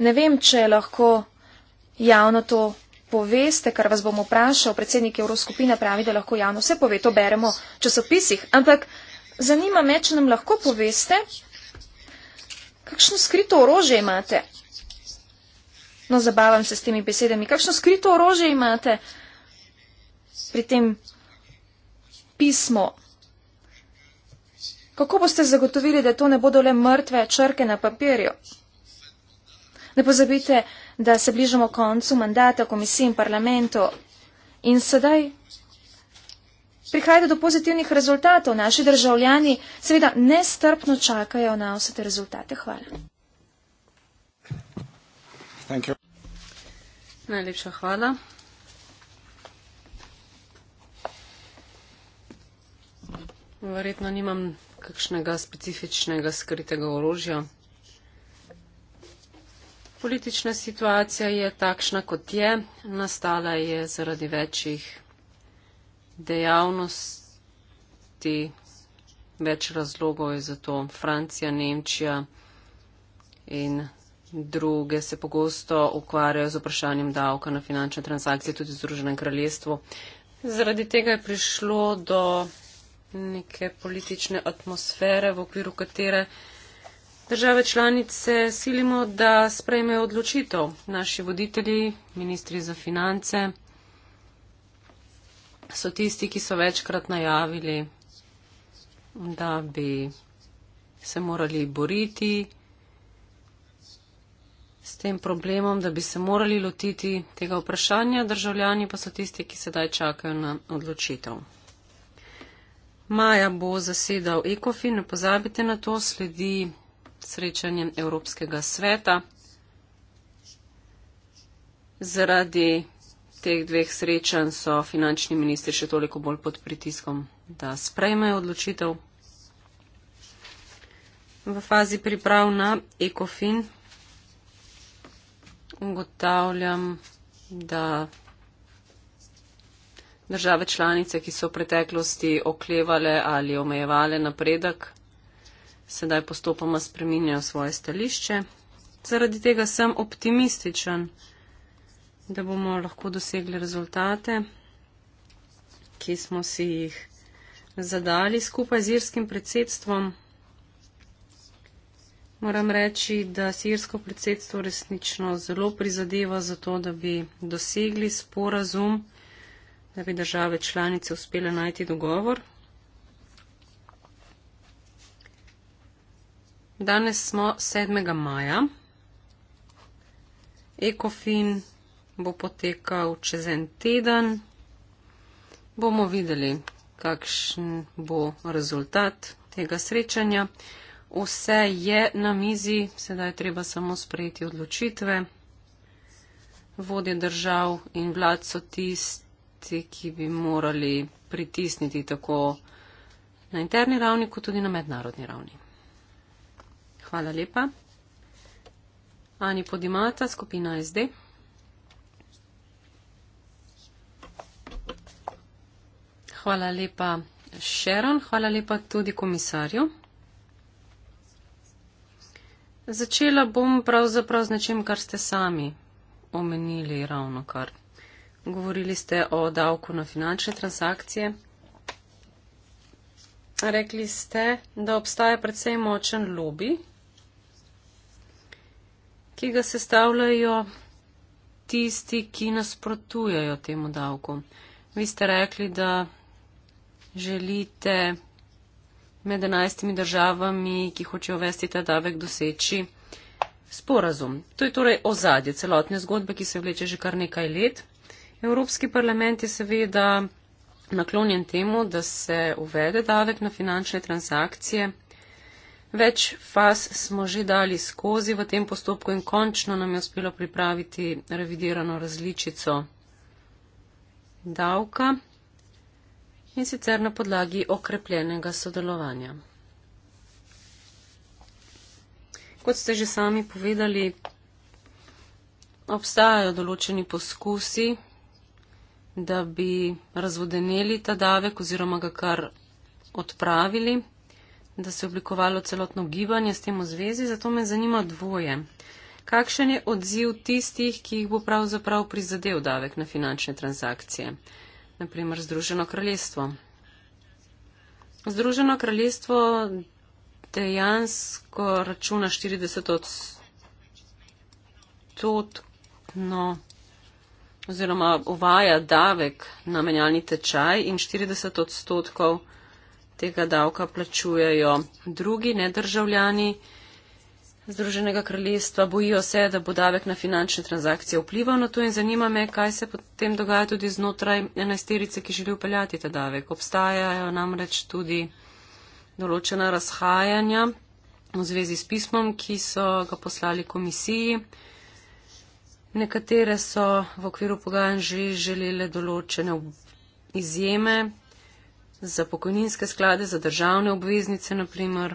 Speaker 1: Ne vem, če lahko javno to poveste, kar vas bom vprašal. Predsednik Evroskupine pravi, da lahko javno vse pove, to beremo v časopisih. Ampak zanima me, če nam lahko poveste, kakšno skrito orožje imate. No, zabavam se s temi besedami. Kakšno skrito orožje imate pri tem pismo? Kako boste zagotovili, da to ne bodo le mrtve črke na papirju? Ne pozabite, da se bližamo koncu mandata komisije in parlamentu in sedaj prihajajo do pozitivnih rezultatov. Naši državljani seveda nestrpno čakajo na vse te rezultate. Hvala.
Speaker 3: Najlepša hvala. Verjetno nimam kakšnega specifičnega skritega orožja. Politična situacija je takšna, kot je. Nastala je zaradi večjih dejavnosti, več razlogov je za to. Francija, Nemčija in druge se pogosto ukvarjajo z vprašanjem davka na finančne transakcije, tudi v Združenem kraljestvu. Zaradi tega je prišlo do neke politične atmosfere, v okviru katere Države članice silimo, da sprejmejo odločitev, naši voditelji, ministri za finance, so tisti, ki so večkrat najavili, da bi se morali boriti s tem problemom, da bi se morali lotiti tega vprašanja, državljani pa so tisti, ki sedaj čakajo na odločitev. Maja bo zasedal ECOFIN, ne pozabite na to, sledi srečanjem Evropskega sveta. Zaradi teh dveh srečanj so finančni ministri še toliko bolj pod pritiskom, da sprejmejo odločitev. V fazi priprav na ECOFIN ugotavljam, da države članice, ki so v preteklosti oklevale ali omejevale napredek, sedaj postopoma spreminjajo svoje stališče. Zaradi tega sem optimističen, da bomo lahko dosegli rezultate, ki smo si jih zadali skupaj z irskim predsedstvom. Moram reči, da si irsko predsedstvo resnično zelo prizadeva za to, da bi dosegli sporazum, da bi države članice uspele najti dogovor Danes smo 7. maja. Ekofin bo potekal čez en teden. Bomo videli, kakšen bo rezultat tega srečanja. Vse je na mizi, sedaj je treba samo sprejeti odločitve. Vodje držav in vlad so tisti, ki bi morali pritisniti tako na interni ravni, kot tudi na mednarodni ravni. Hvala lepa. Ani Podimata, skupina SD. Hvala lepa Sharon, hvala lepa tudi komisarju. Začela bom pravzaprav z nečim, kar ste sami omenili ravno kar. Govorili ste o davku na finančne transakcije. Rekli ste, da obstaja predvsej močen lobby ki ga sestavljajo tisti, ki nasprotujajo temu davku. Vi ste rekli, da želite med enajstimi državami, ki hočejo uvesti ta davek, doseči sporazum. To je torej ozadje celotne zgodbe, ki se vleče že kar nekaj let. Evropski parlament je seveda naklonjen temu, da se uvede davek na finančne transakcije. Več faz smo že dali skozi v tem postopku in končno nam je uspelo pripraviti revidirano različico davka in sicer na podlagi okrepljenega sodelovanja. Kot ste že sami povedali, obstajajo določeni poskusi, da bi razvodeneli ta davek oziroma ga kar odpravili da se je oblikovalo celotno gibanje s tem v zvezi, zato me zanima dvoje. Kakšen je odziv tistih, ki jih bo pravzaprav prizadev davek na finančne transakcije, naprimer Združeno kraljestvo? Združeno kraljestvo dejansko računa 40 odstotno oziroma uvaja davek na menjalni tečaj in 40 odstotkov odstotkov tega davka plačujejo drugi nedržavljani Združenega kraljestva. Bojijo se, da bo davek na finančne transakcije vplival na to in zanima me, kaj se potem dogaja tudi znotraj enajsterice, ki želi upeljati ta davek. Obstajajo namreč tudi določena razhajanja v zvezi s pismom, ki so ga poslali komisiji. Nekatere so v okviru pogajanj že želele določene izjeme za pokojninske sklade, za državne obveznice, naprimer.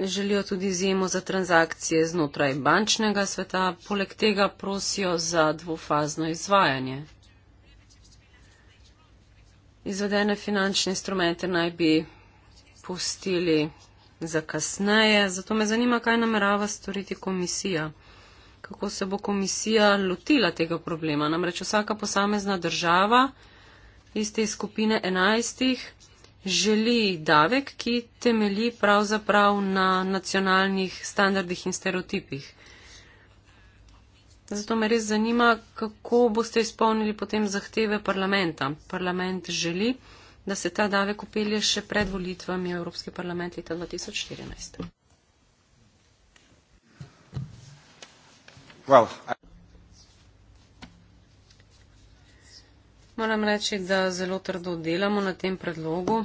Speaker 3: Želijo tudi izjemo za transakcije znotraj bančnega sveta, poleg tega prosijo za dvofazno izvajanje. Izvedene finančne instrumente naj bi pustili za kasneje, zato me zanima, kaj namerava storiti komisija kako se bo komisija lotila tega problema. Namreč vsaka posamezna država iz te skupine enajstih želi davek, ki temelji pravzaprav na nacionalnih standardih in stereotipih. Zato me res zanima, kako boste izpolnili potem zahteve parlamenta. Parlament želi, da se ta davek upelje še pred volitvami v Evropski parlament leta 2014. Hvala. Moram reči, da zelo trdo delamo na tem predlogu.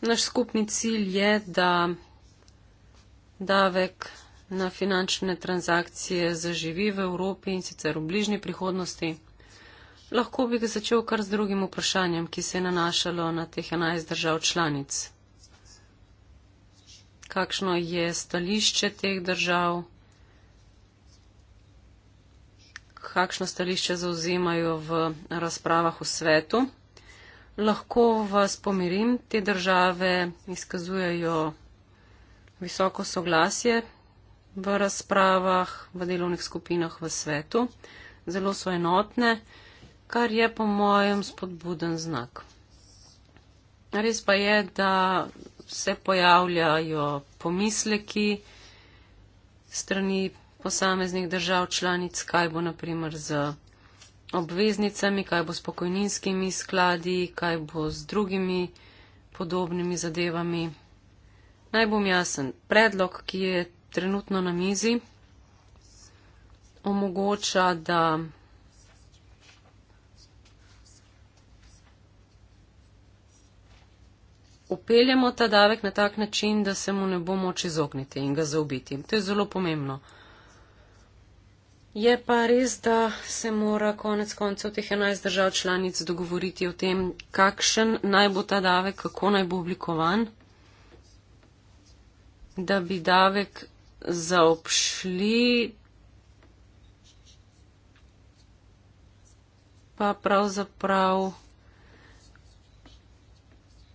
Speaker 3: Naš skupni cilj je, da davek na finančne transakcije zaživi v Evropi in sicer v bližnji prihodnosti. Lahko bi ga začel kar z drugim vprašanjem, ki se je nanašalo na teh 11 držav članic kakšno je stališče teh držav, kakšno stališče zauzemajo v razpravah v svetu. Lahko vas pomirim, te države izkazujejo visoko soglasje v razpravah, v delovnih skupinah v svetu, zelo so enotne, kar je po mojem spodbuden znak. Res pa je, da se pojavljajo pomisleki strani posameznih držav članic, kaj bo naprimer z obveznicami, kaj bo s pokojninskimi skladi, kaj bo z drugimi podobnimi zadevami. Naj bom jasen, predlog, ki je trenutno na mizi, omogoča, da upeljamo ta davek na tak način, da se mu ne bo moč izogniti in ga zaobiti. To je zelo pomembno. Je pa res, da se mora konec koncev teh 11 držav članic dogovoriti o tem, kakšen naj bo ta davek, kako naj bo oblikovan, da bi davek zaopšli, pa pravzaprav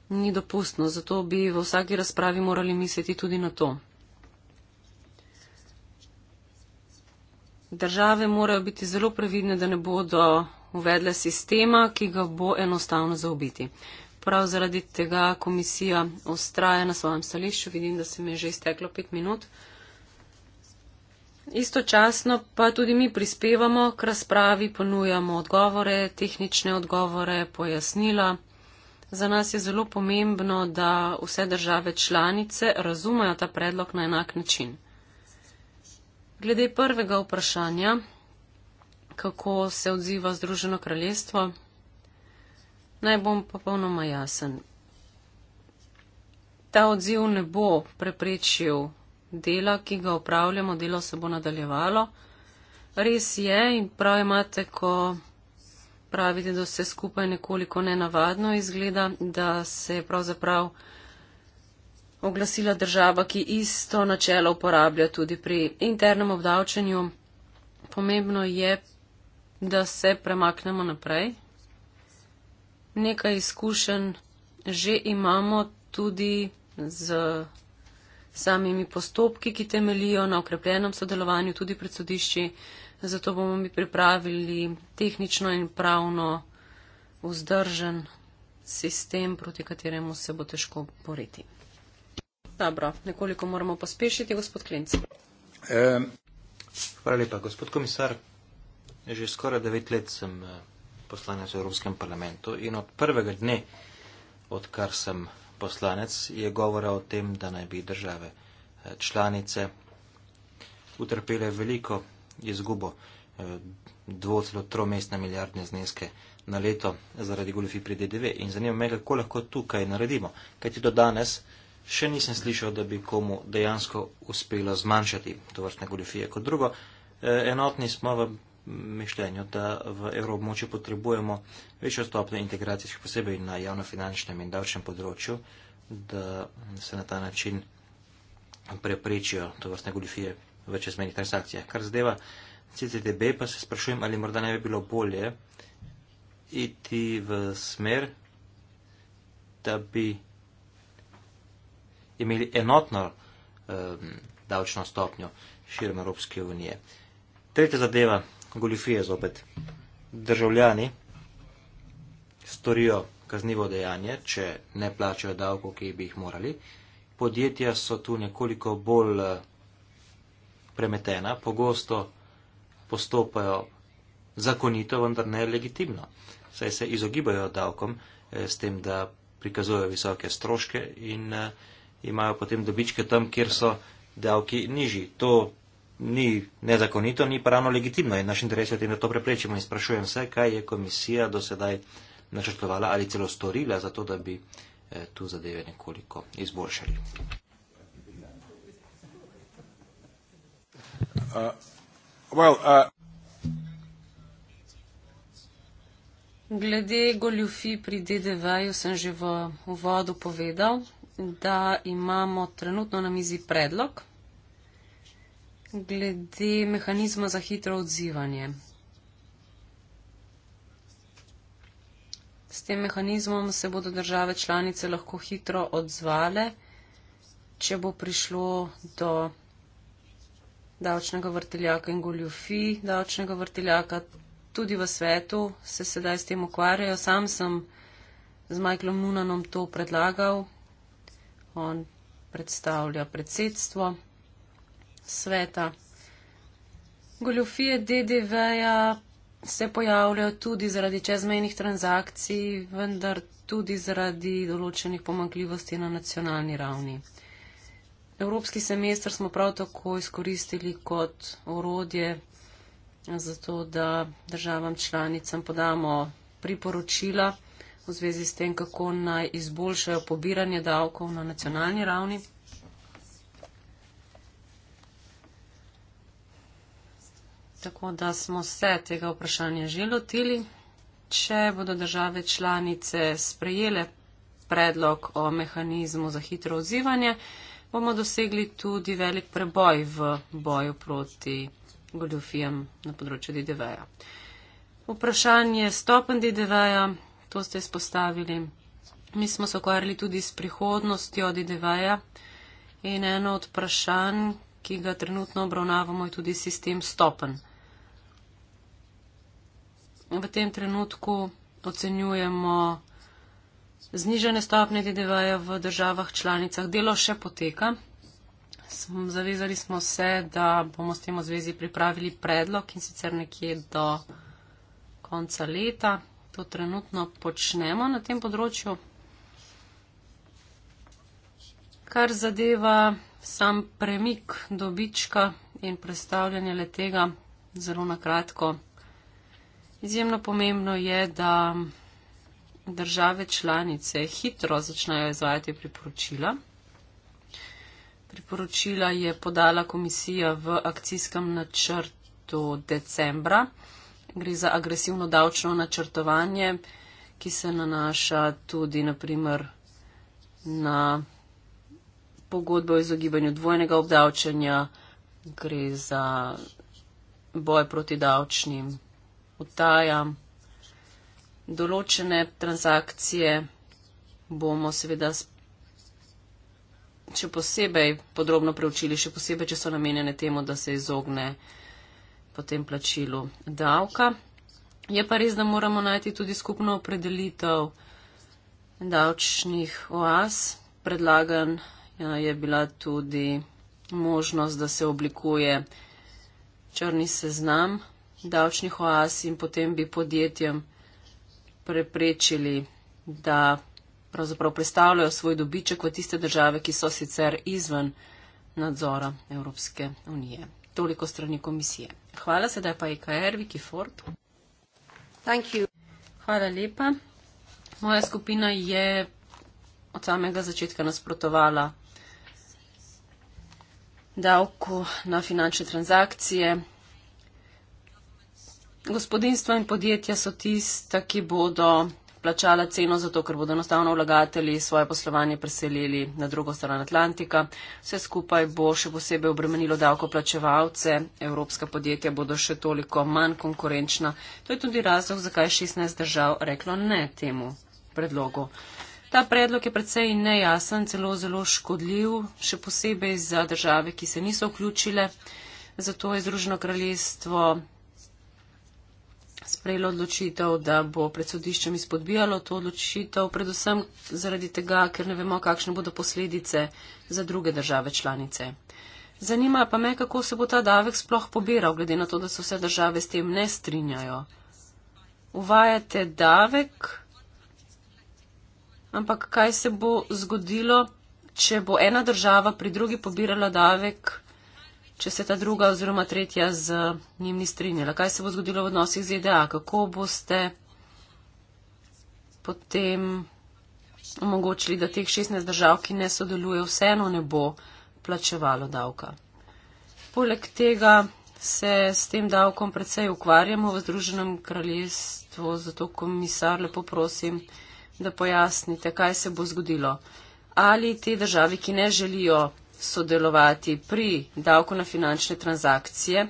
Speaker 3: ni dopustno, zato bi v vsaki razpravi morali misliti tudi na to. Države morajo biti zelo previdne, da ne bodo uvedle sistema, ki ga bo enostavno zaobiti. Prav zaradi tega komisija ostraja na svojem stališču. Vidim, da se mi je že izteklo pet minut. Istočasno pa tudi mi prispevamo k razpravi, ponujamo odgovore, tehnične odgovore, pojasnila. Za nas je zelo pomembno, da vse države članice razumejo ta predlog na enak način. Glede prvega vprašanja, kako se odziva Združeno kraljestvo, naj bom popolnoma jasen. Ta odziv ne bo preprečil dela, ki ga opravljamo, delo se bo nadaljevalo. Res je in prav imate, ko pravite, da vse skupaj nekoliko nenavadno izgleda, da se je pravzaprav oglasila država, ki isto načelo uporablja tudi pri internem obdavčenju. Pomembno je, da se premaknemo naprej. Nekaj izkušenj že imamo tudi z samimi postopki, ki temelijo na okrepljenem sodelovanju tudi pred sodišči zato bomo mi pripravili tehnično in pravno vzdržen sistem, proti kateremu se bo težko boriti. Dobro, nekoliko moramo pospešiti, gospod Klinc.
Speaker 2: E, hvala lepa, gospod komisar. Že skoraj devet let sem eh, poslanec v Evropskem parlamentu in od prvega dne, odkar sem poslanec, je govora o tem, da naj bi države eh, članice utrpele veliko izgubo eh, dvo celo tromestne milijardne zneske na leto zaradi goljofi pri DDV in zanima me, kako lahko tukaj naredimo, kaj ti do danes še nisem slišal, da bi komu dejansko uspelo zmanjšati to vrstne goljofije. Kot drugo, eh, enotni smo v mišljenju, da v evroobmočju potrebujemo večjo stopnjo integracije, še posebej na javnofinančnem in davčnem področju, da se na ta način preprečijo to vrstne goljofije v čezmenih transakcijah. Kar zadeva CCTB, pa se sprašujem, ali morda ne bi bilo bolje iti v smer, da bi imeli enotno um, davčno stopnjo širom Evropske unije. Tretja zadeva, goljufije zopet. Državljani storijo kaznivo dejanje, če ne plačajo davko, ki bi jih morali. Podjetja so tu nekoliko bolj uh, premetena, pogosto postopajo zakonito, vendar ne legitimno, saj se izogibajo davkom eh, s tem, da prikazujejo visoke stroške in eh, imajo potem dobičke tam, kjer so davki nižji. To ni nezakonito, ni pravno legitimno in naš interes je tem, da to preprečimo in sprašujem se, kaj je komisija do sedaj načrtovala ali celo storila za to, da bi eh, tu zadeve nekoliko izboljšali. Uh, uh,
Speaker 3: glede goljufi pri DDV-ju sem že v uvodu povedal, da imamo trenutno na mizi predlog glede mehanizma za hitro odzivanje. S tem mehanizmom se bodo države članice lahko hitro odzvale, če bo prišlo do davčnega vrteljaka in goljufi davčnega vrteljaka. Tudi v svetu se sedaj s tem ukvarjajo. Sam sem z Michaelom Nunanom to predlagal. On predstavlja predsedstvo sveta. Goljufije DDV-ja se pojavljajo tudi zaradi čezmejnih transakcij, vendar tudi zaradi določenih pomankljivosti na nacionalni ravni. Evropski semester smo prav tako izkoristili kot orodje za to, da državam članicam podamo priporočila v zvezi s tem, kako naj izboljšajo pobiranje davkov na nacionalni ravni. Tako da smo se tega vprašanja že lotili. Če bodo države članice sprejele predlog o mehanizmu za hitro odzivanje, bomo dosegli tudi velik preboj v boju proti goljofijam na področju DDV-ja. Vprašanje stopen DDV-ja, to ste izpostavili. Mi smo se okvarjali tudi s prihodnostjo DDV-ja in eno od vprašanj, ki ga trenutno obravnavamo, je tudi sistem stopen. V tem trenutku ocenjujemo, Znižene stopne DDV v državah članicah delo še poteka. Zavezali smo se, da bomo s tem v zvezi pripravili predlog in sicer nekje do konca leta. To trenutno počnemo na tem področju. Kar zadeva sam premik dobička in predstavljanje letega, zelo na kratko. Izjemno pomembno je, da države članice hitro začnejo izvajati priporočila. Priporočila je podala komisija v akcijskem načrtu decembra. Gre za agresivno davčno načrtovanje, ki se nanaša tudi naprimer na pogodbo o izogibanju dvojnega obdavčanja, gre za boj proti davčnim utajam določene transakcije bomo seveda še posebej podrobno preučili, še posebej, če so namenjene temu, da se izogne potem plačilu davka. Je pa res, da moramo najti tudi skupno opredelitev davčnih oaz. Predlagan ja, je bila tudi možnost, da se oblikuje črni seznam davčnih oaz in potem bi podjetjem preprečili, da pravzaprav predstavljajo svoj dobiček v tiste države, ki so sicer izven nadzora Evropske unije. Toliko strani komisije. Hvala sedaj pa IKR, e Viki Ford. Hvala lepa. Moja skupina je od samega začetka nasprotovala davku na finančne transakcije, gospodinstva in podjetja so tista, ki bodo plačala ceno zato, ker bodo enostavno vlagatelji svoje poslovanje preselili na drugo stran Atlantika. Vse skupaj bo še posebej obremenilo davkoplačevalce, evropska podjetja bodo še toliko manj konkurenčna. To je tudi razlog, zakaj 16 držav reklo ne temu predlogu. Ta predlog je predvsej nejasen, celo zelo škodljiv, še posebej za države, ki se niso vključile. Zato je Združeno kraljestvo sprejelo odločitev, da bo pred sodiščem izpodbijalo to odločitev, predvsem zaradi tega, ker ne vemo, kakšne bodo posledice za druge države članice. Zanima pa me, kako se bo ta davek sploh pobiral, glede na to, da se vse države s tem ne strinjajo. Uvajate davek, ampak kaj se bo zgodilo, če bo ena država pri drugi pobirala davek če se ta druga oziroma tretja z njim ni strinjala. Kaj se bo zgodilo v odnosih z EDA? Kako boste potem omogočili, da teh 16 držav, ki ne sodeluje, vseeno ne bo plačevalo davka? Poleg tega se s tem davkom predvsej ukvarjamo v Združenem kraljestvu, zato komisar lepo prosim, da pojasnite, kaj se bo zgodilo. Ali te države, ki ne želijo sodelovati pri davku na finančne transakcije,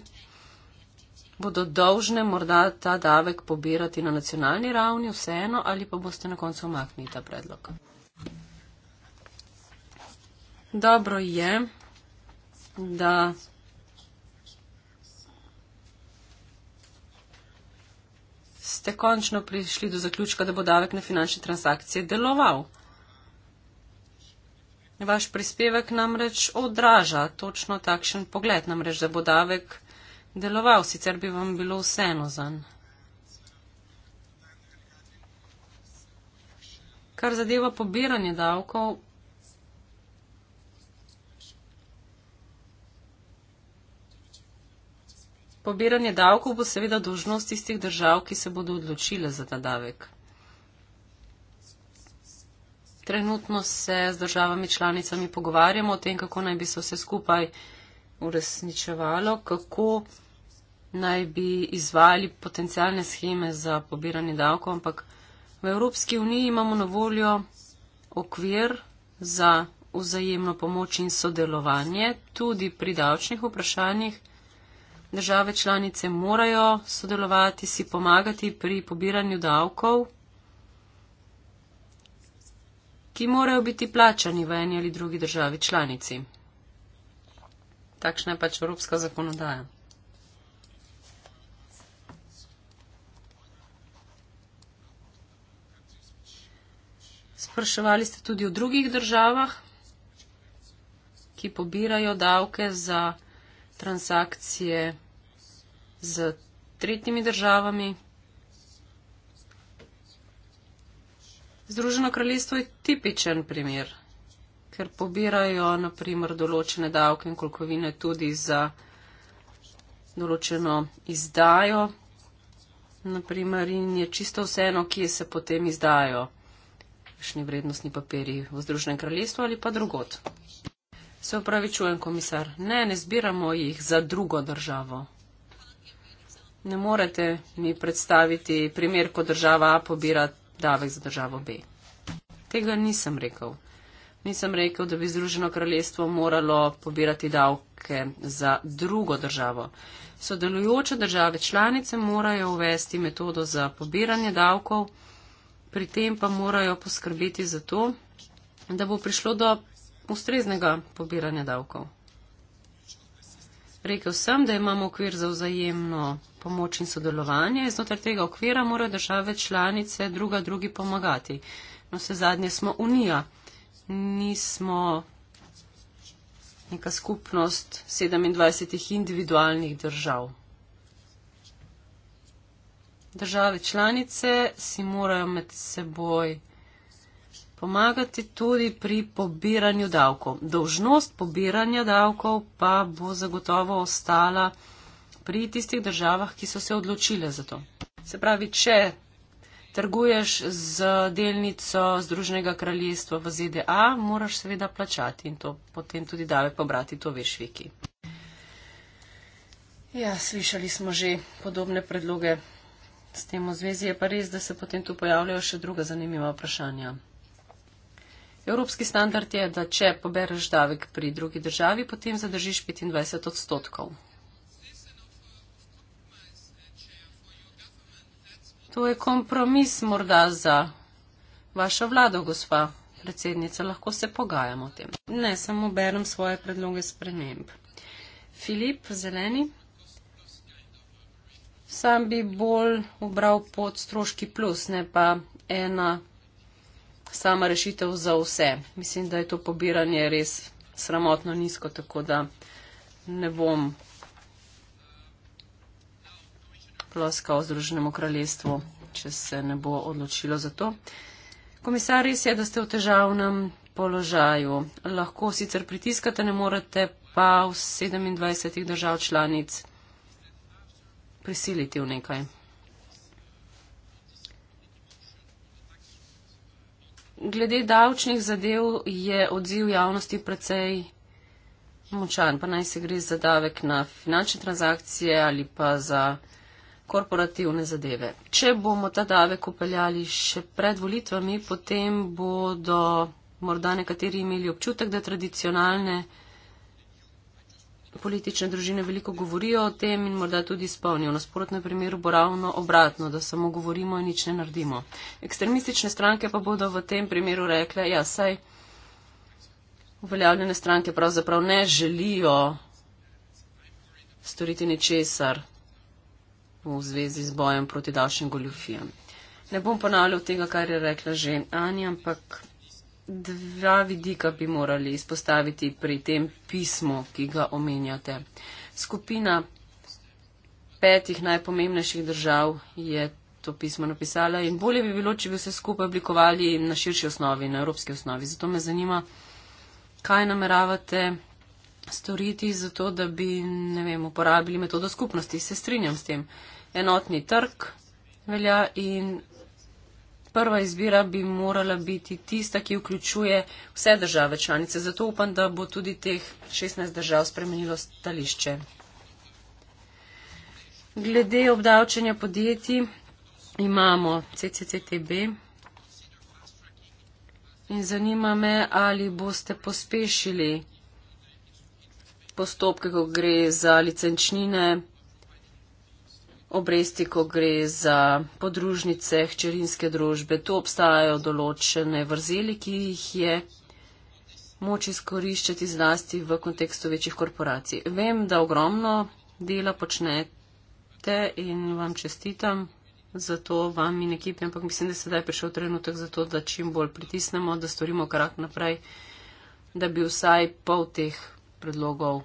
Speaker 3: bodo dolžne morda ta davek pobirati na nacionalni ravni vseeno ali pa boste na koncu omaknili ta predlog. Dobro je, da ste končno prišli do zaključka, da bo davek na finančne transakcije deloval. Vaš prispevek namreč odraža točno takšen pogled, namreč da bo davek deloval, sicer bi vam bilo vseeno zanj. Kar zadeva pobiranje davkov, pobiranje davkov bo seveda dožnost tistih držav, ki se bodo odločile za ta davek. Trenutno se z državami članicami pogovarjamo o tem, kako naj bi se vse skupaj uresničevalo, kako naj bi izvali potencijalne scheme za pobiranje davkov, ampak v Evropski uniji imamo na voljo okvir za vzajemno pomoč in sodelovanje tudi pri davčnih vprašanjih. Države članice morajo sodelovati, si pomagati pri pobiranju davkov ki morajo biti plačani v eni ali drugi državi članici. Takšna je pač evropska zakonodaja. Spraševali ste tudi o drugih državah, ki pobirajo davke za transakcije z tretjimi državami. Združeno kraljestvo je tipičen primer, ker pobirajo naprimer določene davke in kolkovine tudi za določeno izdajo, naprimer in je čisto vseeno, kje se potem izdajo kakšni vrednostni papiri v Združenem kraljestvu ali pa drugot. Se upravičujem, komisar, ne, ne zbiramo jih za drugo državo. Ne morete mi predstaviti primer, ko država A pobira davek za državo B. Tega nisem rekel. Nisem rekel, da bi Združeno kraljestvo moralo pobirati davke za drugo državo. Sodelujoče države članice morajo uvesti metodo za pobiranje davkov, pri tem pa morajo poskrbeti za to, da bo prišlo do ustreznega pobiranja davkov. Rekel sem, da imamo okvir za vzajemno pomoč in sodelovanje. Znotraj tega okvira morajo države članice druga drugi pomagati. No, vse zadnje smo unija. Nismo neka skupnost 27 individualnih držav. Države članice si morajo med seboj pomagati tudi pri pobiranju davkov. Dolžnost pobiranja davkov pa bo zagotovo ostala pri tistih državah, ki so se odločile za to. Se pravi, če trguješ z delnico Združenega kraljestva v ZDA, moraš seveda plačati in to potem tudi davek pobrati, to veš, Viki. Ja, slišali smo že podobne predloge s tem v zvezi. Je pa res, da se potem tu pojavljajo še druga zanimiva vprašanja. Evropski standard je, da če pobereš davek pri drugi državi, potem zadržiš 25 odstotkov. To je kompromis morda za vašo vlado, gospa predsednica. Lahko se pogajamo o tem. Ne, samo berem svoje predloge sprememb. Filip Zeleni. Sam bi bolj ubral pod stroški plus, ne pa ena sama rešitev za vse. Mislim, da je to pobiranje res sramotno nizko, tako da ne bom ploska o Združenem kraljestvu, če se ne bo odločilo za to. Komisar, res je, da ste v težavnem položaju. Lahko sicer pritiskate, ne morete pa v 27 držav članic prisiliti v nekaj. Glede davčnih zadev je odziv javnosti precej močan, pa naj se gre za davek na finančne transakcije ali pa za korporativne zadeve. Če bomo ta davek upeljali še pred volitvami, potem bodo morda nekateri imeli občutek, da tradicionalne politične družine veliko govorijo o tem in morda tudi spolnijo. Na sprotnem primeru bo ravno obratno, da samo govorimo in nič ne naredimo. Ekstremistične stranke pa bodo v tem primeru rekle, ja, saj uveljavljene stranke pravzaprav ne želijo storiti ničesar v zvezi z bojem proti davčnim goljufijam. Ne bom ponavljal tega, kar je rekla že Ani, ampak dva vidika bi morali izpostaviti pri tem pismu, ki ga omenjate. Skupina petih najpomembnejših držav je to pismo napisala in bolje bi bilo, če bi vse skupaj oblikovali na širši osnovi, na evropski osnovi. Zato me zanima, kaj nameravate storiti za to, da bi, ne vem, uporabili metodo skupnosti. Se strinjam s tem. Uh, enotni trg velja in prva izbira bi morala biti tista, ki vključuje vse države članice. Zato upam, da bo tudi teh 16 držav spremenilo stališče. Glede obdavčenja podjetij imamo CCCTB in zanima me, ali boste pospešili postopke, ko gre za licenčnine podjetij, obresti, ko gre za podružnice, hčerinske družbe. Tu obstajajo določene vrzeli, ki jih je moč izkoriščati zlasti v kontekstu večjih korporacij. Vem, da ogromno dela počnete in vam čestitam za to vam in ekipi, ampak mislim, da sedaj je prišel trenutek za to, da čim bolj pritisnemo, da storimo korak naprej, da bi vsaj pol teh predlogov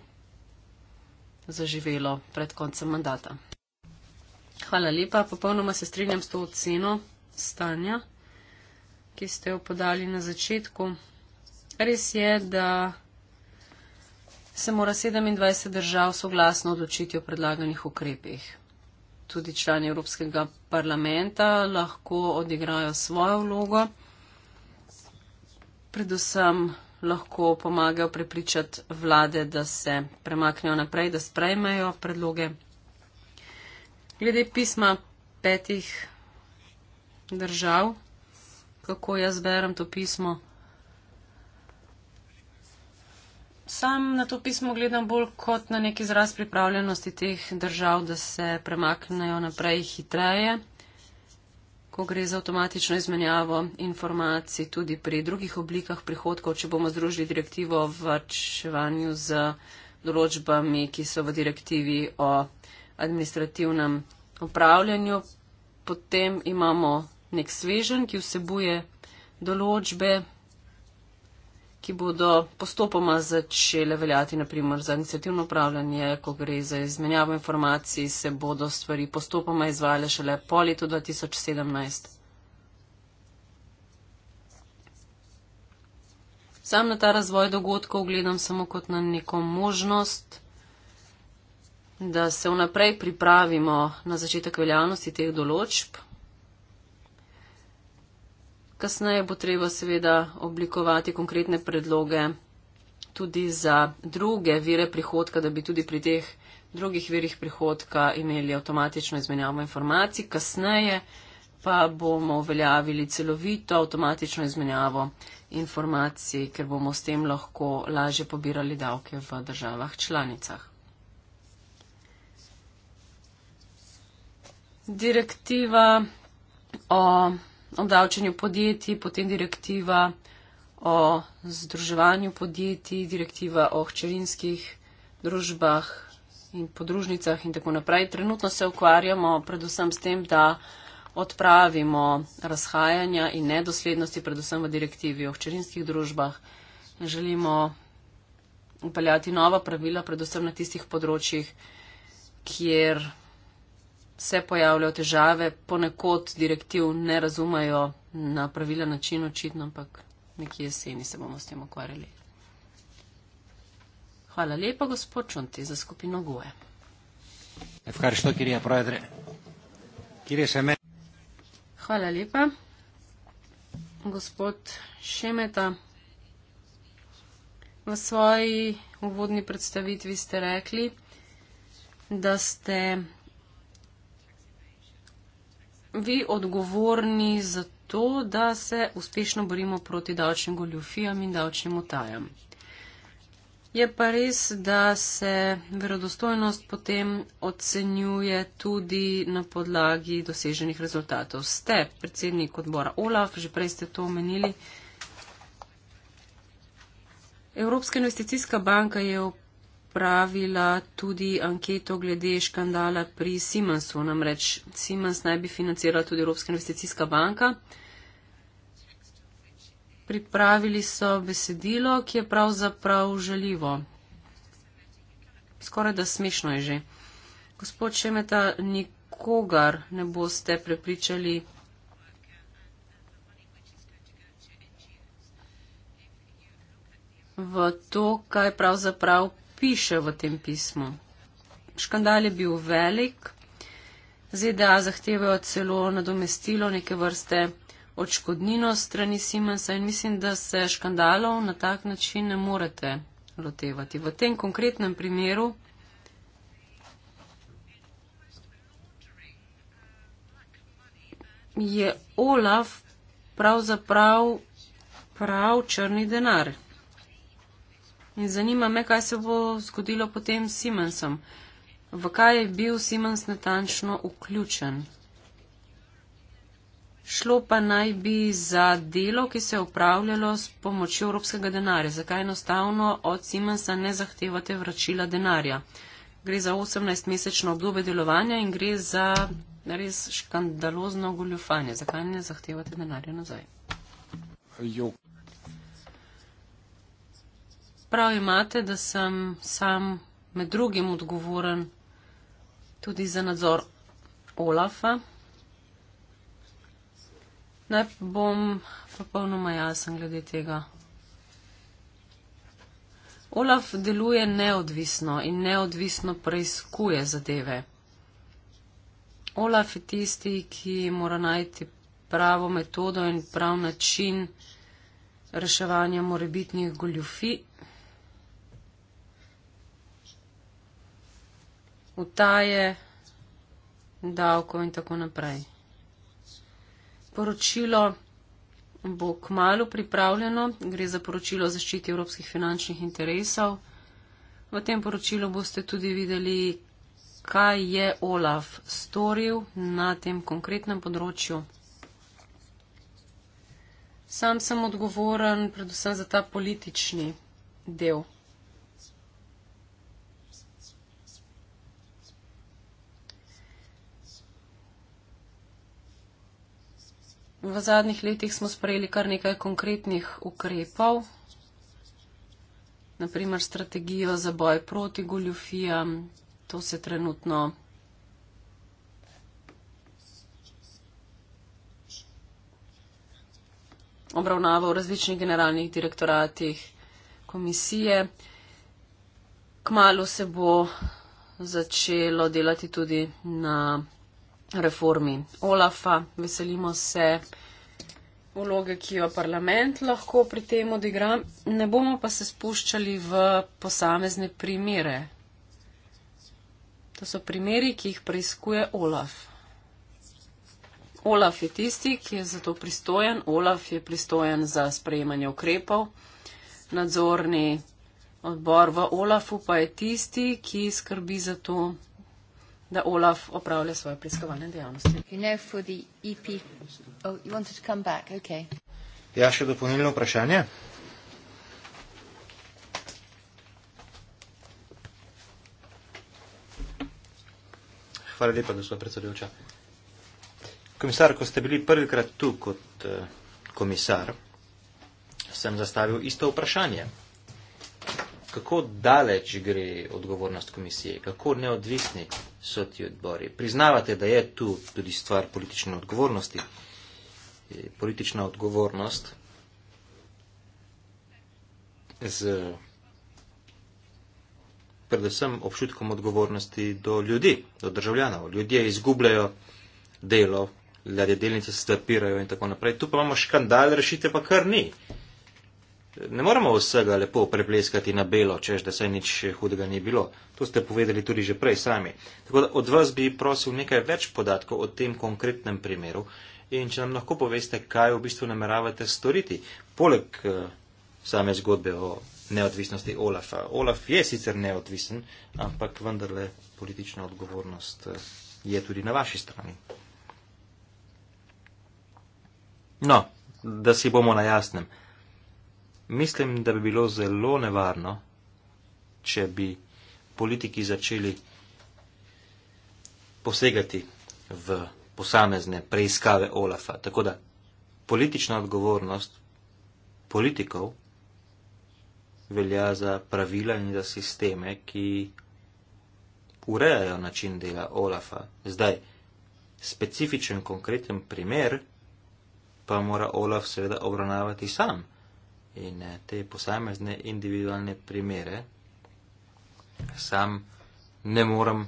Speaker 3: zaživelo pred koncem mandata. Hvala lepa. Popolnoma se strinjam s to oceno stanja, ki ste jo podali na začetku. Res je, da se mora 27 držav soglasno odločiti o predlaganih ukrepih. Tudi člani Evropskega parlamenta lahko odigrajo svojo vlogo. Predvsem lahko pomagajo prepričati vlade, da se premaknejo naprej, da sprejmejo predloge glede pisma petih držav, kako jaz berem to pismo. Sam na to pismo gledam bolj kot na nek izraz pripravljenosti teh držav, da se premaknejo naprej hitreje, ko gre za avtomatično izmenjavo informacij tudi pri drugih oblikah prihodkov, če bomo združili direktivo v vrčevanju z določbami, ki so v direktivi o administrativnem upravljanju. Potem imamo nek svežen, ki vsebuje določbe, ki bodo postopoma začele veljati, naprimer za administrativno upravljanje, ko gre za izmenjavo informacij, se bodo stvari postopoma izvajale šele po letu 2017. Sam na ta razvoj dogodkov gledam samo kot na neko možnost da se vnaprej pripravimo na začetek veljavnosti teh določb. Kasneje bo treba seveda oblikovati konkretne predloge tudi za druge vire prihodka, da bi tudi pri teh drugih virih prihodka imeli avtomatično izmenjavo informacij. Kasneje pa bomo uveljavili celovito avtomatično izmenjavo informacij, ker bomo s tem lahko lažje pobirali davke v državah članicah. direktiva o obdavčanju podjetij, potem direktiva o združevanju podjetij, direktiva o hčerinskih družbah in podružnicah in tako naprej. Trenutno se ukvarjamo predvsem s tem, da odpravimo razhajanja in nedoslednosti, predvsem v direktivi o hčerinskih družbah. Želimo upeljati nova pravila, predvsem na tistih področjih, kjer se pojavljajo težave, ponekod direktiv ne razumajo na pravila način očitno, ampak nekje jeseni se bomo s tem ukvarjali. Hvala lepa, gospod Čunti, za skupino Goje. Hvala lepa. Gospod Šemeta, v svoji uvodni predstavitvi ste rekli, da ste vi odgovorni za to, da se uspešno borimo proti davčnim goljufijam in davčnim utajam. Je pa res, da se verodostojnost potem ocenjuje tudi na podlagi doseženih rezultatov. Ste predsednik odbora OLAF, že prej ste to omenili. Evropska investicijska banka je opravila tudi anketo glede škandala pri Siemensu. Namreč Siemens naj bi financirala tudi Evropska investicijska banka. Pripravili so besedilo, ki je pravzaprav želivo. Skoraj da smešno je že. Gospod Šemeta, nikogar ne boste prepričali. V to, kaj pravzaprav piše v tem pismu. Škandal je bil velik, ZDA e zahtevajo celo nadomestilo neke vrste odškodnino strani Simensa in mislim, da se škandalov na tak način ne morete lotevati. V tem konkretnem primeru. Je Olaf pravzaprav prav črni denar? In zanima me, kaj se bo zgodilo potem s Simensom. V kaj je bil Simens natančno vključen? Šlo pa naj bi za delo, ki se je upravljalo s pomočjo evropskega denarja. Zakaj enostavno od Simensa ne zahtevate vračila denarja? Gre za 18-mesečno obdobje delovanja in gre za res škandalozno goljufanje. Zakaj ne zahtevate denarja nazaj? Jo prav imate, da sem sam med drugim odgovoren tudi za nadzor Olafa. Naj bom popolnoma jasen glede tega. Olaf deluje neodvisno in neodvisno preizkuje zadeve. Olaf je tisti, ki mora najti pravo metodo in prav način reševanja morebitnih goljufi utaje, davko in tako naprej. Poročilo bo k malu pripravljeno, gre za poročilo o zaščiti evropskih finančnih interesov. V tem poročilu boste tudi videli, kaj je Olaf storil na tem konkretnem področju. Sam sem odgovoren predvsem za ta politični del. v zadnjih letih smo sprejeli kar nekaj konkretnih ukrepov, naprimer strategijo za boj proti goljufijam, to se trenutno obravnava v različnih generalnih direktoratih komisije. Kmalo se bo začelo delati tudi na reformi Olafa. Veselimo se vloge, ki jo parlament lahko pri tem odigra. Ne bomo pa se spuščali v posamezne primere. To so primeri, ki jih preizkuje Olaf. Olaf je tisti, ki je za to pristojen. Olaf je pristojen za sprejemanje ukrepov. Nadzorni odbor v Olafu pa je tisti, ki skrbi za to, da Olaf opravlja svoje preiskovalne dejavnosti. E oh,
Speaker 2: ja, še dopolnilno vprašanje. Hvala lepa, gospod predsedujoča. Komisar, ko ste bili prvikrat tu kot eh, komisar, sem zastavil isto vprašanje kako daleč gre odgovornost komisije, kako neodvisni so ti odbori. Priznavate, da je tu tudi stvar politične odgovornosti. Politična odgovornost z predvsem občutkom odgovornosti do ljudi, do državljanov. Ljudje izgubljajo delo, ljudje delnice se zapirajo in tako naprej. Tu pa imamo škandal, rešitve pa kar ni ne moremo vsega lepo prepleskati na belo, čež da se nič hudega ni bilo. To ste povedali tudi že prej sami. Tako da od vas bi prosil nekaj več podatkov o tem konkretnem primeru in če nam lahko poveste, kaj v bistvu nameravate storiti, poleg eh, same zgodbe o neodvisnosti Olafa. Olaf je sicer neodvisen, ampak vendarle politična odgovornost eh, je tudi na vaši strani. No, da si bomo na jasnem. Mislim, da bi bilo zelo nevarno, če bi politiki začeli posegati v posamezne preiskave Olafa. Tako da politična odgovornost politikov velja za pravila in za sisteme, ki urejajo način dela Olafa. Zdaj, specifičen konkreten primer pa mora Olaf seveda obravnavati sam in eh, te posamezne individualne primere sam ne morem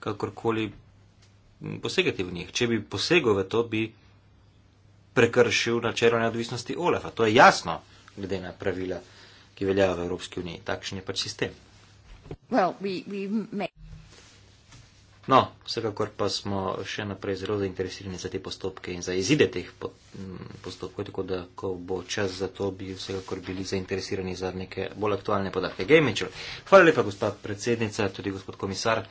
Speaker 2: kakorkoli posegati v njih. Če bi posegel v to, bi prekršil načelo neodvisnosti OLAF-a. To je jasno, glede na pravila, ki veljajo v Evropski uniji. Takšen je pač sistem. Well, we, we may... No, vsekakor pa smo še naprej zelo zainteresirani za te postopke in za izide teh mm, postopkov, tako da, ko bo čas za to, bi vsekakor bili zainteresirani za neke bolj aktualne podatke. Gejmičev, hvala lepa, gospa predsednica, tudi gospod komisar.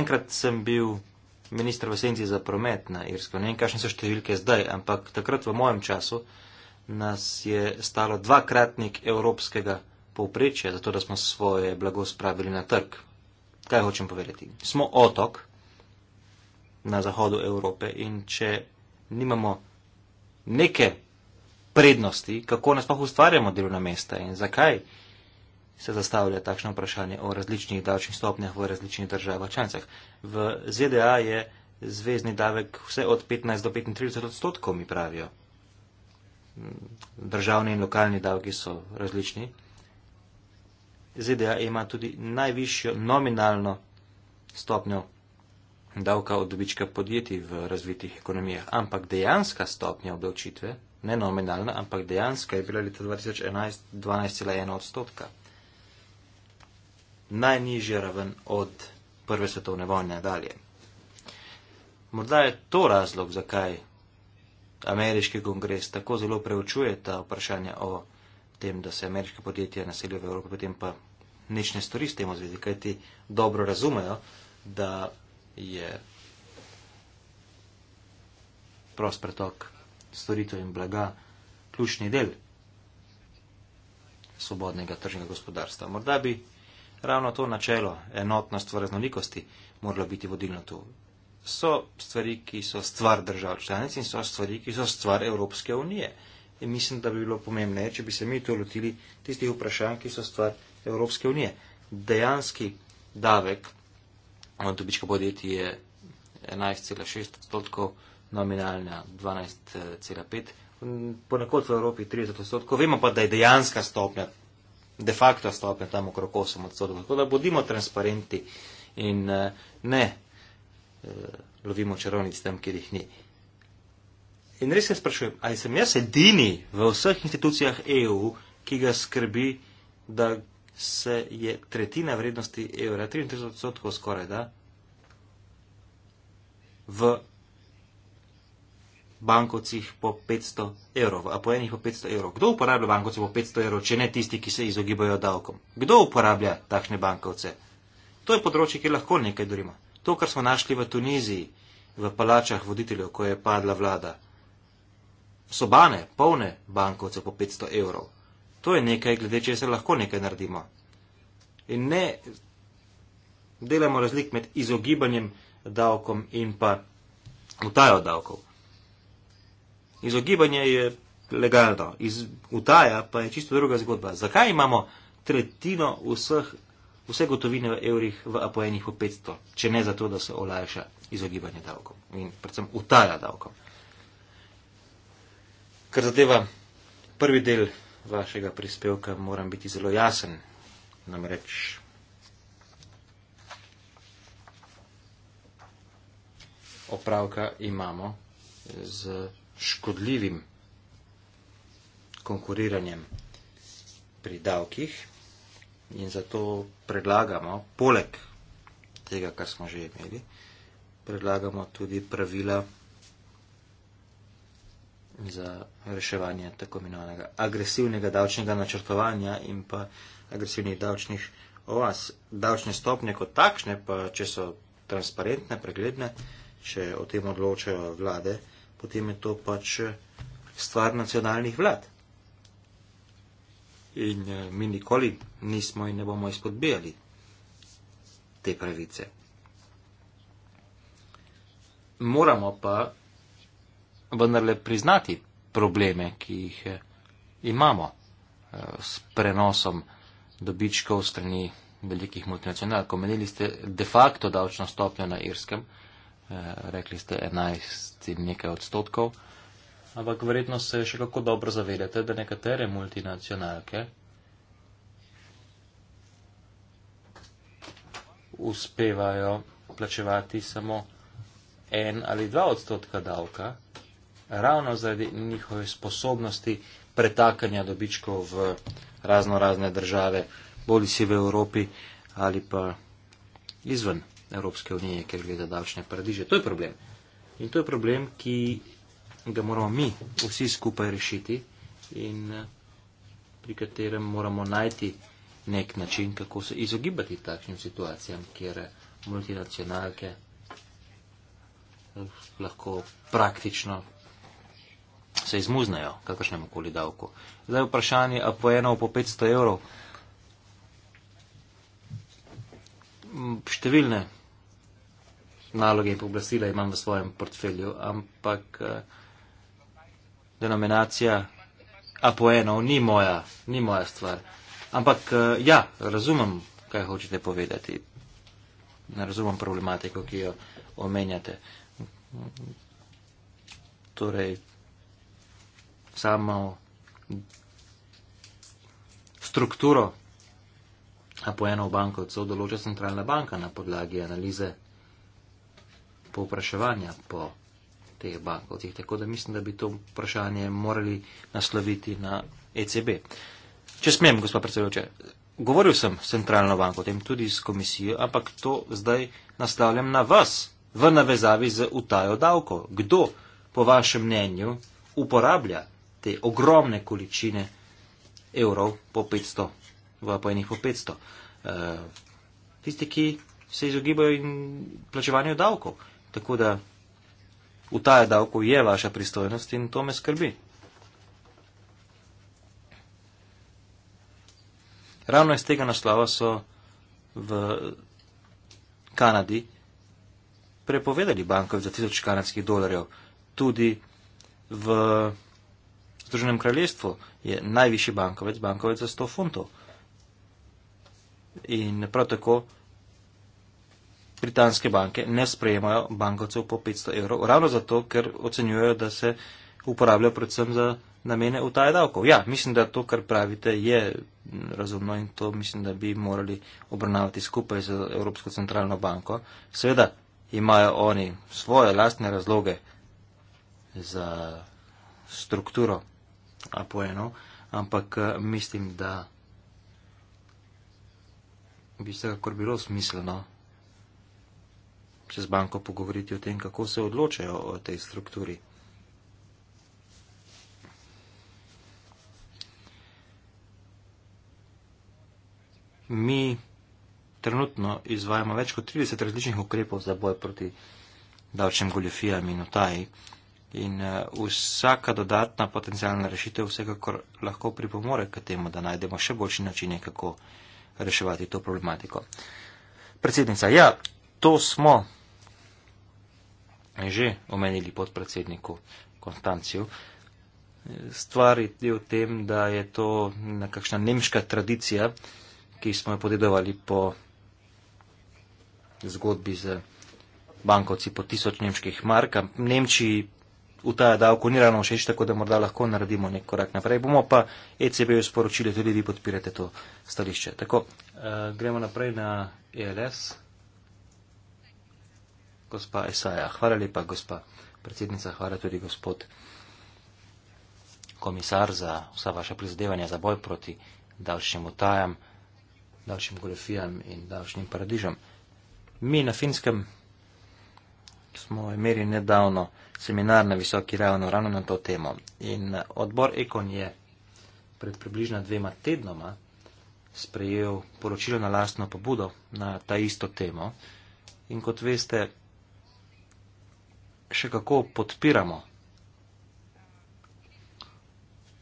Speaker 2: Enkrat sem bil ministr v senci za promet na Irsko. Ne vem, kakšne so številke zdaj, ampak takrat v mojem času nas je stalo dvakratnik evropskega povprečja, zato da smo svoje blago spravili na trg kaj hočem povedati? Smo otok na zahodu Evrope in če nimamo neke prednosti, kako nas pa ustvarjamo delovna mesta in zakaj se zastavlja takšno vprašanje o različnih davčnih stopnjah v različnih državah članicah. V ZDA je zvezdni davek vse od 15 do 35 odstotkov, mi pravijo. Državni in lokalni davki so različni. ZDA ima tudi najvišjo nominalno stopnjo davka od dobička podjetij v razvitih ekonomijah, ampak dejanska stopnja obdavčitve, ne nominalna, ampak dejanska je bila leta 2011 12,1 odstotka. Najnižja raven od prve svetovne vojne dalje. Morda je to razlog, zakaj ameriški kongres tako zelo preučuje ta vprašanja o tem, da se ameriška podjetja naselijo v Evropo, potem pa nič ne stori s tem v zvezi, kajti dobro razumejo, da je prost pretok storitev in blaga ključni del svobodnega tržnega gospodarstva. Morda bi ravno to načelo, enotnost v raznolikosti, moralo biti vodilno tu. So stvari, ki so stvar držav članic in so stvari, ki so stvar Evropske unije in mislim, da bi bilo pomembneje, če bi se mi to lotili tistih vprašanj, ki so stvar Evropske unije. Dejanski davek od dobička podjetij je 11,6 odstotkov, nominalna 12,5, ponekod v Evropi 30 odstotkov, vemo pa, da je dejanska stopnja, de facto stopnja tam okrog 8 odstotkov. Tako da bodimo transparenti in eh, ne eh, lovimo čarovnic tam, kjer jih ni. In res se sprašujem, ali sem jaz edini v vseh institucijah EU, ki ga skrbi, da se je tretjina vrednosti evra, 33 odstotkov skoraj, da, v bankovcih po 500 evrov, v apojenih po 500 evrov. Kdo uporablja bankovce po 500 evrov, če ne tisti, ki se izogibajo davkom? Kdo uporablja takšne bankovce? To je področje, kjer lahko nekaj dorimo. To, kar smo našli v Tuniziji, v palačah voditeljev, ko je padla vlada sobane, polne bankovcev po 500 evrov. To je nekaj, glede česar lahko nekaj naredimo. In ne delamo razlik med izogibanjem davkom in pa utajo davkov. Izogibanje je legalno, iz utaja pa je čisto druga zgodba. Zakaj imamo tretjino vseh, vse gotovine v evrih v apojenih po 500, če ne zato, da se olajša izogibanje davkom in predvsem utaja davkom? Kar zadeva prvi del vašega prispevka, moram biti zelo jasen. Namreč opravka imamo z škodljivim konkuriranjem pri davkih in zato predlagamo, poleg tega, kar smo že imeli, predlagamo tudi pravila za reševanje tako imenovanega agresivnega davčnega načrtovanja in pa agresivnih davčnih oas. Davčne stopnje kot takšne, pa če so transparentne, pregledne, če o tem odločajo vlade, potem je to pač stvar nacionalnih vlad. In eh, mi nikoli nismo in ne bomo izpodbijali te pravice. Moramo pa vendarle priznati probleme, ki jih eh, imamo eh, s prenosom dobičkov strani velikih multinacionalk. Omenili ste de facto davčno stopnjo na Irskem, eh, rekli ste 11 in nekaj odstotkov, ampak verjetno se še kako dobro zavedate, da nekatere multinacionalke uspevajo plačevati samo en ali dva odstotka davka ravno zaradi njihove sposobnosti pretakanja dobičkov v razno razne države, bodi si v Evropi ali pa izven Evropske unije, ker gre za davčne paradiže. To je problem. In to je problem, ki ga moramo mi vsi skupaj rešiti in pri katerem moramo najti nek način, kako se izogibati takšnim situacijam, kjer multinacionalke lahko praktično se izmuznejo kakršnemu koli davku. Zdaj vprašanje, a po eno po 500 evrov. Mm, številne naloge in poglasila imam v svojem portfelju, ampak eh, denominacija a po eno ni moja, ni moja stvar. Ampak eh, ja, razumem, kaj hočete povedati. Ne razumem problematiko, ki jo omenjate. Torej, samo strukturo, a po eno banko odsotno določa centralna banka na podlagi analize povpraševanja po teh bankovcih. Tako da mislim, da bi to vprašanje morali nasloviti na ECB. Če smem, gospod predsedujoče, govoril sem centralno banko, tem tudi s komisijo, ampak to zdaj nastavljam na vas v navezavi z utajo davko. Kdo po vašem mnenju uporablja te ogromne količine evrov po 500, v apajnih po 500. Eh, tisti, ki se izogibajo in plačevanju davkov. Tako da v taja davkov je vaša pristojnost in to me skrbi. Ravno iz tega naslova so v Kanadi prepovedali bankov za tisoč kanadskih dolarjev. Tudi v Združenem kraljestvu je najvišji bankovec, bankovec za 100 funtov. In prav tako britanske banke ne sprejemajo bankovcev po 500 evrov, ravno zato, ker ocenjujejo, da se uporabljajo predvsem za namene utaje davkov. Ja, mislim, da to, kar pravite, je razumno in to mislim, da bi morali obravnavati skupaj z Evropsko centralno banko. Seveda imajo oni svoje lastne razloge za strukturo ali po eno, ampak eh, mislim, da bi se kakor bilo smiselno čez banko pogovoriti o tem, kako se odločajo o tej strukturi. Mi trenutno izvajamo več kot 30 različnih ukrepov za boj proti davčnim goljofijam in otaji. In uh, vsaka dodatna potencijalna rešitev vsekakor lahko pripomore k temu, da najdemo še boljši načine, kako reševati to problematiko. Predsednica, ja, to smo že omenili podpredsedniku Konstanciju. Stvar je v tem, da je to nekakšna nemška tradicija, ki smo jo podedovali po zgodbi z bankovci po tisoč nemških markah. Nemčiji v ta davko ni ravno všeč, tako da morda lahko naredimo nek korak naprej. Bomo pa ECB-ju sporočili, tudi vi podpirate to stališče. Tako, uh, gremo naprej na ELS. Gospa Esaja, hvala lepa, gospa predsednica, hvala tudi gospod komisar za vsa vaša prizadevanja za boj proti davčnim utajam, davčnim golefijam in davčnim paradižam. Mi na finskem smo imeli nedavno seminar na visoki ravni ravno na to temo. In eh, odbor Ekon je pred približno dvema tednoma sprejel poročilo na lastno pobudo na ta isto temo. In kot veste, še kako podpiramo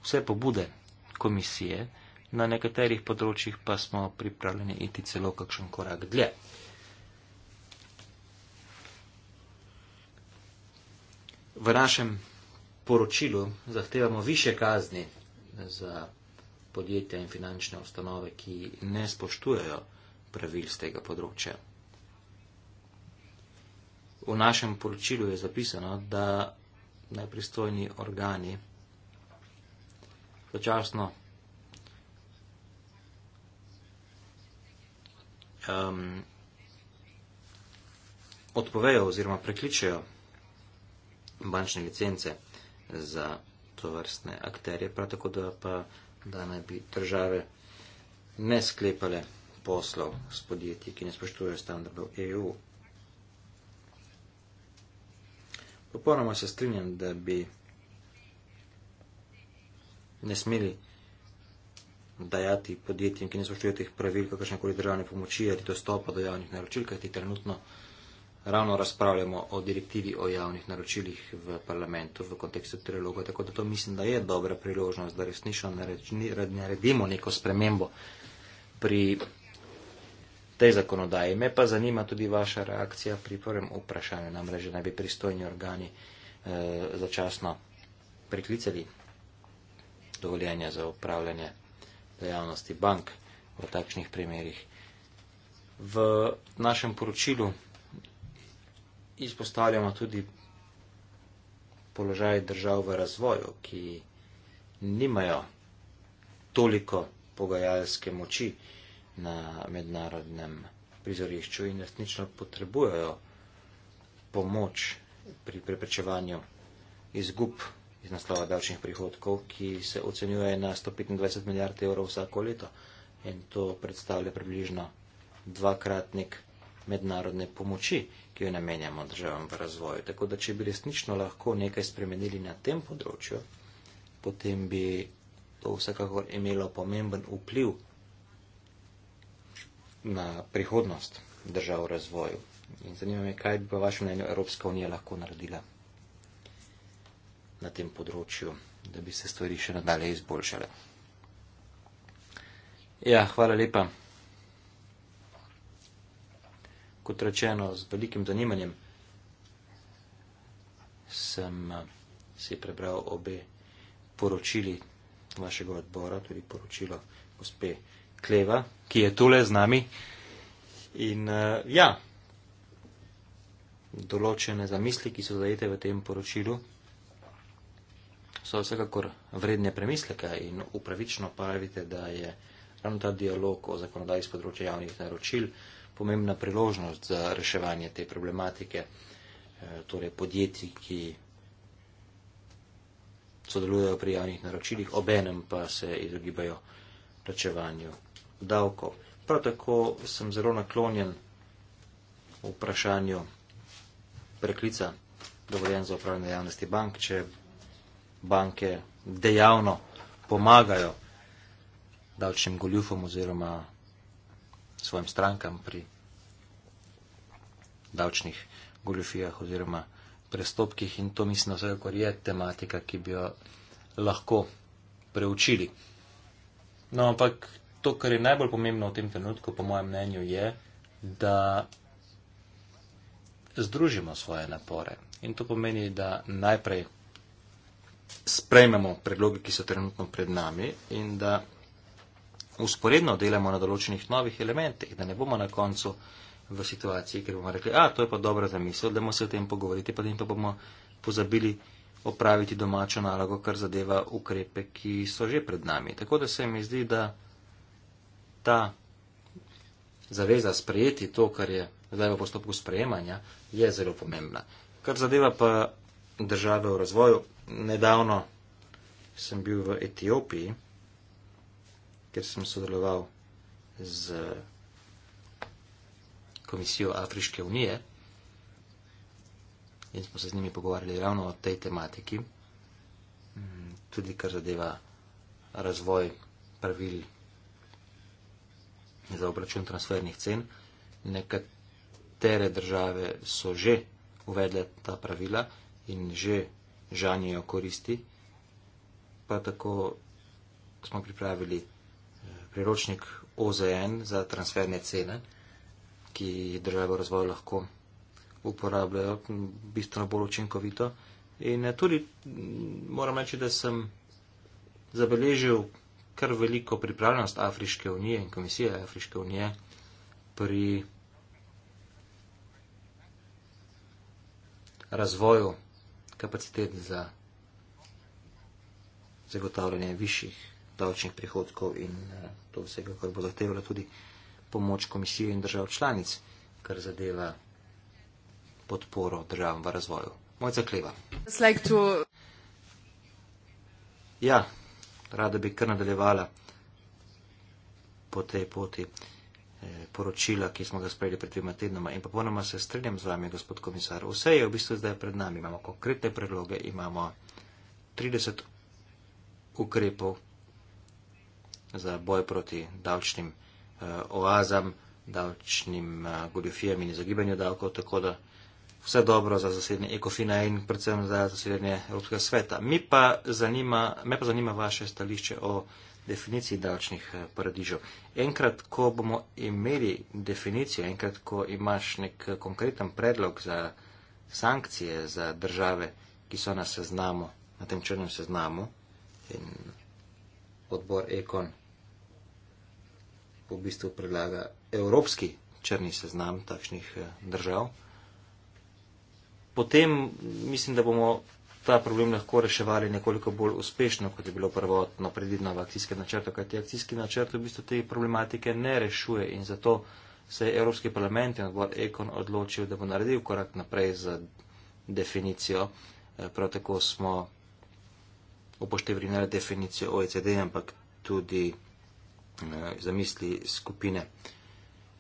Speaker 2: vse pobude komisije, na nekaterih področjih pa smo pripravljeni iti celo kakšen korak dlje. v našem poročilu zahtevamo više kazni za podjetja in finančne ustanove, ki ne spoštujejo pravil z tega področja. V našem poročilu je zapisano, da najpristojni organi sočasno um, odpovejo oziroma prekličejo bančne licence za to vrstne akterje, prav tako da pa da naj bi države ne sklepale poslov s podjetji, ki ne spoštujejo standardov EU. Popolnoma se strinjam, da bi ne smeli dajati podjetjem, ki ne spoštujejo teh pravil, kakršne koli državne pomoči ali dostopa do javnih naročil, kajti trenutno ravno razpravljamo o direktivi o javnih naročilih v parlamentu v kontekstu trilogo, tako da to mislim, da je dobra priložnost, da resnično naredimo neko spremembo pri tej zakonodaji. Me pa zanima tudi vaša reakcija pri prvem vprašanju, namreč, da naj bi pristojni organi eh, začasno priklicali dovoljenja za upravljanje dejavnosti bank v takšnih primerih. V našem poročilu izpostavljamo tudi položaj držav v razvoju, ki nimajo toliko pogajalske moči na mednarodnem prizorišču in resnično potrebujejo pomoč pri preprečevanju izgub iz naslova davčnih prihodkov, ki se ocenjuje na 125 milijard evrov vsako leto. In to predstavlja približno dvakratnik mednarodne pomoči jo namenjamo državam v razvoju. Tako da, če bi resnično lahko nekaj spremenili na tem področju, potem bi to vsekakor imelo pomemben vpliv na prihodnost držav v razvoju. In zanima me, kaj bi po vašem mnenju Evropska unija lahko naredila na tem področju, da bi se stvari še nadalje izboljšale. Ja, hvala lepa kot rečeno, z velikim zanimanjem sem eh, si prebral obe poročili vašega odbora, tudi poročilo gospe Kleva, ki je tole z nami. In eh, ja, določene zamisli, ki so zajete v tem poročilu, so vsekakor vredne premisleka in upravično pravite, da je ravno ta dialog o zakonodaji z področja javnih naročil, pomembna priložnost za reševanje te problematike, eh, torej podjetij, ki sodelujejo pri javnih naročilih, obenem pa se izogibajo plačevanju davkov. Prav tako sem zelo naklonjen v vprašanju preklica dovoljen za upravljanje dejavnosti bank, če banke dejavno pomagajo davčnim goljufom oziroma svojim strankam pri davčnih goljofijah oziroma prestopkih in to mislim, da je tematika, ki bi jo lahko preučili. No, ampak to, kar je najbolj pomembno v tem trenutku, po mojem mnenju, je, da združimo svoje napore. In to pomeni, da najprej sprejmemo predloge, ki so trenutno pred nami in da usporedno delamo na določenih novih elementih, da ne bomo na koncu uh, v situaciji, ker bomo rekli, da je pa dobra zamisel, da bomo se o tem pogovorili, potem pa bomo pozabili opraviti domačo nalogo, kar zadeva ukrepe, ki so že pred nami. Tako da se mi zdi, da ta zaveza sprejeti to, kar je zdaj v postopku sprejemanja, je zelo pomembna. Kar zadeva pa države v razvoju, nedavno sem bil v Etiopiji, kjer sem sodeloval z komisijo Afriške unije in smo se z njimi pogovarjali ravno o tej tematiki, mm, tudi kar zadeva razvoj pravil za obračun transfernih cen. Nekatere države so že uvedle ta pravila in že žanjejo koristi, pa tako smo pripravili eh, priročnik OZN za transferne cene ki jih države v razvoju lahko uporabljajo bistveno bolj učinkovito. In eh, tudi mm, moram reči, da sem zabeležil kar veliko pripravljenost Afriške unije in komisije Afriške unije pri razvoju kapacitet za zagotavljanje višjih davčnih prihodkov in eh, to vsega, kar bo zahtevalo tudi pomoč komisije in držav članic, kar zadeva podporo državam v razvoju. Moj zakleva.
Speaker 1: Like to...
Speaker 2: Ja, rada bi kar nadaljevala po tej poti eh, poročila, ki smo ga sprejeli pred dvima tednoma in popolnoma se strinjam z vami, gospod komisar. Vse je v bistvu zdaj pred nami. Imamo konkretne predloge, imamo 30 ukrepov za boj proti davčnim. Eh, oazam, davčnim eh, goljofijam in izogibanju davkov, tako da vse dobro za zasednje ekofina in predvsem za zasednje Evropskega sveta. Mi pa zanima, me pa zanima vaše stališče o definiciji davčnih eh, paradižov. Enkrat, ko bomo imeli definicijo, enkrat, ko imaš nek konkreten predlog za sankcije za države, ki so na seznamu, na tem črnem seznamu, in odbor Ekon v bistvu predlaga evropski črni seznam takšnih eh, držav. Potem mislim, da bomo ta problem lahko reševali nekoliko bolj uspešno, kot je bilo prvotno predvideno v akcijskem načrtu, kajti akcijski načrt v bistvu te problematike ne rešuje in zato se je Evropski parlament in odbor Ekon odločil, da bo naredil korak naprej z definicijo. Eh, prav tako smo upoštevali definicijo OECD, ampak tudi Eh, za misli skupine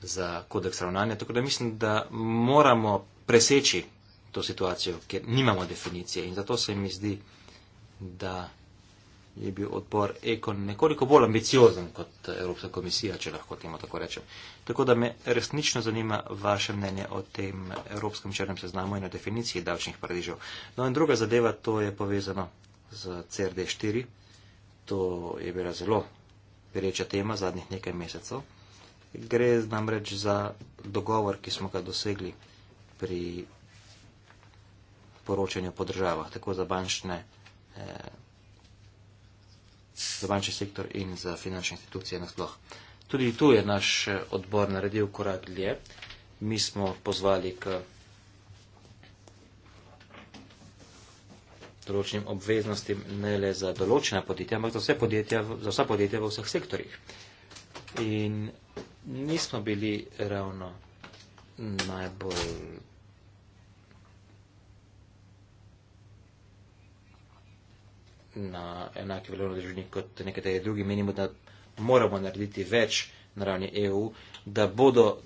Speaker 2: za kodeks ravnanja. Tako da mislim, da moramo preseči to situacijo, ker nimamo definicije. In zato se mi zdi, da je bil odbor Ekon nekoliko bolj ambiciozen kot Evropska komisija, če lahko temu tako rečem. Tako da me resnično zanima vaše mnenje o tem Evropskem črnem seznamu in o definiciji davčnih paradižev. No in druga zadeva, to je povezano z CRD4. To je bila zelo pereča tema zadnjih nekaj mesecev. Gre namreč za dogovor, ki smo ga dosegli pri poročanju po državah, tako za, bančne, eh, za bančni sektor in za finančne institucije nasploh. Tudi tu je naš eh, odbor naredil korak dlje. Mi smo pozvali k določenim obveznostim ne le za določena podjetja, ampak za, podjetja, za vsa podjetja v vseh sektorjih. In nismo bili ravno najbolj. na enaki veljavni državi kot nekateri drugi. Menimo, da moramo narediti več na ravni EU, da bodo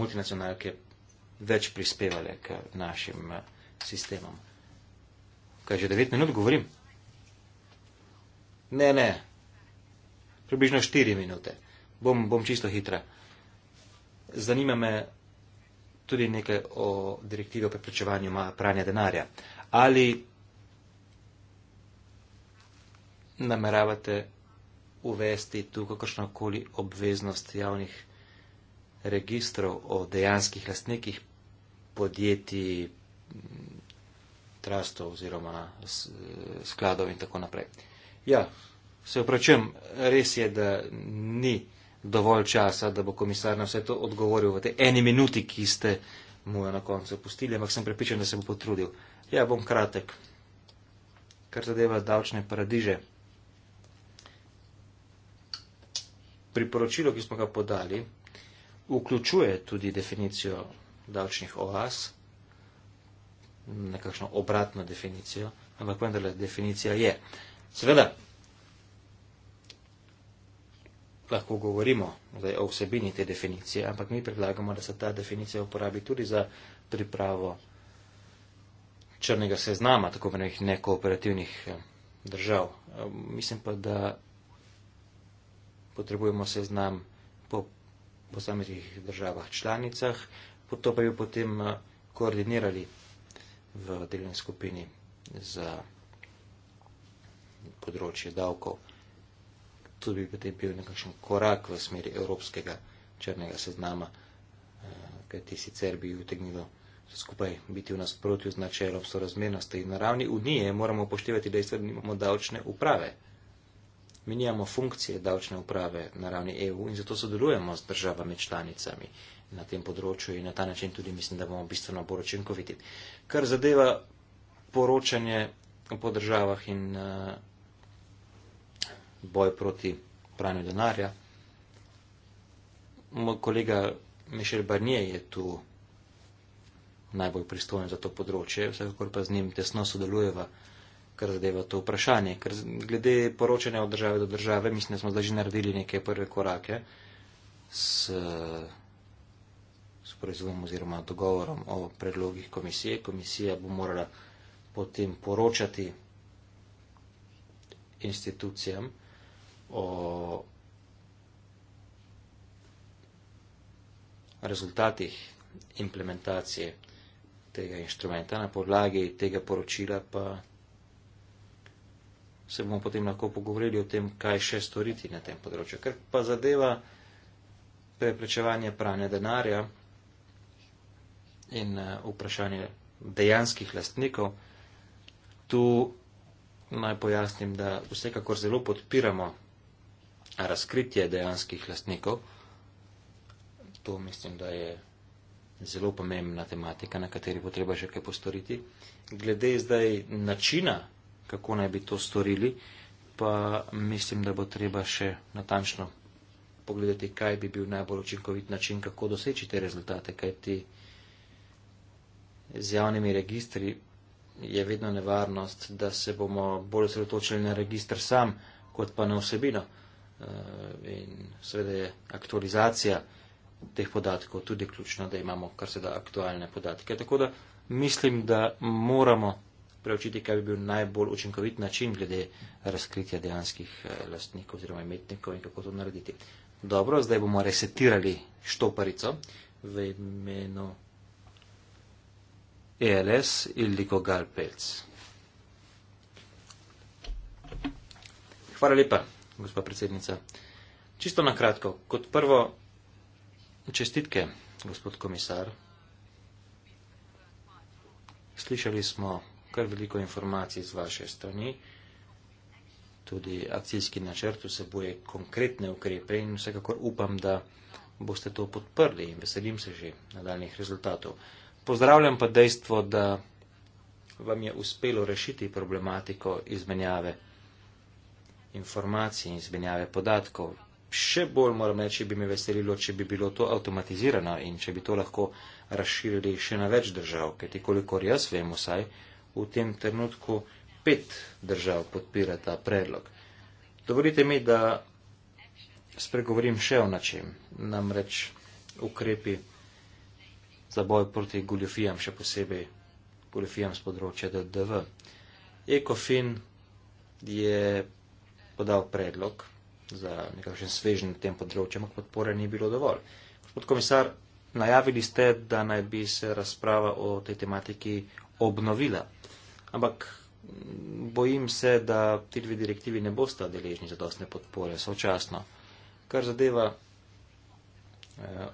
Speaker 2: multinacionalke več prispevale k našim eh, sistemom. Kaj že 9 minut govorim? Ne, ne. Približno 4 minute. Bom, bom čisto hitra. Zanima me tudi nekaj o direktivi o preprečevanju pranja denarja. Ali nameravate uvesti tu kakršnokoli obveznost javnih registrov o dejanskih lastnikih podjetij, trustov oziroma skladov in tako naprej. Ja, se upravičujem, res je, da ni dovolj časa, da bo komisar na vse to odgovoril v te eni minuti, ki ste mu jo na koncu pustili, ampak sem prepričan, da se bo potrudil. Ja, bom kratek. Kar zadeva davčne paradiže. Priporočilo, ki smo ga podali, vključuje tudi definicijo davčnih oas nekakšno obratno definicijo, ampak vendarle definicija je. Seveda, lahko govorimo zdaj o vsebini te definicije, ampak mi predlagamo, da se ta definicija uporabi tudi za pripravo črnega seznama, tako menih nekooperativnih eh, držav. Eh, mislim pa, da potrebujemo seznam po posameznih državah članicah, to pa bi potem eh, koordinirali v delovni skupini za področje davkov. To bi potem bil nekakšen korak v smeri evropskega črnega seznama, eh, kajti sicer bi utegnilo vse skupaj biti v nasprotju z načelom sorazmernosti. Na ravni unije moramo upoštevati dejstvo, da nimamo davčne uprave. Mi nijamo funkcije davčne uprave na ravni EU in zato sodelujemo z državami članicami na tem področju in na ta način tudi mislim, da bomo bistveno bolj učinkoviti. Kar zadeva poročanje po državah in uh, boj proti pranju denarja, moj kolega Mišel Barnier je tu najbolj pristojen za to področje, vsekakor pa z njim tesno sodelujeva. Uh, kar zadeva to vprašanje. Ker glede poročanja od države do države, mislim, da smo zdaj že naredili neke prve korake s, s proizvodom oziroma dogovorom o predlogih komisije. Komisija bo morala potem poročati institucijam o rezultatih implementacije tega inštrumenta. Na podlagi tega poročila pa se bomo potem lahko pogovorili o tem, kaj še storiti na tem področju. Ker pa zadeva preprečevanje pranja denarja in eh, vprašanje dejanskih lastnikov, tu naj pojasnim, da vsekakor zelo podpiramo razkritje dejanskih lastnikov. To mislim, da je zelo pomembna tematika, na kateri bo treba še kaj postoriti. Glede zdaj načina kako naj bi to storili, pa mislim, da bo treba še natančno pogledati, kaj bi bil najbolj učinkovit način, kako doseči te rezultate, kajti z javnimi registri je vedno nevarnost, da se bomo bolj osredotočili na registr sam, kot pa na vsebino. Eh, in seveda je aktualizacija teh podatkov tudi ključna, da imamo kar se da aktualne podatke. Tako da mislim, da moramo preučiti, kaj bi bil najbolj učinkovit način glede razkritja dejanskih eh, lastnikov oziroma imetnikov in kako to narediti. Dobro, zdaj bomo resetirali štoparico v imenu ELS Ildiko Galpelc. Hvala lepa, gospa predsednica. Čisto na kratko, kot prvo, čestitke, gospod komisar. Slišali smo kar veliko informacij z vaše strani. Tudi akcijski načrt vsebuje konkretne ukrepe in vsekakor upam, da boste to podprli in veselim se že nadaljnih rezultatov. Pozdravljam pa dejstvo, da vam je uspelo rešiti problematiko izmenjave informacij in izmenjave podatkov. Še bolj moram reči, bi me veselilo, če bi bilo to avtomatizirano in če bi to lahko razširili še na več držav, kajti kolikor jaz vem vsaj, v tem trenutku pet držav podpira ta predlog. Dovolite mi, da spregovorim še o načem, namreč ukrepi za boj proti goljofijam, še posebej goljofijam z področja DDV. Ekofin je podal predlog za nekakšen svežen na tem področju, ampak podpore ni bilo dovolj. Gospod komisar, najavili ste, da naj bi se razprava o tej tematiki obnovila. Ampak mm, bojim se, da ti dve direktivi ne bosta deležni zadostne podpore sočasno. Kar zadeva eh,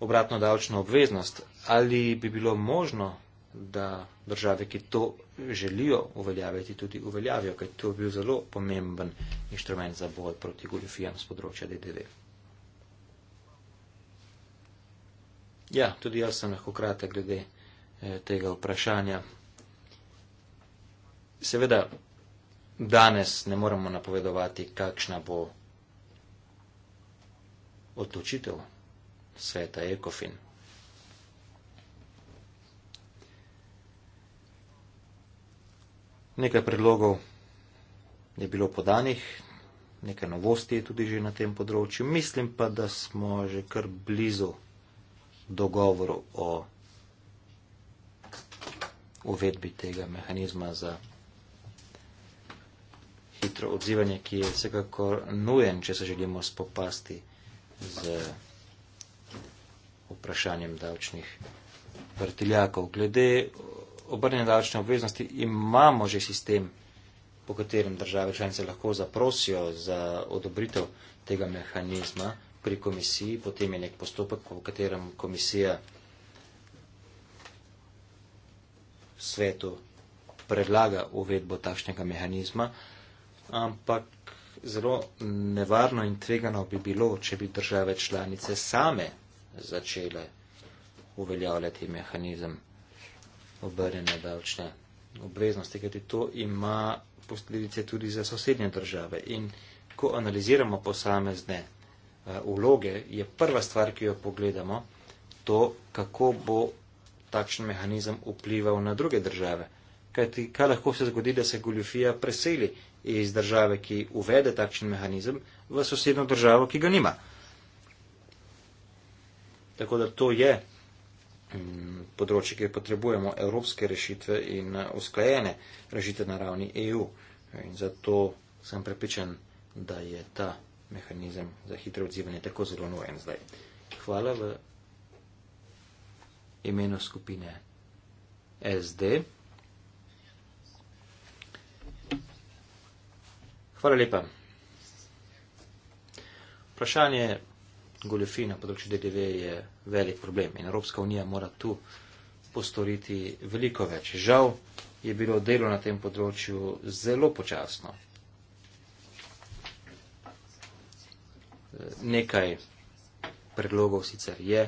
Speaker 2: obratno davčno obveznost, ali bi bilo možno, da države, ki to želijo uveljaviti, tudi uveljavijo, ker to bi bil zelo pomemben inštrument za boj proti goljofijam z področja DDV. Ja, tudi jaz sem lahko kratek glede. Eh, tega vprašanja. Seveda, danes ne moremo napovedovati, kakšna bo odločitev sveta Ekofin. Nekaj predlogov je bilo podanih, nekaj novosti je tudi že na tem področju. Mislim pa, da smo že kar blizu dogovoru o uvedbi tega mehanizma za hitro odzivanje, ki je vsekakor nujen, če se želimo spopasti z vprašanjem davčnih vrtiljakov. Glede obrnjene davčne obveznosti imamo že sistem, po katerem države članice lahko zaprosijo za odobritev tega mehanizma pri komisiji, potem je nek postopek, v katerem komisija svetu predlaga uvedbo takšnega mehanizma, ampak zelo nevarno in tvegano bi bilo, če bi države članice same začele uveljavljati mehanizem obrnjene davčne obveznosti, kajti to ima posledice tudi za sosednje države. In ko analiziramo posamezne eh, vloge, je prva stvar, ki jo pogledamo, to, kako bo takšen mehanizem vplival na druge države. Kajti, kaj lahko se zgodi, da se goljofija preseli iz države, ki uvede takšen mehanizem, v sosedno državo, ki ga nima? Tako da to je mm, področje, kjer potrebujemo evropske rešitve in eh, usklajene rešitve na ravni EU. In zato sem prepričan, da je ta mehanizem za hitro odzivanje tako zelo nujen zdaj. Hvala imenu skupine SD. Hvala lepa. Vprašanje goljofij na področju DDV je velik problem in Evropska unija mora tu postoriti veliko več. Žal je bilo delo na tem področju zelo počasno. Nekaj predlogov sicer je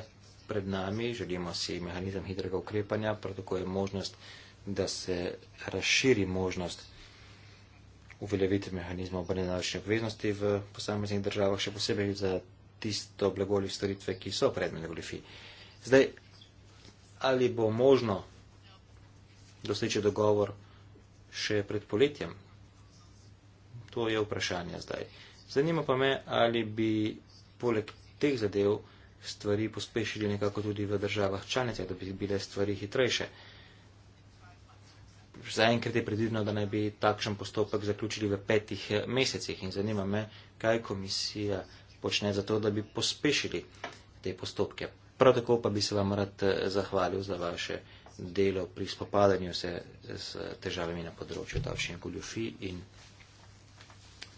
Speaker 2: pred nami, želimo si mehanizem hitrega ukrepanja, prav tako je možnost, da se razširi možnost uveljavitve mehanizmov obrnjene davčne obveznosti v posameznih državah, še posebej za tisto blago ali storitve, ki so predmet goljufij. Zdaj, ali bo možno doseči dogovor še pred poletjem? To je vprašanje zdaj. Zanima pa me, ali bi poleg teh zadev stvari pospešili nekako tudi v državah članice, da bi bile stvari hitrejše. Zaenkrat je predvideno, da naj bi takšen postopek zaključili v petih eh, mesecih in zanima me, kaj komisija počne za to, da bi pospešili te postopke. Prav tako pa bi se vam rad eh, zahvalil za vaše delo pri spopadanju se s težavami na področju davčnih goljufij in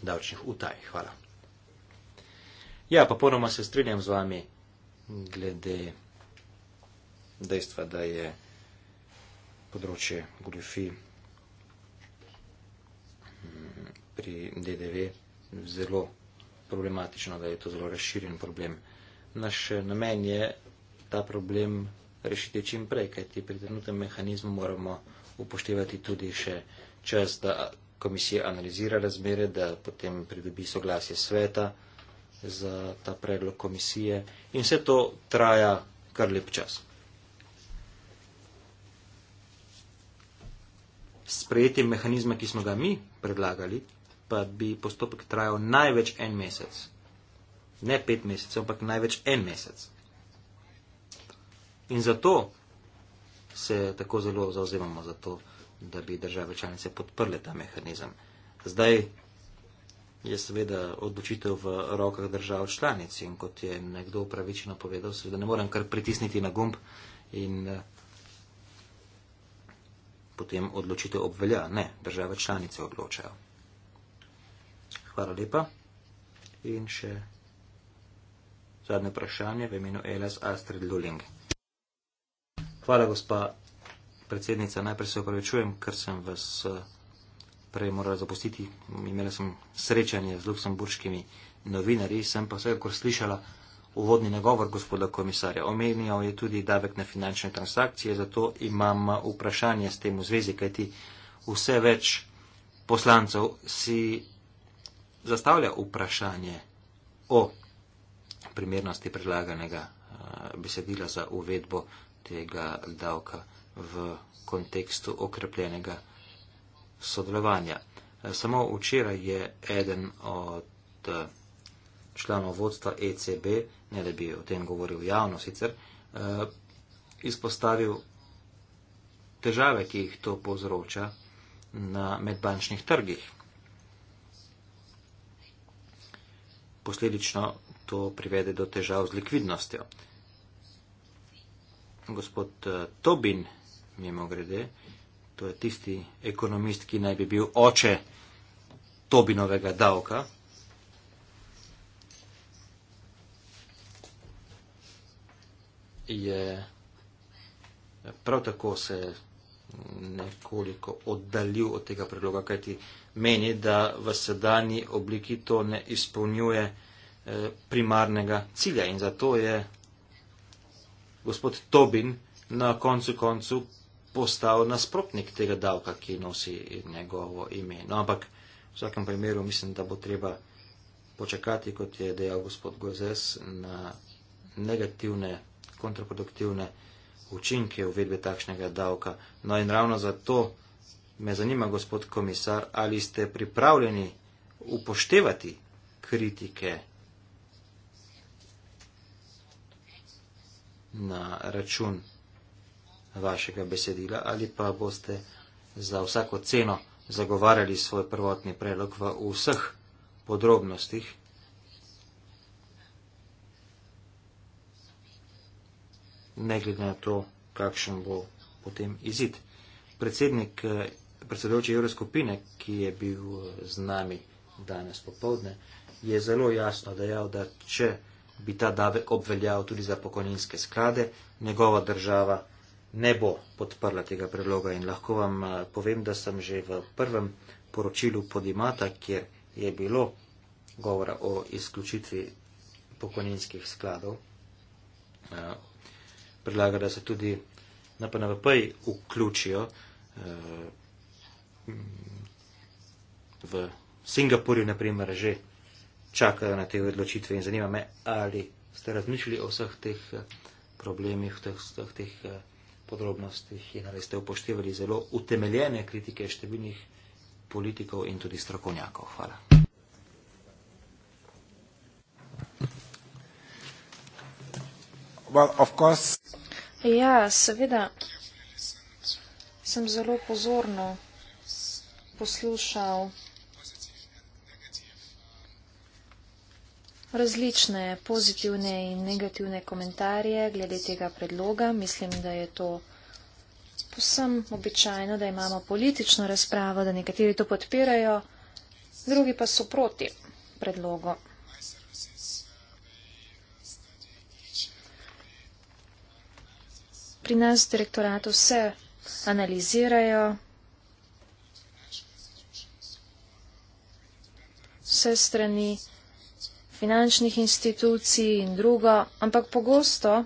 Speaker 2: davčnih utaj. Hvala. Ja, popolnoma se strinjam z vami glede dejstva, da je področje goljofi mm, pri DDV zelo problematično, da je to zelo razširjen problem. Naš namen je ta problem rešiti čim prej, kajti pri trenutnem mehanizmu moramo upoštevati tudi še čas, da komisija analizira razmere, da potem pridobi soglasje sveta za ta predlog komisije in vse to traja kar lep čas. Sprejeti mehanizme, ki smo ga mi predlagali, pa bi postopek trajal največ en mesec. Ne pet mesecev, ampak največ en mesec. In zato se tako zelo zauzemamo za to, da bi države članice podprle ta mehanizem. Zdaj je seveda odločitev v rokah držav članic in kot je nekdo pravično povedal, seveda ne morem kar pritisniti na gumb in eh, potem odločitev obvelja. Ne, države članice odločajo. Hvala lepa. In še zadnje vprašanje v imenu Elas Astrid Luling. Hvala, gospa predsednica. Najprej se opravičujem, ker sem vas. Eh, prej morala zapustiti. Imela sem srečanje z luksemburškimi novinarji, sem pa vsekakor slišala uvodni nagovor gospoda komisarja. Omenjal je tudi davek na finančne transakcije, zato imam vprašanje s tem v zvezi, kajti vse več poslancev si zastavlja vprašanje o primernosti predlaganega eh, besedila za uvedbo tega davka v kontekstu okrepljenega sodelovanja. Eh, samo včeraj je eden od eh, članov vodstva ECB, ne da bi o tem govoril javno sicer, eh, izpostavil težave, ki jih to povzroča na medbančnih trgih. Posledično to privede do težav z likvidnostjo. Gospod Tobin, mimo grede, to je tisti ekonomist, ki naj bi bil oče Tobinovega davka. Je prav tako se nekoliko oddaljil od tega predloga, kajti meni, da v sedanji obliki to ne izpolnjuje eh, primarnega cilja in zato je gospod Tobin na koncu koncu postal nasprotnik tega davka, ki nosi njegovo ime. No, ampak v vsakem primeru mislim, da bo treba počakati, kot je dejal gospod Gozes, na negativne, kontraproduktivne učinke uvedbe takšnega davka. No in ravno zato me zanima, gospod komisar, ali ste pripravljeni upoštevati kritike na račun vašega besedila ali pa boste za vsako ceno zagovarjali svoj prvotni predlog v vseh podrobnostih. ne glede na to, kakšen bo potem izid. Predsednik predsedujoče evroskupine, ki je bil z nami danes popovdne, je zelo jasno dejal, da če bi ta davek obveljal tudi za pokojninske sklade, njegova država ne bo podprla tega predloga in lahko vam eh, povem, da sem že v prvem poročilu podimata, kjer je bilo govora o izključitvi pokojninskih skladov, eh, predlaga, da se tudi na PNVP vključijo eh, v Singapurju, naprimer, že čakajo na te odločitve in zanima me, ali ste razmišljali o vseh teh problemih, o vseh teh, teh podrobnostih in ali ste upoštevali zelo utemeljene kritike številnih politikov in tudi strokovnjakov. Hvala.
Speaker 3: Well,
Speaker 1: ja, seveda sem zelo pozorno poslušal različne pozitivne in negativne komentarje glede tega predloga. Mislim, da je to posem običajno, da imamo politično razpravo, da nekateri to podpirajo, drugi pa so proti predlogu. Pri nas v direktoratu se analizirajo, vse strani finančnih institucij in drugo, ampak pogosto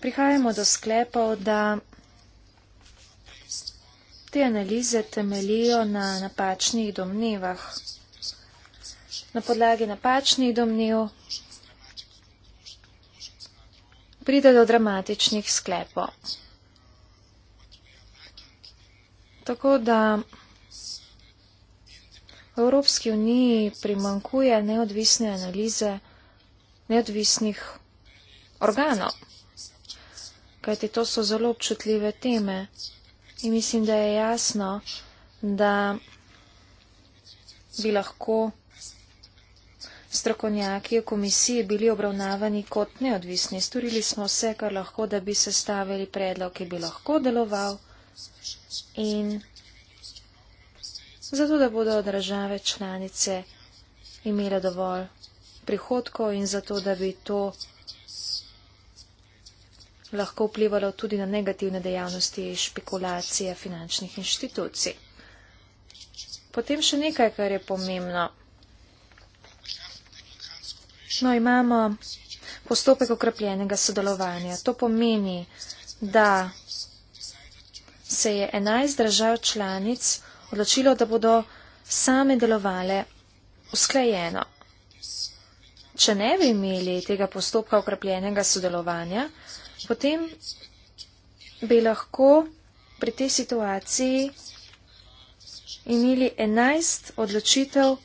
Speaker 1: prihajamo do sklepov, da te analize temelijo na napačnih domnevah. Na podlagi napačnih domnev pride do dramatičnih sklepov. Tako da V Evropski uniji primankuje neodvisne analize neodvisnih organov, kajti to so zelo občutljive teme in mislim, da je jasno, da bi lahko strokovnjaki v komisiji bili obravnavani kot neodvisni. Storili smo vse, kar lahko, da bi sestavili predlog, ki bi lahko deloval in zato da bodo države članice imele dovolj prihodkov in zato, da bi to lahko vplivalo tudi na negativne dejavnosti špekulacije finančnih inštitucij. Potem še nekaj, kar je pomembno. No, imamo postopek okrepljenega sodelovanja. To pomeni, da se je 11 držav članic odločilo, da bodo same delovale usklajeno. Če ne bi imeli tega postopka ukrepljenega sodelovanja, potem bi lahko pri tej situaciji imeli 11 odločitev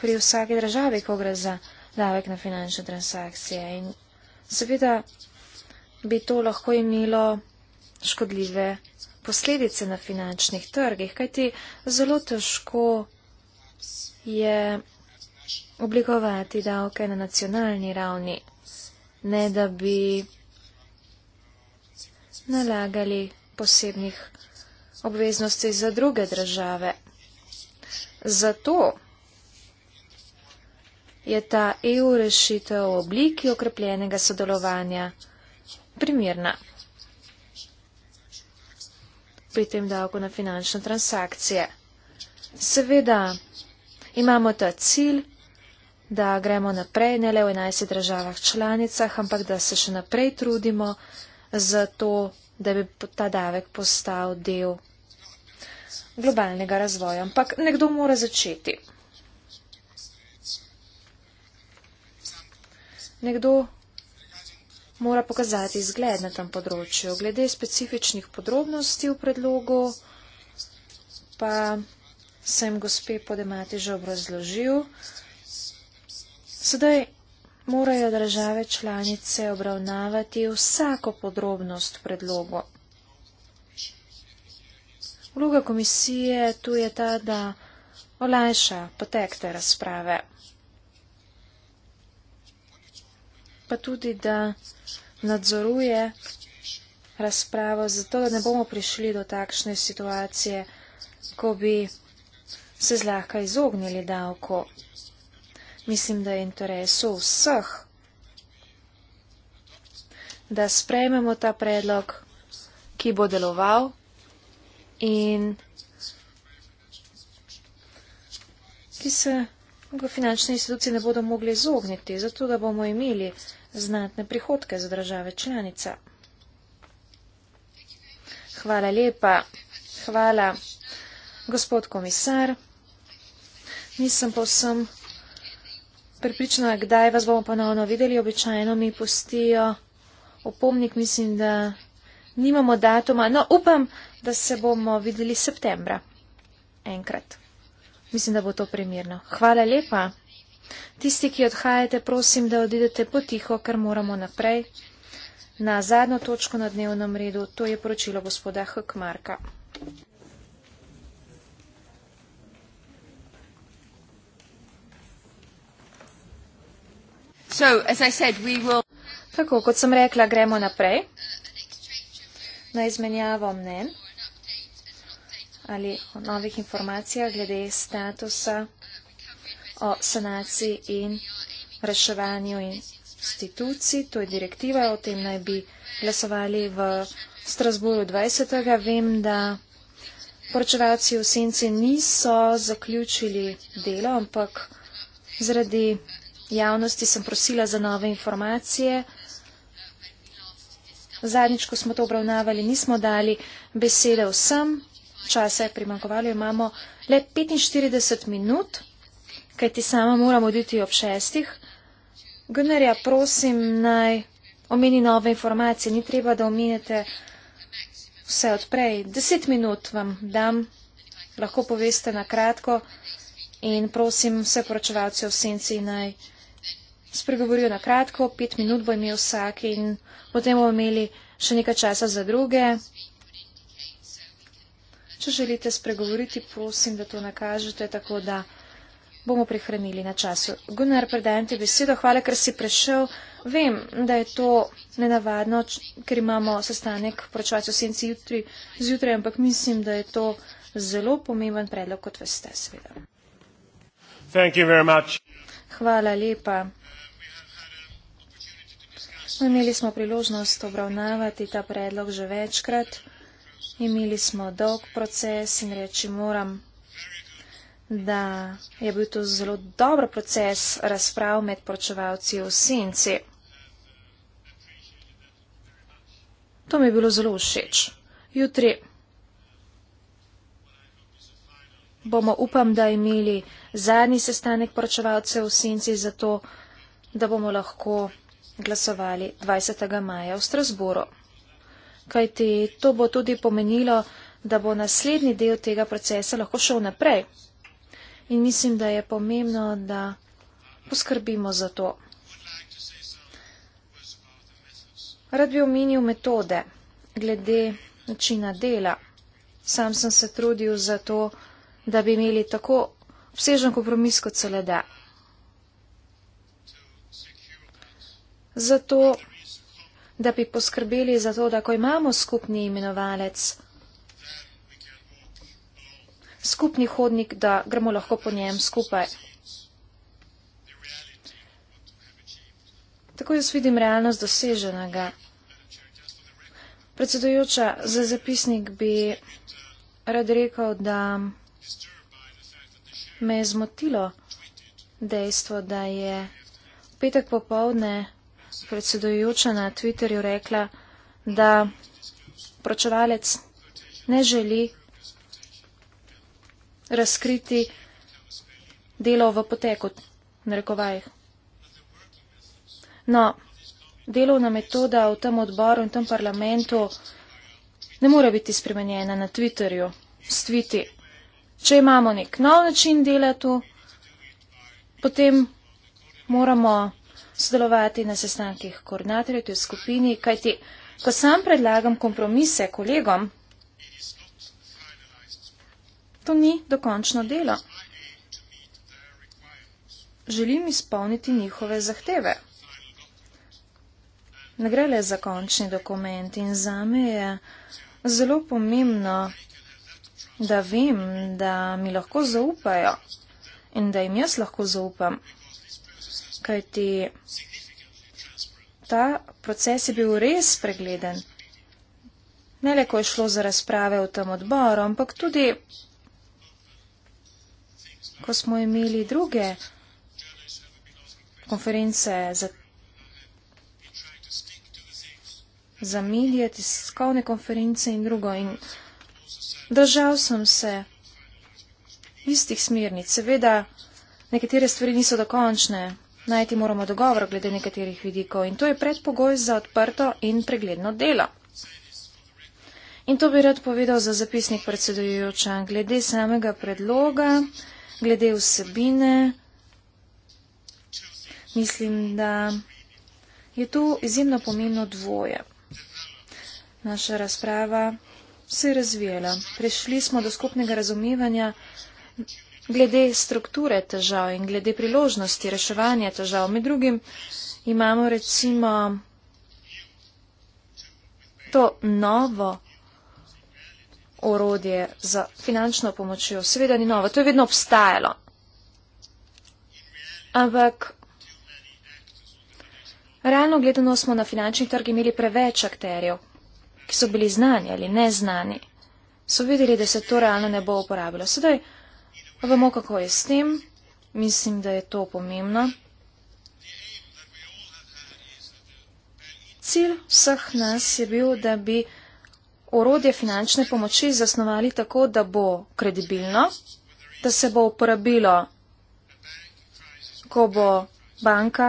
Speaker 1: pri vsaki državi, ko gre za davek na finančne transakcije. In seveda bi to lahko imelo škodljive posledice na finančnih trgih, kajti zelo težko je oblikovati davke na nacionalni ravni, ne da bi nalagali posebnih obveznosti za druge države. Zato je ta EU rešitev v obliki okrepljenega sodelovanja primerna pri tem davku na finančne transakcije. Seveda imamo ta cilj, da gremo naprej, ne le v 11 državah članicah, ampak da se še naprej trudimo za to, da bi ta davek postal del globalnega razvoja. Ampak nekdo mora začeti. Nekdo mora pokazati izgled na tem področju. Glede specifičnih podrobnosti v predlogu pa sem gospe podemati že obrazložil. Sedaj morajo države članice obravnavati vsako podrobnost v predlogu. Vloga komisije tu je ta, da olajša potek te razprave. pa tudi, da nadzoruje razpravo, zato da ne bomo prišli do takšne situacije, ko bi se zlahka izognili davko. Mislim, da je interesu vseh, da sprejmemo ta predlog, ki bo deloval in ki se finančne institucije ne bodo mogli izogniti, zato da bomo imeli znatne prihodke za države članice. Hvala lepa. Hvala, gospod komisar. Nisem pa vsem pripričana, kdaj vas bomo ponovno videli. Običajno mi pustijo opomnik, mislim, da nimamo datuma. No, upam, da se bomo videli septembra. Enkrat. Mislim, da bo to primirno. Hvala lepa. Tisti, ki odhajate, prosim, da odidete potiho, ker moramo naprej na zadnjo točko na dnevnem redu. To je poročilo gospoda Hkmarka. So, said, will... Tako kot sem rekla, gremo naprej na izmenjavo mnen ali o novih informacijah glede statusa o sanaciji in reševanju institucij. To je direktiva, o tem naj bi glasovali v Strasburu 20. Vem, da poročevalci v Senci niso zaključili delo, ampak zaradi javnosti sem prosila za nove informacije. Zadnjič, ko smo to obravnavali, nismo dali besede vsem. Časa je primankovalo, imamo le 45 minut kaj ti sama moram oditi ob šestih. Gunnarja, prosim, naj omeni nove informacije, ni treba, da omenjate vse odprej. Deset minut vam dam, lahko poveste na kratko in prosim vse poročevalce v senci naj spregovorijo na kratko, pet minut bo imel vsak in potem bomo imeli še nekaj časa za druge. Če želite spregovoriti, prosim, da to nakažete tako, da bomo prihranili na času. Gunnar, predajam ti besedo, hvala, ker si prišel. Vem, da je to nenavadno, ker imamo sestanek pročvac v senci jutri, zjutraj, ampak mislim, da je to zelo pomemben predlog, kot veste, seveda. Hvala lepa. No, imeli smo priložnost obravnavati ta predlog že večkrat. Imeli smo dolg proces in reči moram da je bil to zelo dober proces razprav med poročevalci v senci. To mi je bilo zelo všeč. Jutri bomo, upam, da imeli zadnji sestanek poročevalcev v senci, zato da bomo lahko glasovali 20. maja v Strasburu. Kajti to bo tudi pomenilo, da bo naslednji del tega procesa lahko šel naprej. In mislim, da je pomembno, da poskrbimo za to. Rad bi omenil metode glede načina dela. Sam sem se trudil za to, da bi imeli tako obsežen kompromis kot se le da. Zato, da bi poskrbeli za to, da ko imamo skupni imenovalec, skupni hodnik, da gremo lahko po njem skupaj. Tako jaz vidim realnost doseženega. Predsedujoča, za zapisnik bi rad rekel, da me je zmotilo dejstvo, da je petek popovdne predsedujoča na Twitterju rekla, da pročevalec ne želi razkriti delo v poteku, na rekovajih. No, delovna metoda v tem odboru in tem parlamentu ne more biti spremenjena na Twitterju, s tviti. Če imamo nek nov način dela tu, potem moramo sodelovati na sestankih koordinatorjev, to je skupini, kajti, ko sam predlagam kompromise kolegom, To ni dokončno delo. Želim izpolniti njihove zahteve. Ne gre le za končni dokument in za me je zelo pomembno, da vem, da mi lahko zaupajo in da jim jaz lahko zaupam. Kaj ti ta proces je bil res pregleden. Ne le, ko je šlo za razprave v tem odboru, ampak tudi ko smo imeli druge konference za, za medije, tiskovne konference in drugo. In držal sem se istih smernic. Seveda, nekatere stvari niso dokončne. Najti moramo dogovor glede nekaterih vidikov in to je predpogoj za odprto in pregledno delo. In to bi rad povedal za zapisnik predsedujoča. Glede samega predloga, glede vsebine. Mislim, da je tu izjemno pomembno dvoje. Naša razprava se je razvijala. Prešli smo do skupnega razumevanja glede strukture težav in glede priložnosti reševanja težav. Med drugim imamo recimo to novo orodje za finančno pomočjo seveda ni novo, to je vedno obstajalo. Ampak realno gledano smo na finančni trg imeli preveč akterjev, ki so bili znani ali neznani. So videli, da se to realno ne bo uporabljalo. Sedaj pa vemo, kako je s tem. Mislim, da je to pomembno. Cilj vseh nas je bil, da bi orodje finančne pomoči zasnovali tako, da bo kredibilno, da se bo uporabilo, ko bo banka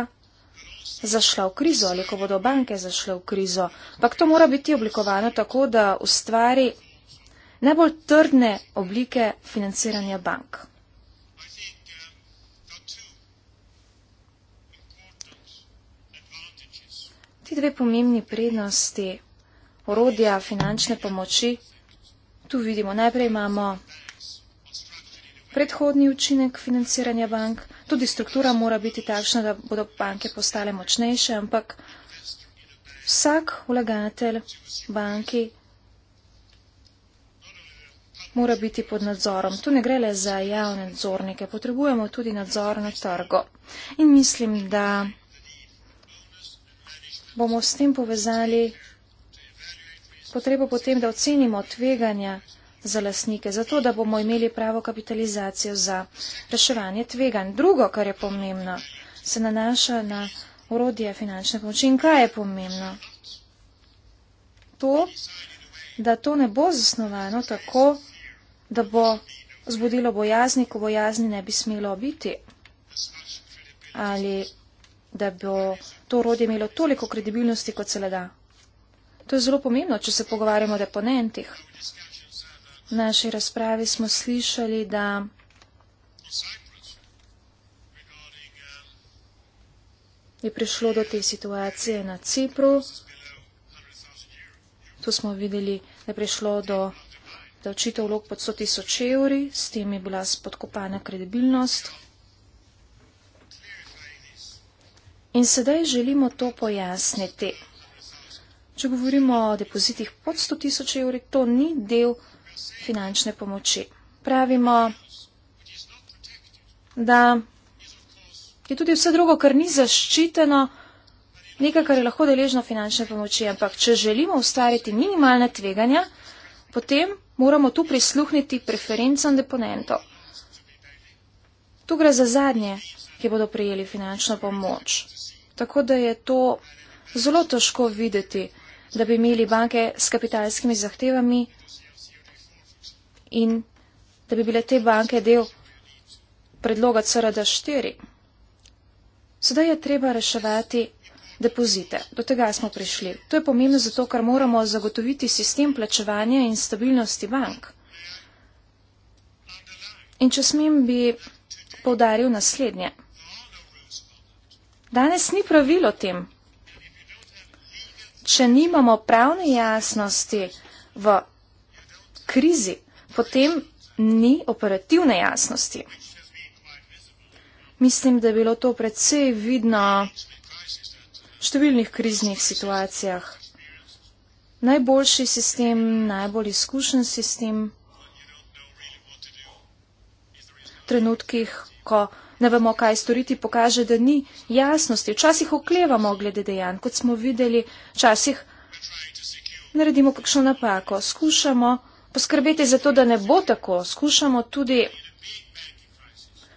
Speaker 1: zašla v krizo ali ko bodo banke zašle v krizo. Pak to mora biti oblikovano tako, da ustvari najbolj trdne oblike financiranja bank. Ti dve pomembni prednosti orodja finančne pomoči. Tu vidimo, najprej imamo predhodni učinek financiranja bank, tudi struktura mora biti takšna, da bodo banke postale močnejše, ampak vsak vlagatelj banki mora biti pod nadzorom. Tu ne gre le za javne nadzornike, potrebujemo tudi nadzor na trgo. In mislim, da bomo s tem povezali potrebo potem, da ocenimo tveganja za lasnike, zato da bomo imeli pravo kapitalizacijo za reševanje tveganj. Drugo, kar je pomembno, se nanaša na urodje finančne pomoči. In kaj je pomembno? To, da to ne bo zasnovano tako, da bo zbudilo bojazni, ko bojazni ne bi smelo biti. Ali da bo to urodje imelo toliko kredibilnosti, kot se le da. To je zelo pomembno, če se pogovarjamo o deponentih. V naši razpravi smo slišali, da je prišlo do te situacije na Cipru. Tu smo videli, da je prišlo do davčitev vlog pod 100 tisoč evri, s tem je bila spodkopana kredibilnost. In sedaj želimo to pojasniti. Če govorimo o depozitih pod 100 tisoč evri, to ni del finančne pomoči. Pravimo, da je tudi vse drugo, kar ni zaščiteno, nekaj, kar je lahko deležno finančne pomoči. Ampak, če želimo ustvariti minimalne tveganja, potem moramo tu prisluhniti preferencam deponentov. Tu gre za zadnje, ki bodo prijeli finančno pomoč. Tako da je to zelo težko videti da bi imeli banke s kapitalskimi zahtevami in da bi bile te banke del predloga CRD4. Sedaj je treba reševati depozite. Do tega smo prišli. To je pomembno zato, ker moramo zagotoviti sistem plačevanja in stabilnosti bank. In če smem, bi poudaril naslednje. Danes ni pravilo tem, če nimamo pravne jasnosti v krizi, potem ni operativne jasnosti. Mislim, da je bilo to predvsej vidno v številnih kriznih situacijah. Najboljši sistem, najbolj izkušen sistem v trenutkih, ko Ne vemo, kaj storiti, pokaže, da ni jasnosti. Včasih oklevamo glede dejanj, kot smo videli, včasih naredimo kakšno napako. Skušamo poskrbeti za to, da ne bo tako. Skušamo tudi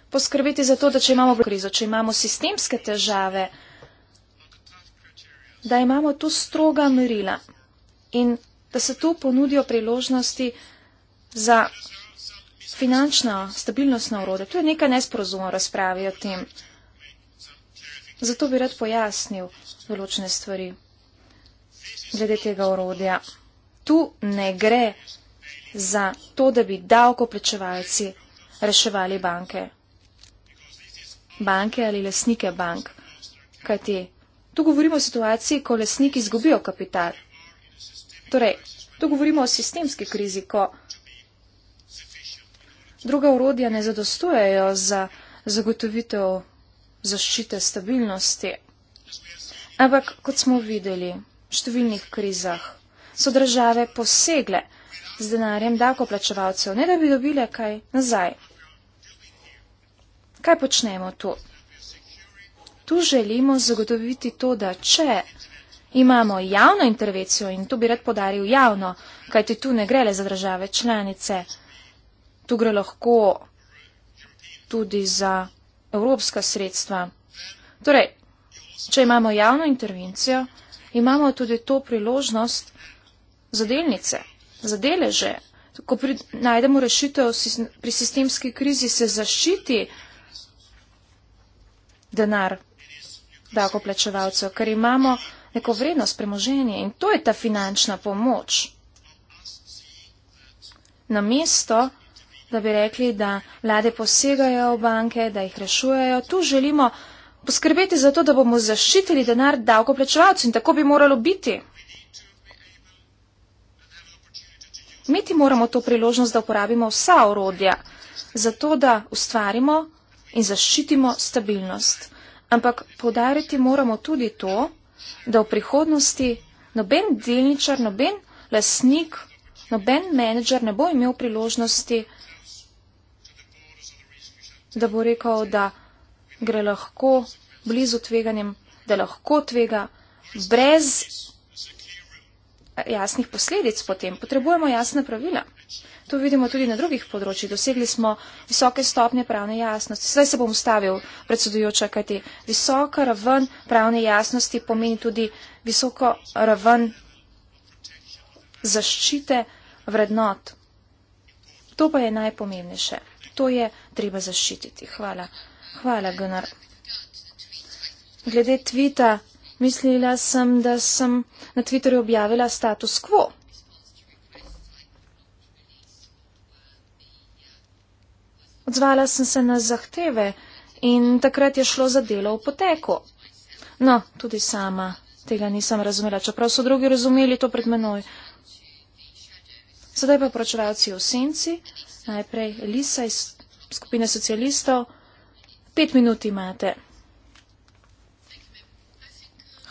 Speaker 1: poskrbeti za to, da če imamo krizo, če imamo sistemske težave, da imamo tu stroga merila in da se tu ponudijo priložnosti za finančna stabilnost na urode. To je nekaj nesporozuma razpravi o tem. Zato bi rad pojasnil določene stvari glede tega urodja. Tu ne gre za to, da bi davkoplačevalci reševali banke. Banke ali lasnike bank. Kajti, tu govorimo o situaciji, ko lasniki izgubijo kapital. Torej, tu govorimo o sistemski krizi, ko druga urodja ne zadostujejo za zagotovitev zaščite stabilnosti. Ampak, kot smo videli v številnih krizah, so države posegle z denarjem davkoplačevalcev, ne da bi dobile kaj nazaj. Kaj počnemo tu? Tu želimo zagotoviti to, da če imamo javno intervencijo in tu bi rad podaril javno, kajti tu ne gre le za države članice, Tu gre lahko tudi za evropska sredstva. Torej, če imamo javno intervencijo, imamo tudi to priložnost za delnice, za deleže. Ko pri, najdemo rešitev pri sistemski krizi, se zaščiti denar davkoplačevalcev, ker imamo neko vrednost premoženje in to je ta finančna pomoč. Namesto, da bi rekli, da vlade posegajo v banke, da jih rešujejo. Tu želimo poskrbeti za to, da bomo zaščitili denar davkoplačevalcev in tako bi moralo biti. Imeti moramo to priložnost, da uporabimo vsa orodja, zato da ustvarimo in zaščitimo stabilnost. Ampak podariti moramo tudi to, da v prihodnosti noben delničar, noben lasnik, noben menedžer ne bo imel priložnosti, da bo rekel, da gre lahko blizu tveganjem, da lahko tvega brez jasnih posledic potem. Potrebujemo jasne pravila. To vidimo tudi na drugih področjih. Dosegli smo visoke stopnje pravne jasnosti. Sedaj se bom ustavil, predsedujoča, kajti visoka raven pravne jasnosti pomeni tudi visoko raven zaščite vrednot. To pa je najpomembnejše. To je najpomembnejše treba zaščititi. Hvala. Hvala, Gunnar. Glede tvita, mislila sem, da sem na Twitterju objavila status quo. Odzvala sem se na zahteve in takrat je šlo za delo v poteku. No, tudi sama tega nisem razumela, čeprav so drugi razumeli to pred menoj. Sedaj pa poročevalci v senci, najprej Lisa iz skupine socialistov. Pet minut imate.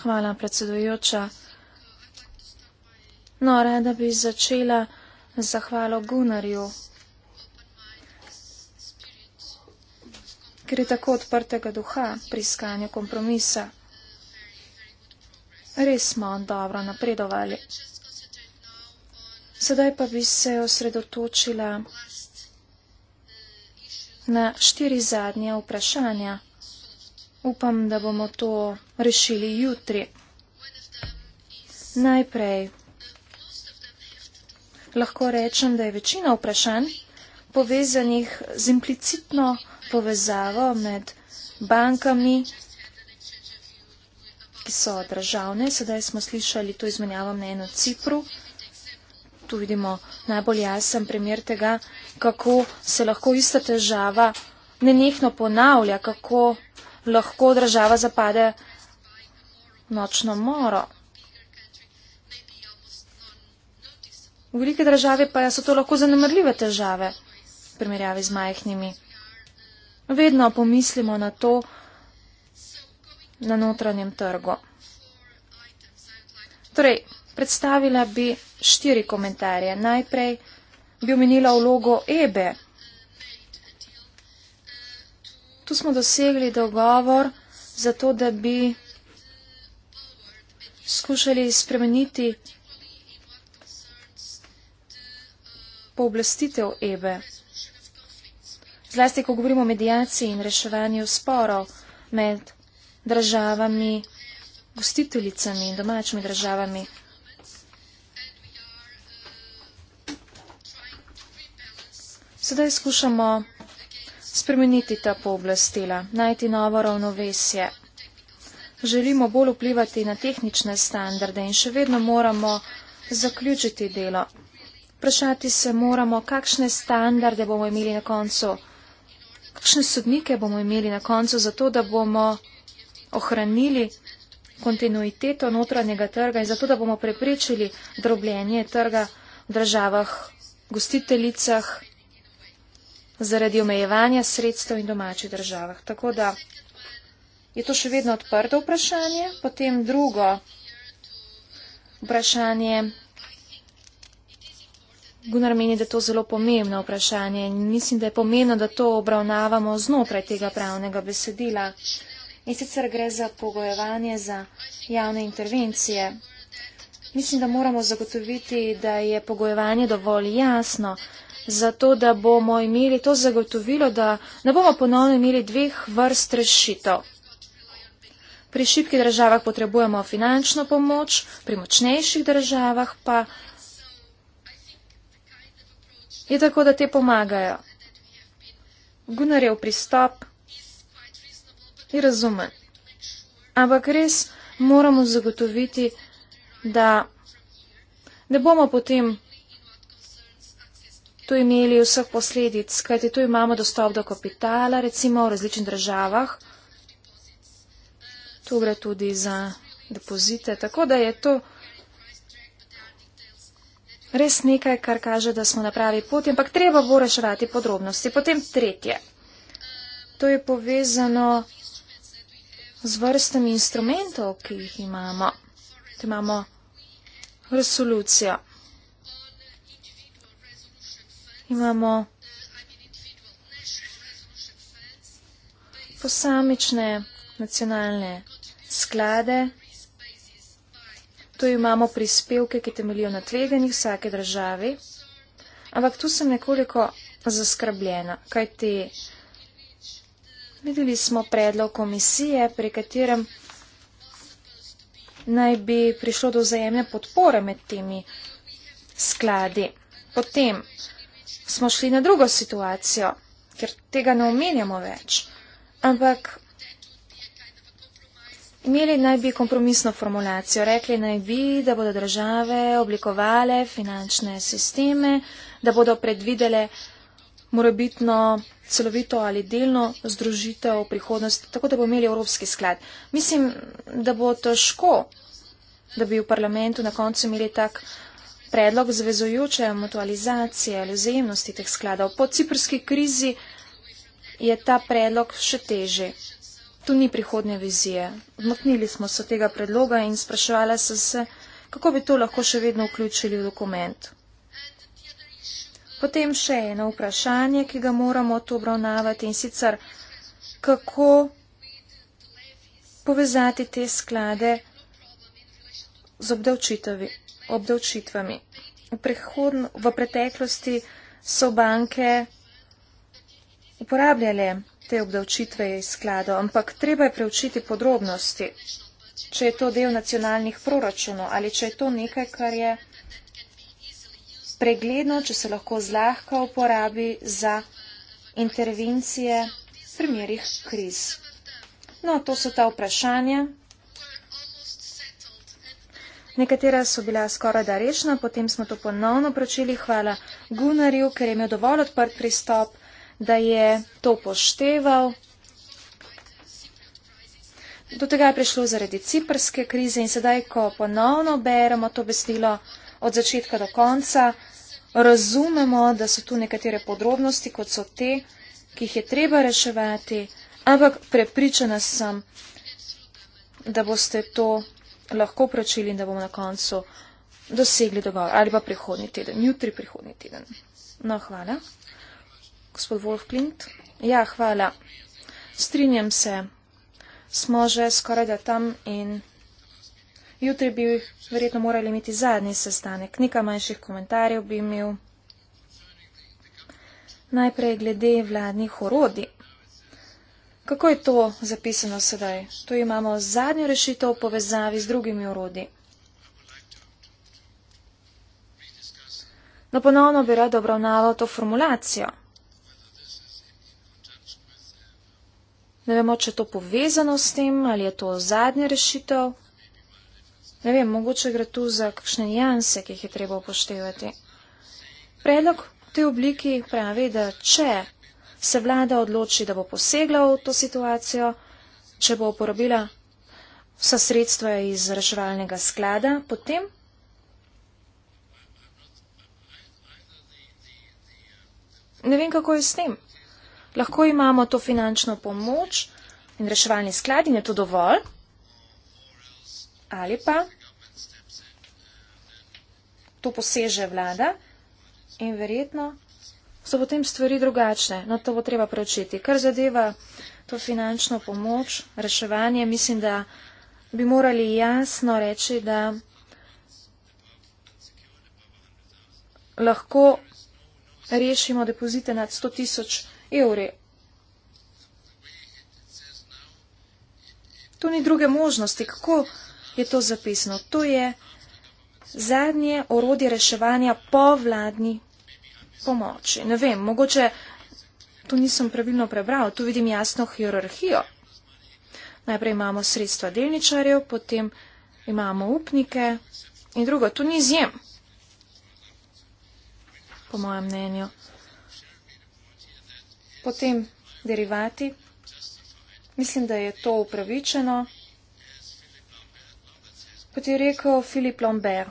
Speaker 1: Hvala, predsedujoča. No, rada bi začela z zahvalo Gunarju. Ker je tako odprtega duha pri iskanju kompromisa. Res smo dobro napredovali. Sedaj pa bi se osredotočila na štiri zadnja vprašanja. Upam, da bomo to rešili jutri. Najprej lahko rečem, da je večina vprašanj povezanih z implicitno povezavo med bankami, ki so državne. Sedaj smo slišali to izmenjavo mnenja na Cipru tu vidimo najbolj jasen primer tega, kako se lahko ista težava nenehno ponavlja, kako lahko država zapade nočno moro. V velike države pa so to lahko zanemrljive težave, primerjavi z majhnimi. Vedno pomislimo na to na notranjem trgu. Torej, Predstavila bi štiri komentarje. Najprej bi omenila vlogo Ebe. Tu smo dosegli dogovor za to, da bi skušali spremeniti pooblastitev Ebe. Zlasti, ko govorimo o medijaciji in reševanju sporov med državami, gostiteljicami in domačimi državami, Sedaj skušamo spremeniti ta pooblastila, najti novo ravnovesje. Želimo bolj vplivati na tehnične standarde in še vedno moramo zaključiti delo. Vprašati se moramo, kakšne standarde bomo imeli na koncu, kakšne sodnike bomo imeli na koncu, zato da bomo ohranili kontinuiteto notranjega trga in zato da bomo preprečili drobljenje trga v državah, gostiteljicah zaradi omejevanja sredstev in domačih državah. Tako da je to še vedno odprto vprašanje. Potem drugo vprašanje. Gunnar meni, da je to zelo pomembno vprašanje in mislim, da je pomembno, da to obravnavamo znotraj tega pravnega besedila. In sicer gre za pogojevanje za javne intervencije. Mislim, da moramo zagotoviti, da je pogojevanje dovolj jasno, zato da bomo imeli to zagotovilo, da ne bomo ponovno imeli dveh vrst rešitev. Pri šibkih državah potrebujemo finančno pomoč, pri močnejših državah pa je tako, da te pomagajo. Gunarjev pristop je razumen. Ampak res moramo zagotoviti, da ne bomo potem tu imeli vseh posledic, kajti tu imamo dostop do kapitala, recimo v različnih državah. Tu gre tudi za depozite. Tako da je to res nekaj, kar kaže, da smo na pravi poti, ampak treba bo reševati podrobnosti. Potem tretje. To je povezano z vrstami instrumentov, ki jih imamo. Tu imamo resolucijo imamo posamične nacionalne sklade. Tu imamo prispevke, ki temeljijo na tveganjih vsake državi. Ampak tu sem nekoliko zaskrbljena, kajti videli smo predlog komisije, pri katerem naj bi prišlo do vzajemne podpore med temi skladi. Potem smo šli na drugo situacijo, ker tega ne omenjamo več. Ampak imeli naj bi kompromisno formulacijo. Rekli naj bi, da bodo države oblikovale finančne sisteme, da bodo predvidele morebitno celovito ali delno združitev prihodnosti, tako da bo imeli Evropski sklad. Mislim, da bo težko, da bi v parlamentu na koncu imeli tak predlog zvezujoče mutualizacije ali vzajemnosti teh skladov. Po ciprski krizi je ta predlog še teže. Tu ni prihodne vizije. Odmotnili smo se tega predloga in spraševala so se, kako bi to lahko še vedno vključili v dokument. Potem še eno vprašanje, ki ga moramo tu obravnavati in sicer, kako povezati te sklade z obdavčitvijo obdavčitvami. V, prehodn, v preteklosti so banke uporabljale te obdavčitve iz sklada, ampak treba je preučiti podrobnosti, če je to del nacionalnih proračunov ali če je to nekaj, kar je pregledno, če se lahko zlahka uporabi za intervencije v primerih kriz. No, to so ta vprašanja, Nekatera so bila skoraj da rešena, potem smo to ponovno pročili. Hvala Gunarju, ker je imel dovolj odprt pristop, da je to pošteval. Do tega je prišlo zaradi ciprske krize in sedaj, ko ponovno beremo to besedilo od začetka do konca, razumemo, da so tu nekatere podrobnosti, kot so te, ki jih je treba reševati, ampak prepričana sem, da boste to lahko prečili in da bomo na koncu dosegli dogovor ali pa prihodnji teden, jutri prihodnji teden. No, hvala. Gospod Wolf Klint. Ja, hvala. Strinjam se. Smo že skoraj da tam in jutri bi verjetno morali imeti zadnji sestanek. Nika manjših komentarjev bi imel. Najprej glede vladnih orodij. Kako je to zapisano sedaj? Tu imamo zadnjo rešitev v povezavi z drugimi urodi. No, ponovno bi rad obravnaval to formulacijo. Ne vemo, če je to povezano s tem ali je to zadnja rešitev. Ne vem, mogoče gre tu za kakšne janse, ki jih je treba upoštevati. Predlog v tej obliki pravi, da če se vlada odloči, da bo posegla v to situacijo, če bo uporabila vsa sredstva iz reševalnega sklada, potem ne vem, kako je s tem. Lahko imamo to finančno pomoč in reševalni sklad in je to dovolj. Ali pa to poseže vlada in verjetno so potem stvari drugačne. Na no, to bo treba preučiti. Kar zadeva to finančno pomoč, reševanje, mislim, da bi morali jasno reči, da lahko rešimo depozite nad 100 tisoč evri. To ni druge možnosti. Kako je to zapisano? To je zadnje orodje reševanja po vladni pomoči. Ne vem, mogoče to nisem pravilno prebral, tu vidim jasno hierarhijo. Najprej imamo sredstva delničarjev, potem imamo upnike in drugo, tu ni izjem, po mojem mnenju. Potem derivati. Mislim, da je to upravičeno. Kot je rekel Filip Lombert,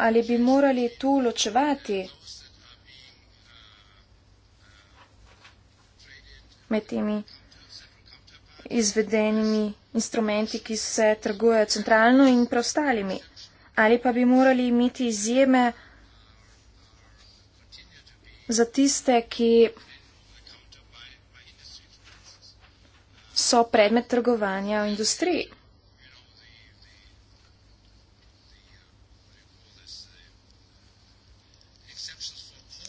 Speaker 1: ali bi morali tu ločevati med temi izvedenimi instrumenti, ki se trgujejo centralno in preostalimi. Ali pa bi morali imeti izjeme za tiste, ki so predmet trgovanja v industriji.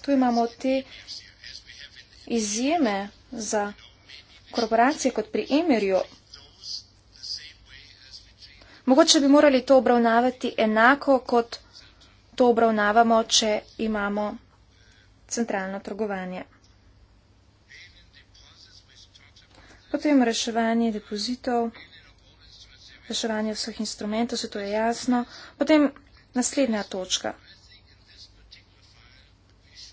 Speaker 1: Tu imamo te izjeme za korporacije kot pri Emerju. Mogoče bi morali to obravnavati enako, kot to obravnavamo, če imamo centralno trgovanje. Potem reševanje depozitov, reševanje vseh instrumentov, se to je jasno. Potem naslednja točka,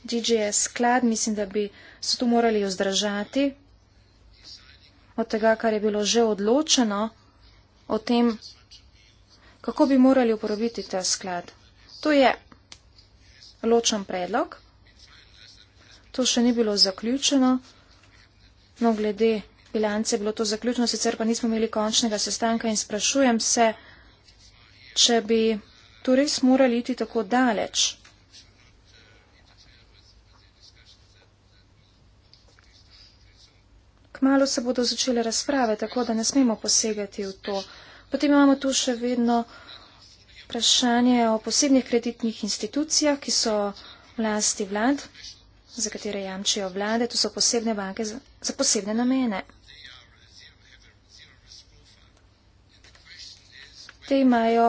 Speaker 1: DJS sklad, mislim, da bi se tu morali vzdržati od tega, kar je bilo že odločeno, o tem, kako bi morali uporabiti ta sklad. To je ločen predlog, to še ni bilo zaključeno, no glede bilance je bilo to zaključeno, sicer pa nismo imeli končnega sestanka in sprašujem se, če bi. Torej, smo morali iti tako daleč. kmalo se bodo začele razprave, tako da ne smemo posegati v to. Potem imamo tu še vedno vprašanje o posebnih kreditnih institucijah, ki so vlasti vlad, za katere jamčijo vlade. Tu so posebne banke za, za posebne namene. Te imajo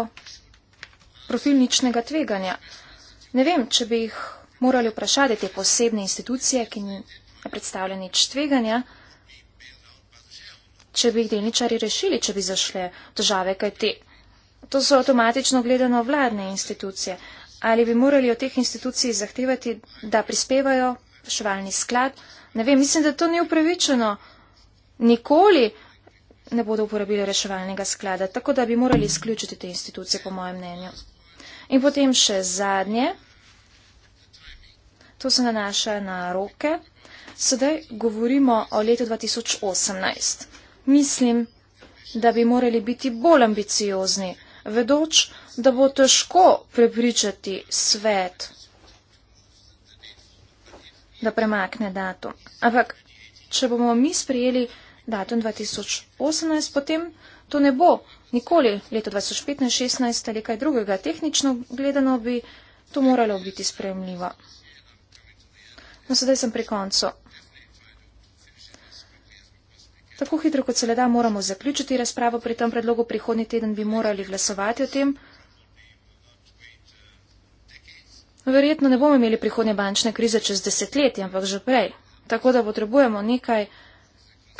Speaker 1: profil ničnega tveganja. Ne vem, če bi jih morali vprašati te posebne institucije, ki ne predstavlja nič tveganja če bi jih delničari rešili, če bi zašle države, kaj te. To so avtomatično gledano vladne institucije. Ali bi morali od teh institucij zahtevati, da prispevajo reševalni sklad? Ne vem, mislim, da to ni upravičeno. Nikoli ne bodo uporabili reševalnega sklada, tako da bi morali izključiti te institucije, po mojem mnenju. In potem še zadnje. To se nanaša na roke. Sedaj govorimo o letu 2018. Mislim, da bi morali biti bolj ambiciozni, vedoč, da bo težko prepričati svet, da premakne datum. Ampak, če bomo mi sprejeli datum 2018, potem to ne bo nikoli leto 2015-16 ali kaj drugega. Tehnično gledano bi to moralo biti spremljivo. No, sedaj sem pri koncu. Tako hitro, kot se le da, moramo zaključiti razpravo pri tem predlogu. Prihodni teden bi morali glasovati o tem. Verjetno ne bomo imeli prihodnje bančne krize čez desetletje, ampak že prej. Tako da potrebujemo nekaj,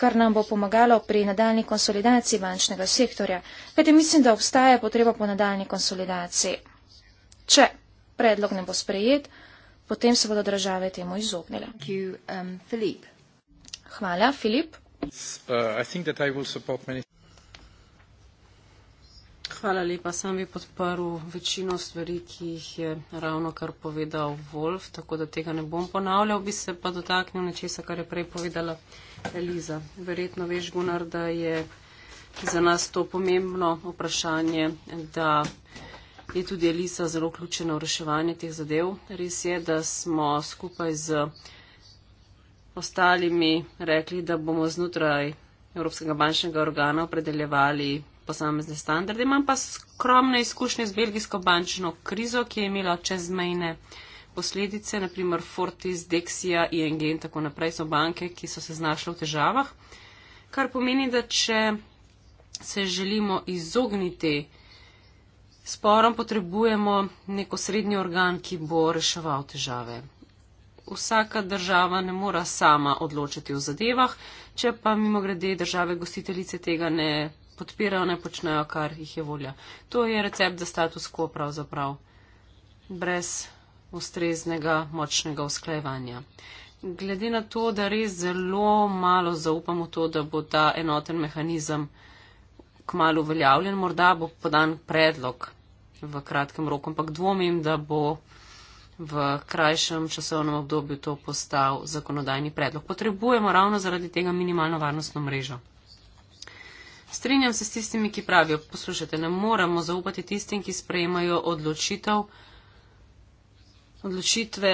Speaker 1: kar nam bo pomagalo pri nadaljni konsolidaciji bančnega sektorja. Kajti mislim, da obstaja potreba po nadaljni konsolidaciji. Če predlog ne bo sprejet, potem se bodo države temu izognile. Um,
Speaker 3: Hvala, Filip.
Speaker 1: Uh,
Speaker 3: Hvala lepa. Sam bi podprl večino stvari, ki jih je ravno kar povedal Wolf, tako da tega ne bom ponavljal. Bi se pa dotaknil nečesa, kar je prej povedala Eliza. Verjetno veš, Gunnar, da je za nas to pomembno vprašanje, da je tudi Eliza zelo vključena v reševanje teh zadev. Res je, da smo skupaj z ostalimi rekli, da bomo znotraj Evropskega bančnega organa opredeljevali posamezne standarde. Imam pa skromne izkušnje z belgijsko bančno krizo, ki je imela čezmejne posledice, naprimer Fortis, Dexia, ING in tako naprej so banke, ki so se znašle v težavah. Kar pomeni, da če se želimo izogniti sporom, potrebujemo neko srednji organ, ki bo reševal težave vsaka država ne mora sama odločiti o zadevah, če pa mimo grede države gostiteljice tega ne podpirajo, ne počnejo, kar jih je volja. To je recept za status quo pravzaprav, brez ustreznega, močnega usklajevanja. Glede na to, da res zelo malo zaupamo to, da bo ta enoten mehanizem kmalo uveljavljen, morda bo podan predlog v kratkem roku, ampak dvomim, da bo v krajšem časovnem obdobju to postal zakonodajni predlog. Potrebujemo ravno zaradi tega minimalno varnostno mrežo. Strinjam se s tistimi, ki pravijo, poslušajte, ne moremo zaupati tistim, ki sprejemajo odločitev, odločitve,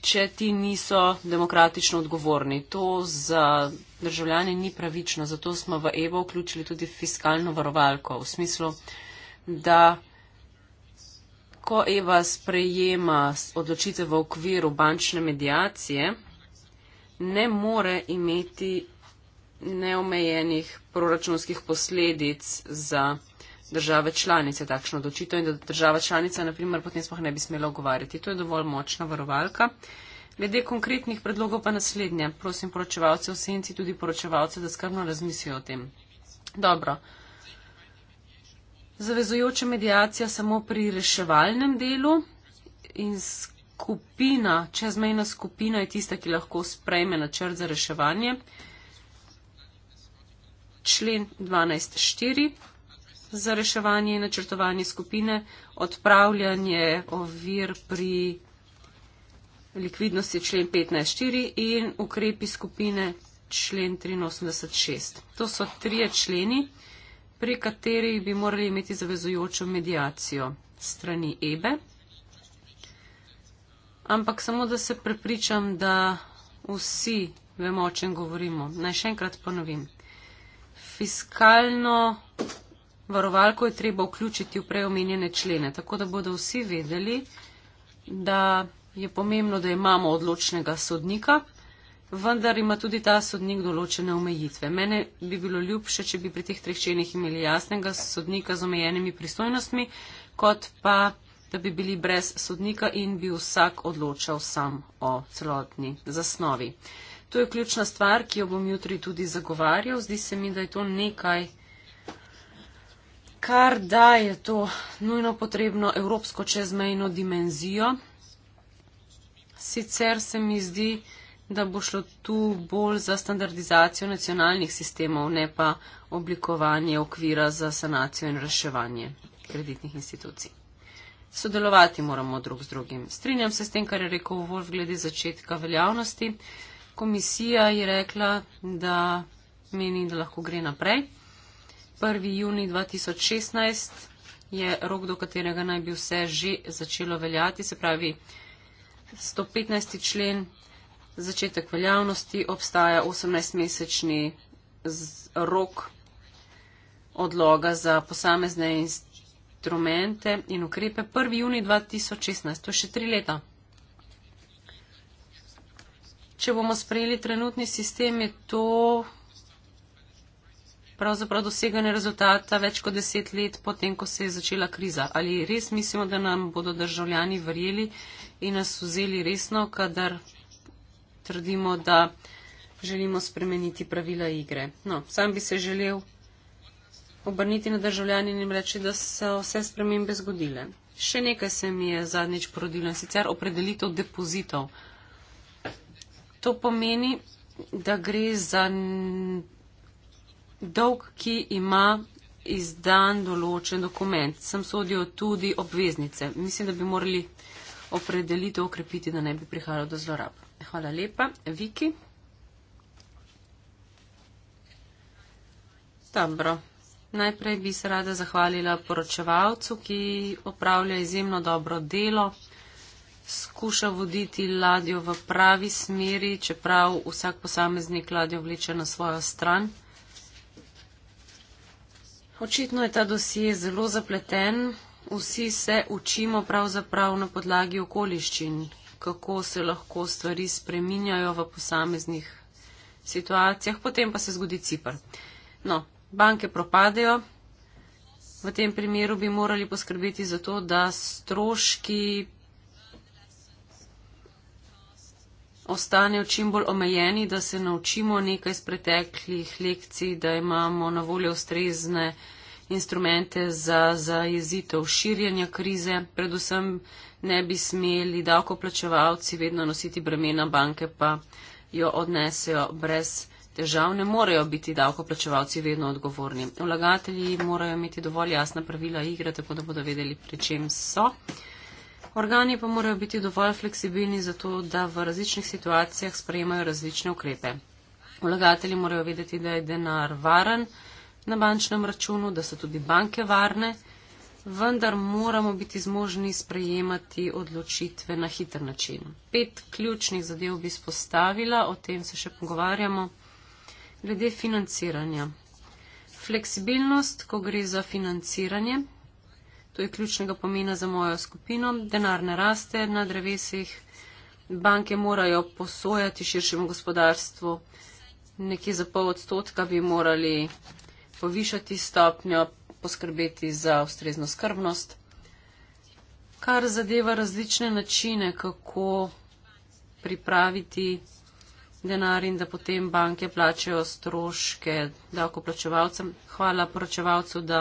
Speaker 3: če ti niso demokratično odgovorni. To za državljane ni pravično, zato smo v EVO vključili tudi fiskalno varovalko v smislu, da ko Eva sprejema odločitev v okviru bančne medijacije, ne more imeti neomejenih proračunskih posledic za države članice takšno odločitev in da država članica naprimer potem sploh ne bi smela ogovarjati. To je dovolj močna varovalka. Glede konkretnih predlogov pa naslednje. Prosim poročevalce v senci, tudi poročevalce, da skrbno razmislijo o tem. Dobro zavezujoča medijacija samo pri reševalnem delu in skupina, čezmejna skupina je tista, ki lahko sprejme načrt za reševanje. Člen 12.4 za reševanje in načrtovanje skupine, odpravljanje ovir pri likvidnosti člen 15.4 in ukrepi skupine člen 83.6. To so trije členi pri katerih bi morali imeti zavezujočo medijacijo strani EBE. Ampak samo, da se prepričam, da vsi vemo, o čem govorimo. Naj še enkrat ponovim. Fiskalno varovalko je treba vključiti v preomenjene člene, tako da bodo vsi vedeli, da je pomembno, da imamo odločnega sodnika, vendar ima tudi ta sodnik določene omejitve. Mene bi bilo ljubše, če bi pri teh treh členih imeli jasnega sodnika z omejenimi pristojnostmi, kot pa, da bi bili brez sodnika in bi vsak odločal sam o celotni zasnovi. To je ključna stvar, ki jo bom jutri tudi zagovarjal. Zdi se mi, da je to nekaj, kar daje to nujno potrebno evropsko čezmejno dimenzijo. Sicer se mi zdi, da da bo šlo tu bolj za standardizacijo nacionalnih sistemov, ne pa oblikovanje okvira za sanacijo in reševanje kreditnih institucij. Sodelovati moramo drug z drugim. Strinjam se s tem, kar je rekel Wolf glede začetka veljavnosti. Komisija je rekla, da meni, da lahko gre naprej. 1. juni 2016 je rok, do katerega naj bi vse že začelo veljati, se pravi 115. člen začetek veljavnosti obstaja 18-mesečni rok odloga za posamezne instrumente in ukrepe 1. juni 2016. To je še tri leta. Če bomo sprejeli trenutni sistem, je to pravzaprav doseganje rezultata več kot deset let potem, ko se je začela kriza. Ali res mislimo, da nam bodo državljani verjeli in nas vzeli resno, kadar trdimo, da želimo spremeniti pravila igre. No, sam bi se želel obrniti na državljani in reči, da so vse spremembe zgodile. Še nekaj se mi je zadnjič porodilo in sicer opredelitev depozitov. To pomeni, da gre za dolg, ki ima izdan določen dokument. Sem sodijo tudi obveznice. Mislim, da bi morali opredelitev okrepiti, da ne bi prihajalo do zlorab. Hvala lepa. Viki? Dobro. Najprej bi se rada zahvalila poročevalcu, ki opravlja izjemno dobro delo, skuša voditi ladjo v pravi smeri, čeprav vsak posameznik ladjo vleče na svojo stran. Očitno je ta dosije zelo zapleten. Vsi se učimo pravzaprav na podlagi okoliščin, kako se lahko stvari spreminjajo v posameznih situacijah, potem pa se zgodi cipr. No, banke propadejo, v tem primeru bi morali poskrbeti za to, da stroški ostanejo čim bolj omejeni, da se naučimo nekaj iz preteklih lekcij, da imamo na voljo ustrezne instrumente za zajezitev širjenja krize, predvsem ne bi smeli davkoplačevalci vedno nositi bremena, banke pa jo odnesejo brez težav. Ne morejo biti davkoplačevalci vedno odgovorni. Vlagatelji morajo imeti dovolj jasna pravila igre, tako da bodo vedeli, pri čem so. Organi pa morajo biti dovolj fleksibilni za to, da v različnih situacijah sprejemajo različne ukrepe. Vlagatelji morajo vedeti, da je denar varen na bančnem računu, da so tudi banke varne vendar moramo biti zmožni sprejemati odločitve na hiter način. Pet ključnih zadev bi spostavila, o tem se še pogovarjamo, glede financiranja. Fleksibilnost, ko gre za financiranje, to je ključnega pomena za mojo skupino, denar ne raste na drevesih, banke morajo posojati širšemu gospodarstvu, nekje za pol odstotka bi morali povišati stopnjo poskrbeti za ustrezno skrbnost. Kar zadeva različne načine, kako pripraviti denar in da potem banke plačajo stroške davkoplačevalcem. Hvala poročevalcu, da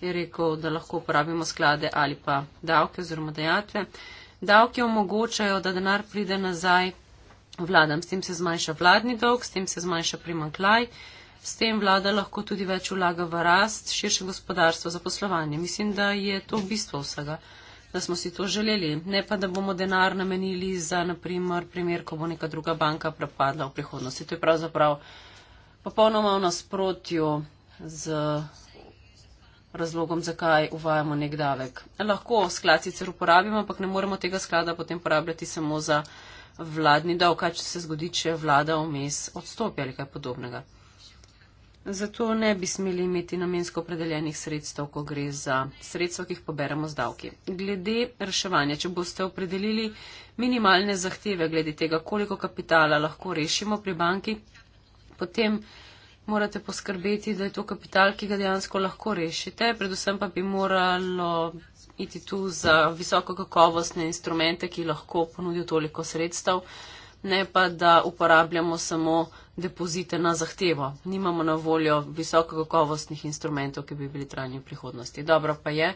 Speaker 3: je rekel, da lahko uporabimo sklade ali pa davke oziroma dejatve. Davke omogočajo, da denar pride nazaj vladam. S tem se zmanjša vladni dolg, s tem se zmanjša primankljaj. S tem vlada lahko tudi več vlaga v rast, širše gospodarstvo, zaposlovanje. Mislim, da je to bistvo vsega, da smo si to želeli. Ne pa, da bomo denar namenili za, naprimer, primer, ko bo neka druga banka prepadla v prihodnosti. To je pravzaprav popolnoma v nasprotju z razlogom, zakaj uvajamo nek davek. Lahko sklad sicer uporabimo, ampak ne moremo tega sklada potem uporabljati samo za vladni davek, kaj če se zgodi, če vlada vmes odstopi ali kaj podobnega. Zato ne bi smeli imeti namensko opredeljenih sredstev, ko gre za sredstva, ki jih poberemo z davki. Glede reševanja, če boste opredelili minimalne zahteve glede tega, koliko kapitala lahko rešimo pri banki, potem morate poskrbeti, da je to kapital, ki ga dejansko lahko rešite. Predvsem pa bi moralo iti tu za visoko kakovostne instrumente, ki lahko ponudijo toliko sredstev, ne pa da uporabljamo samo depozite na zahtevo. Nimamo na voljo visoko kakovostnih instrumentov, ki bi bili trajni v prihodnosti. Dobro pa je,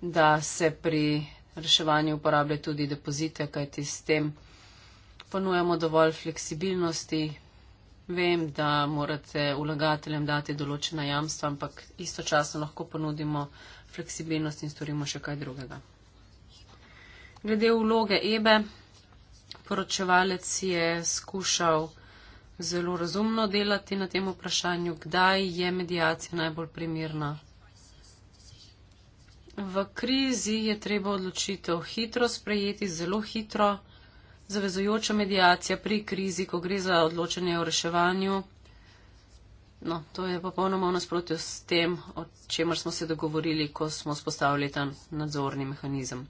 Speaker 3: da se pri reševanju uporablja tudi depozite, kajti s tem ponujamo dovolj fleksibilnosti. Vem, da morate vlagateljem dati določena jamstva, ampak istočasno lahko ponudimo fleksibilnost in storimo še kaj drugega. Glede vloge EBE, poročevalec je skušal zelo razumno delati na tem vprašanju, kdaj je medijacija najbolj primirna. V krizi je treba odločitev hitro sprejeti, zelo hitro. Zavezujoča medijacija pri krizi, ko gre za odločanje o reševanju, no, to je popolnoma nasprotjo s tem, o čemer smo se dogovorili, ko smo spostavili ta nadzorni mehanizem.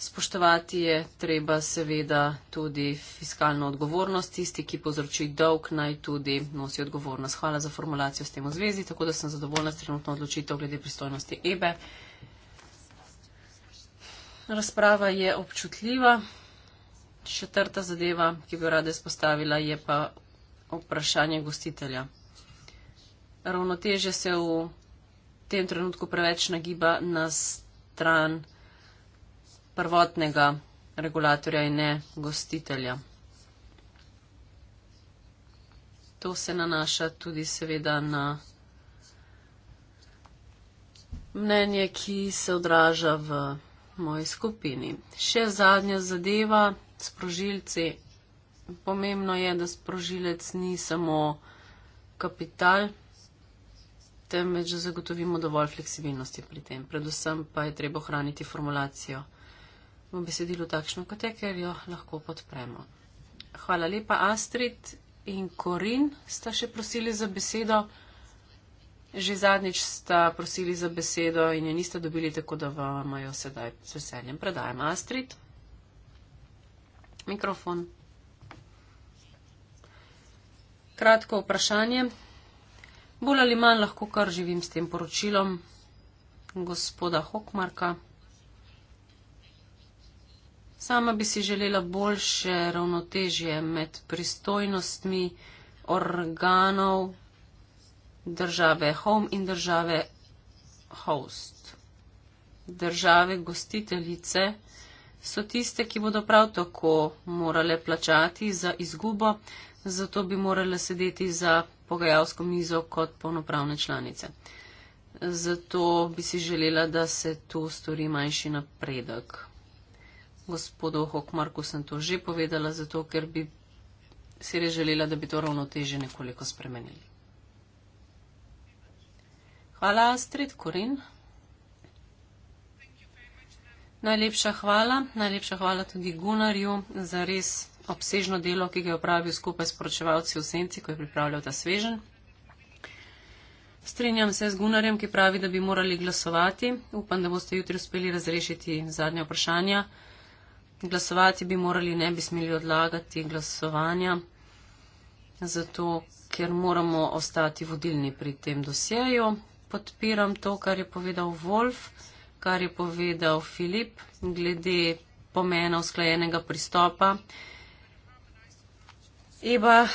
Speaker 3: Spoštovati je treba seveda tudi fiskalno odgovornost. Tisti, ki povzroči dolg, naj tudi nosi odgovornost. Hvala za formulacijo s tem v zvezi, tako da sem zadovoljna s trenutno odločitev glede pristojnosti EBE. Razprava je občutljiva. Četrta zadeva, ki bi jo rada izpostavila, je pa vprašanje gostitelja. Ravnoteže se v tem trenutku preveč nagiba na stran prvotnega regulatorja in ne gostitelja. To se nanaša tudi seveda na mnenje, ki se odraža v moji skupini. Še zadnja zadeva, sprožilci. Pomembno je, da sprožilec ni samo kapital, temveč zagotovimo dovolj fleksibilnosti pri tem. Predvsem pa je treba ohraniti formulacijo v besedilu takšno, kot je, ker jo lahko podpremo. Hvala lepa, Astrid in Korin sta še prosili za besedo. Že zadnjič sta prosili za besedo in je niste dobili, tako da vam jo sedaj s veseljem predajem. Astrid, mikrofon. Kratko vprašanje. Bolj ali manj lahko kar živim s tem poročilom gospoda Hokmarka. Sama bi si želela boljše ravnotežje med pristojnostmi organov države Home in države Host. Države gostiteljice so tiste, ki bodo prav tako morale plačati za izgubo, zato bi morale sedeti za pogajalsko mizo kot polnopravne članice. Zato bi si želela, da se tu stori manjši napredek gospodu Hokmarku sem to že povedala, zato ker bi si res želela, da bi to ravnoteže nekoliko spremenili. Hvala, Astrid Korin. Najlepša hvala, najlepša hvala tudi Gunarju za res obsežno delo, ki ga je opravil skupaj s poročevalci v Senci, ko je pripravljal ta svežen. Strenjam se z Gunarjem, ki pravi, da bi morali glasovati. Upam, da boste jutri uspeli razrešiti zadnja vprašanja glasovati bi morali, ne bi smeli odlagati glasovanja, zato ker moramo ostati vodilni pri tem dosjeju. Podpiram to, kar je povedal Wolf, kar je povedal Filip glede pomena usklajenega pristopa. Eba,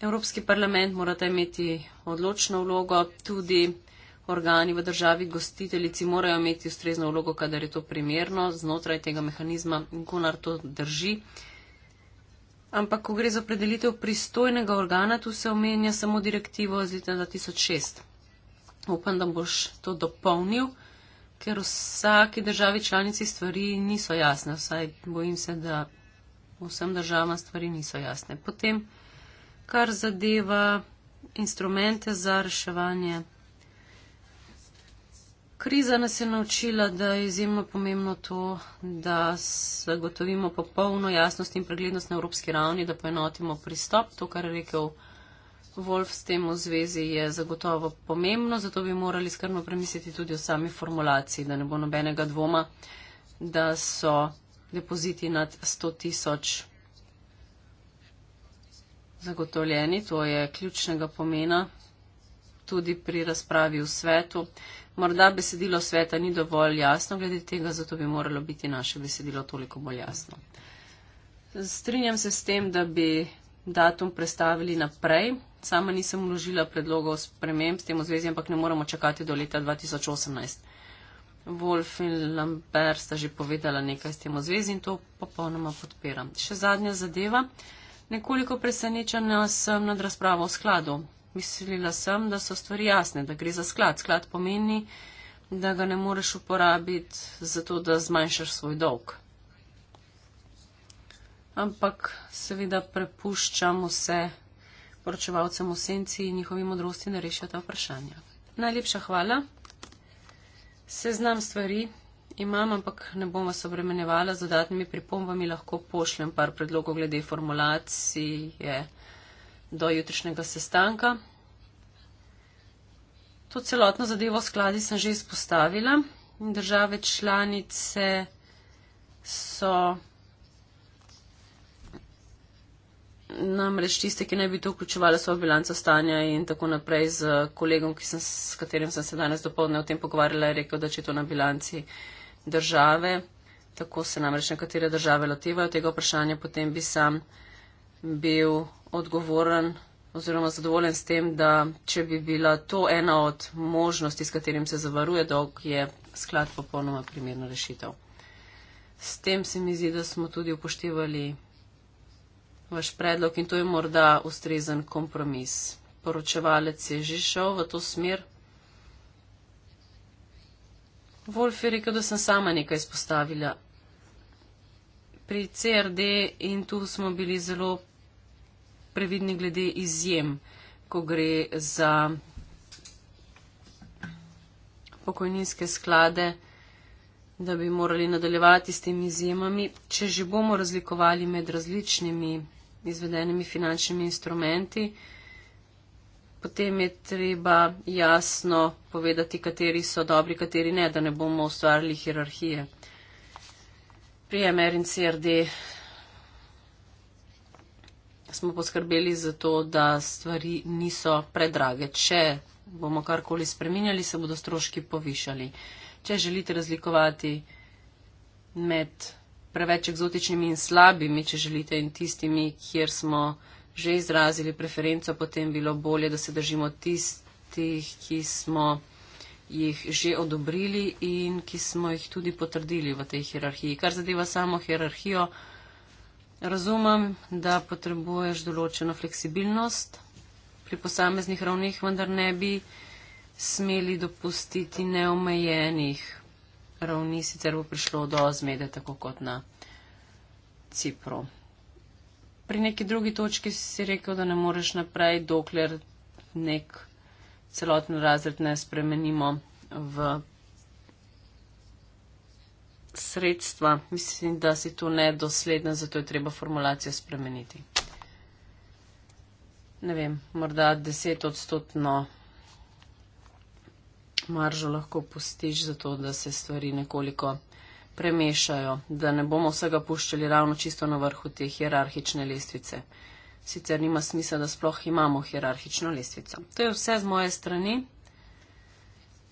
Speaker 3: Evropski parlament morate imeti odločno vlogo tudi organi v državi gostiteljici morajo imeti ustrezno vlogo, kadar je to primerno znotraj tega mehanizma in konar to drži. Ampak, ko gre za predelitev pristojnega organa, tu se omenja samo direktivo iz leta 2006. Upam, da boš to dopolnil, ker vsaki državi članici stvari niso jasne. Vsaj bojim se, da vsem državam stvari niso jasne. Potem, kar zadeva instrumente za reševanje Kriza nas je naučila, da je izjemno pomembno to, da zagotovimo popolno jasnost in preglednost na evropski ravni, da poenotimo pristop. To, kar je rekel Wolf s tem v zvezi, je zagotovo pomembno, zato bi morali skrbno premisliti tudi o sami formulaciji, da ne bo nobenega dvoma, da so depoziti nad 100 tisoč zagotovljeni. To je ključnega pomena tudi pri razpravi v svetu morda besedilo sveta ni dovolj jasno glede tega, zato bi moralo biti naše besedilo toliko bolj jasno. Strinjam se s tem, da bi datum predstavili naprej. Sama nisem vložila predlogov sprememb s tem v zvezi, ampak ne moramo čakati do leta 2018. Wolf in Lambert sta že povedala nekaj s tem v zvezi in to popolnoma podpiram. Še zadnja zadeva. Nekoliko presenečena sem nad razpravo v skladu. Mislila sem, da so stvari jasne, da gre za sklad. Sklad pomeni, da ga ne moreš uporabiti zato, da zmanjšaš svoj dolg. Ampak seveda prepuščam vse poročevalcem v senci in njihovi modrosti ne rešijo ta vprašanja. Najlepša hvala. Se znam stvari, imam, ampak ne bom vas obremenjevala z dodatnimi pripombami, lahko pošljem par predlogov glede formulacije do jutrišnjega sestanka. To celotno zadevo v skladi sem že izpostavila in države članice so namreč tiste, ki naj bi to vključevali svojo bilanco stanja in tako naprej z kolegom, sem, s katerim sem se danes dopolne o tem pogovarjala, je rekel, da če je to na bilanci države, tako se namreč nekatere države lotevajo tega vprašanja, potem bi sam bil odgovoren oziroma zadovoljen s tem, da če bi bila to ena od možnosti, s katerim se zavaruje dolg, je sklad popolnoma primerna rešitev. S tem se mi zdi, da smo tudi upoštevali vaš predlog in to je morda ustrezen kompromis. Poročevalec je že šel v to smer. Wolf je rekel, da sem sama nekaj izpostavila. Pri CRD in tu smo bili zelo previdni glede izjem, ko gre za pokojninske sklade, da bi morali nadaljevati s temi izjemami, če že bomo razlikovali med različnimi izvedenimi finančnimi instrumenti. Potem je treba jasno povedati, kateri so dobri, kateri ne, da ne bomo ustvarili hierarhije. Pri MR in CRD smo poskrbeli za to, da stvari niso predrage. Če bomo karkoli spreminjali, se bodo stroški povišali. Če želite razlikovati med preveč egzotičnimi in slabimi, če želite, in tistimi, kjer smo že izrazili preferenco, potem bilo bolje, da se držimo tistih, ki smo jih že odobrili in ki smo jih tudi potrdili v tej hierarhiji. Kar zadeva samo hierarhijo, Razumem, da potrebuješ določeno fleksibilnost pri posameznih ravnih, vendar ne bi smeli dopustiti neomejenih ravni, sicer bo prišlo do zmede, tako kot na Cipru. Pri neki drugi točki si rekel, da ne moreš naprej, dokler nek celoten razred ne spremenimo v sredstva. Mislim, da si tu nedosledna, zato je treba formulacijo spremeniti. Ne vem, morda deset odstotno maržo lahko postiš, zato da se stvari nekoliko premešajo, da ne bomo vsega puščali ravno čisto na vrhu te hierarhične lestvice. Sicer nima smisla, da sploh imamo hierarhično lestvico. To je vse z moje strani.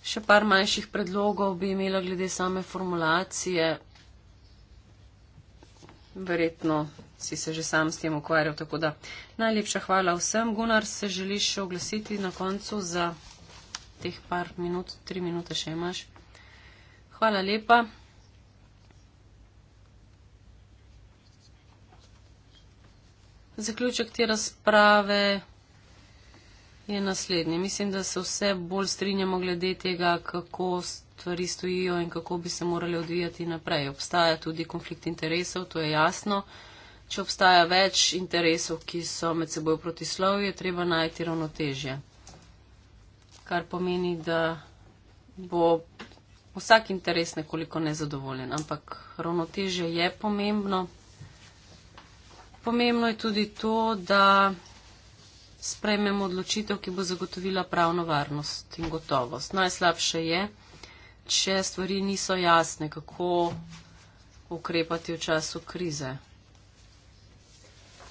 Speaker 3: Še par manjših predlogov bi imela glede same formulacije. Verjetno si se že sam s tem ukvarjal, tako da najlepša hvala vsem. Gunnar, se želiš še oglasiti na koncu za teh par minut, tri minute še imaš. Hvala lepa. Zaključek te razprave je naslednje. Mislim, da se vse bolj strinjamo glede tega, kako stvari stojijo in kako bi se morali odvijati naprej. Obstaja tudi konflikt interesov, to je jasno. Če obstaja več interesov, ki so med seboj protislovi, je treba najti ravnotežje. Kar pomeni, da bo vsak interes nekoliko nezadovoljen, ampak ravnotežje je pomembno. Pomembno je tudi to, da sprejmemo odločitev, ki bo zagotovila pravno varnost in gotovost. Najslabše je, če stvari niso jasne, kako ukrepati v času krize,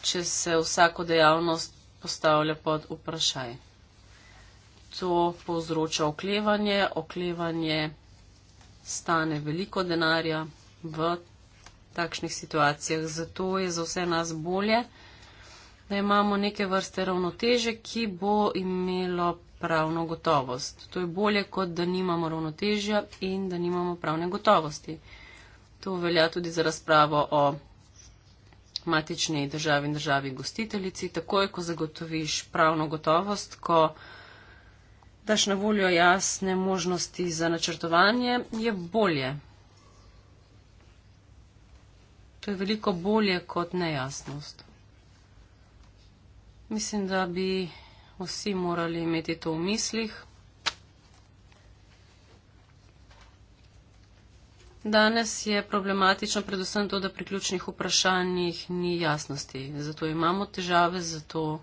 Speaker 3: če se vsako dejavnost postavlja pod vprašaj. To povzroča oklevanje, oklevanje stane veliko denarja v takšnih situacijah, zato je za vse nas bolje, da imamo neke vrste ravnoteže, ki bo imelo pravno gotovost. To je bolje, kot da nimamo ravnotežja in da nimamo pravne gotovosti. To velja tudi za razpravo o matični državi in državi gostiteljici. Takoj, ko zagotoviš pravno gotovost, ko daš na voljo jasne možnosti za načrtovanje, je bolje. To je veliko bolje kot nejasnost. Mislim, da bi vsi morali imeti to v mislih. Danes je problematično predvsem to, da pri ključnih vprašanjih ni jasnosti. Zato imamo težave, zato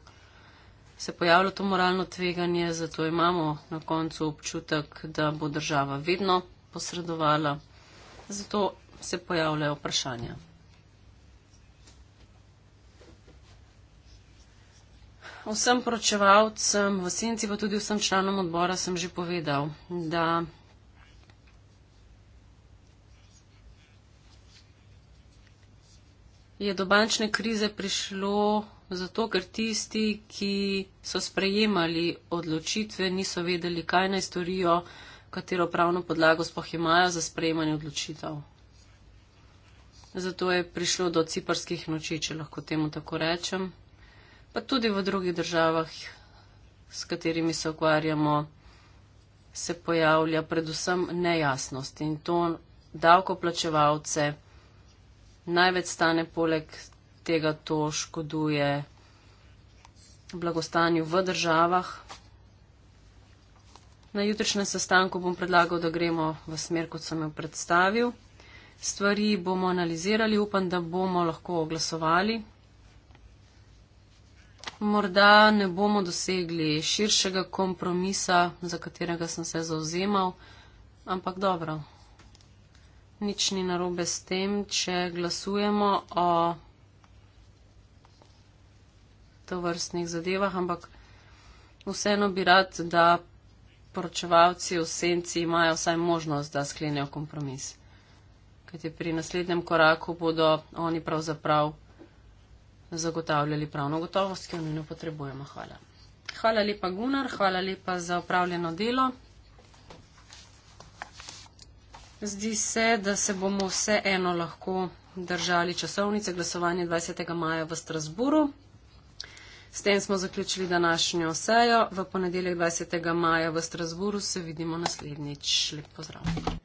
Speaker 3: se pojavlja to moralno tveganje, zato imamo na koncu občutek, da bo država vedno posredovala. Zato se pojavljajo vprašanja. vsem pročevalcem v senci, pa tudi vsem članom odbora sem že povedal, da je do bančne krize prišlo zato, ker tisti, ki so sprejemali odločitve, niso vedeli, kaj naj storijo, katero pravno podlago spoh imajo za sprejemanje odločitev. Zato je prišlo do ciparskih noči, če lahko temu tako rečem pa tudi v drugih državah, s katerimi se ukvarjamo, se pojavlja predvsem nejasnost in to davkoplačevalce največ stane, poleg tega to škoduje blagostanju v državah. Na jutrišnjem sestanku bom predlagal, da gremo v smer, kot sem jo predstavil. Stvari bomo analizirali, upam, da bomo lahko oglasovali morda ne bomo dosegli širšega kompromisa, za katerega sem se zauzemal, ampak dobro. Nič ni narobe s tem, če glasujemo o tovrstnih zadevah, ampak vseeno bi rad, da poročevalci v senci imajo vsaj možnost, da sklenijo kompromis. Kajti pri naslednjem koraku bodo oni pravzaprav zagotavljali pravno gotovost, ki jo nujno potrebujemo. Hvala. Hvala lepa, Gunar, hvala lepa za upravljeno delo. Zdi se, da se bomo vse eno lahko držali časovnice glasovanja 20. maja v Strasburu. S tem smo zaključili današnjo sejo. V ponedeljek 20. maja v Strasburu se vidimo naslednjič. Lep pozdrav.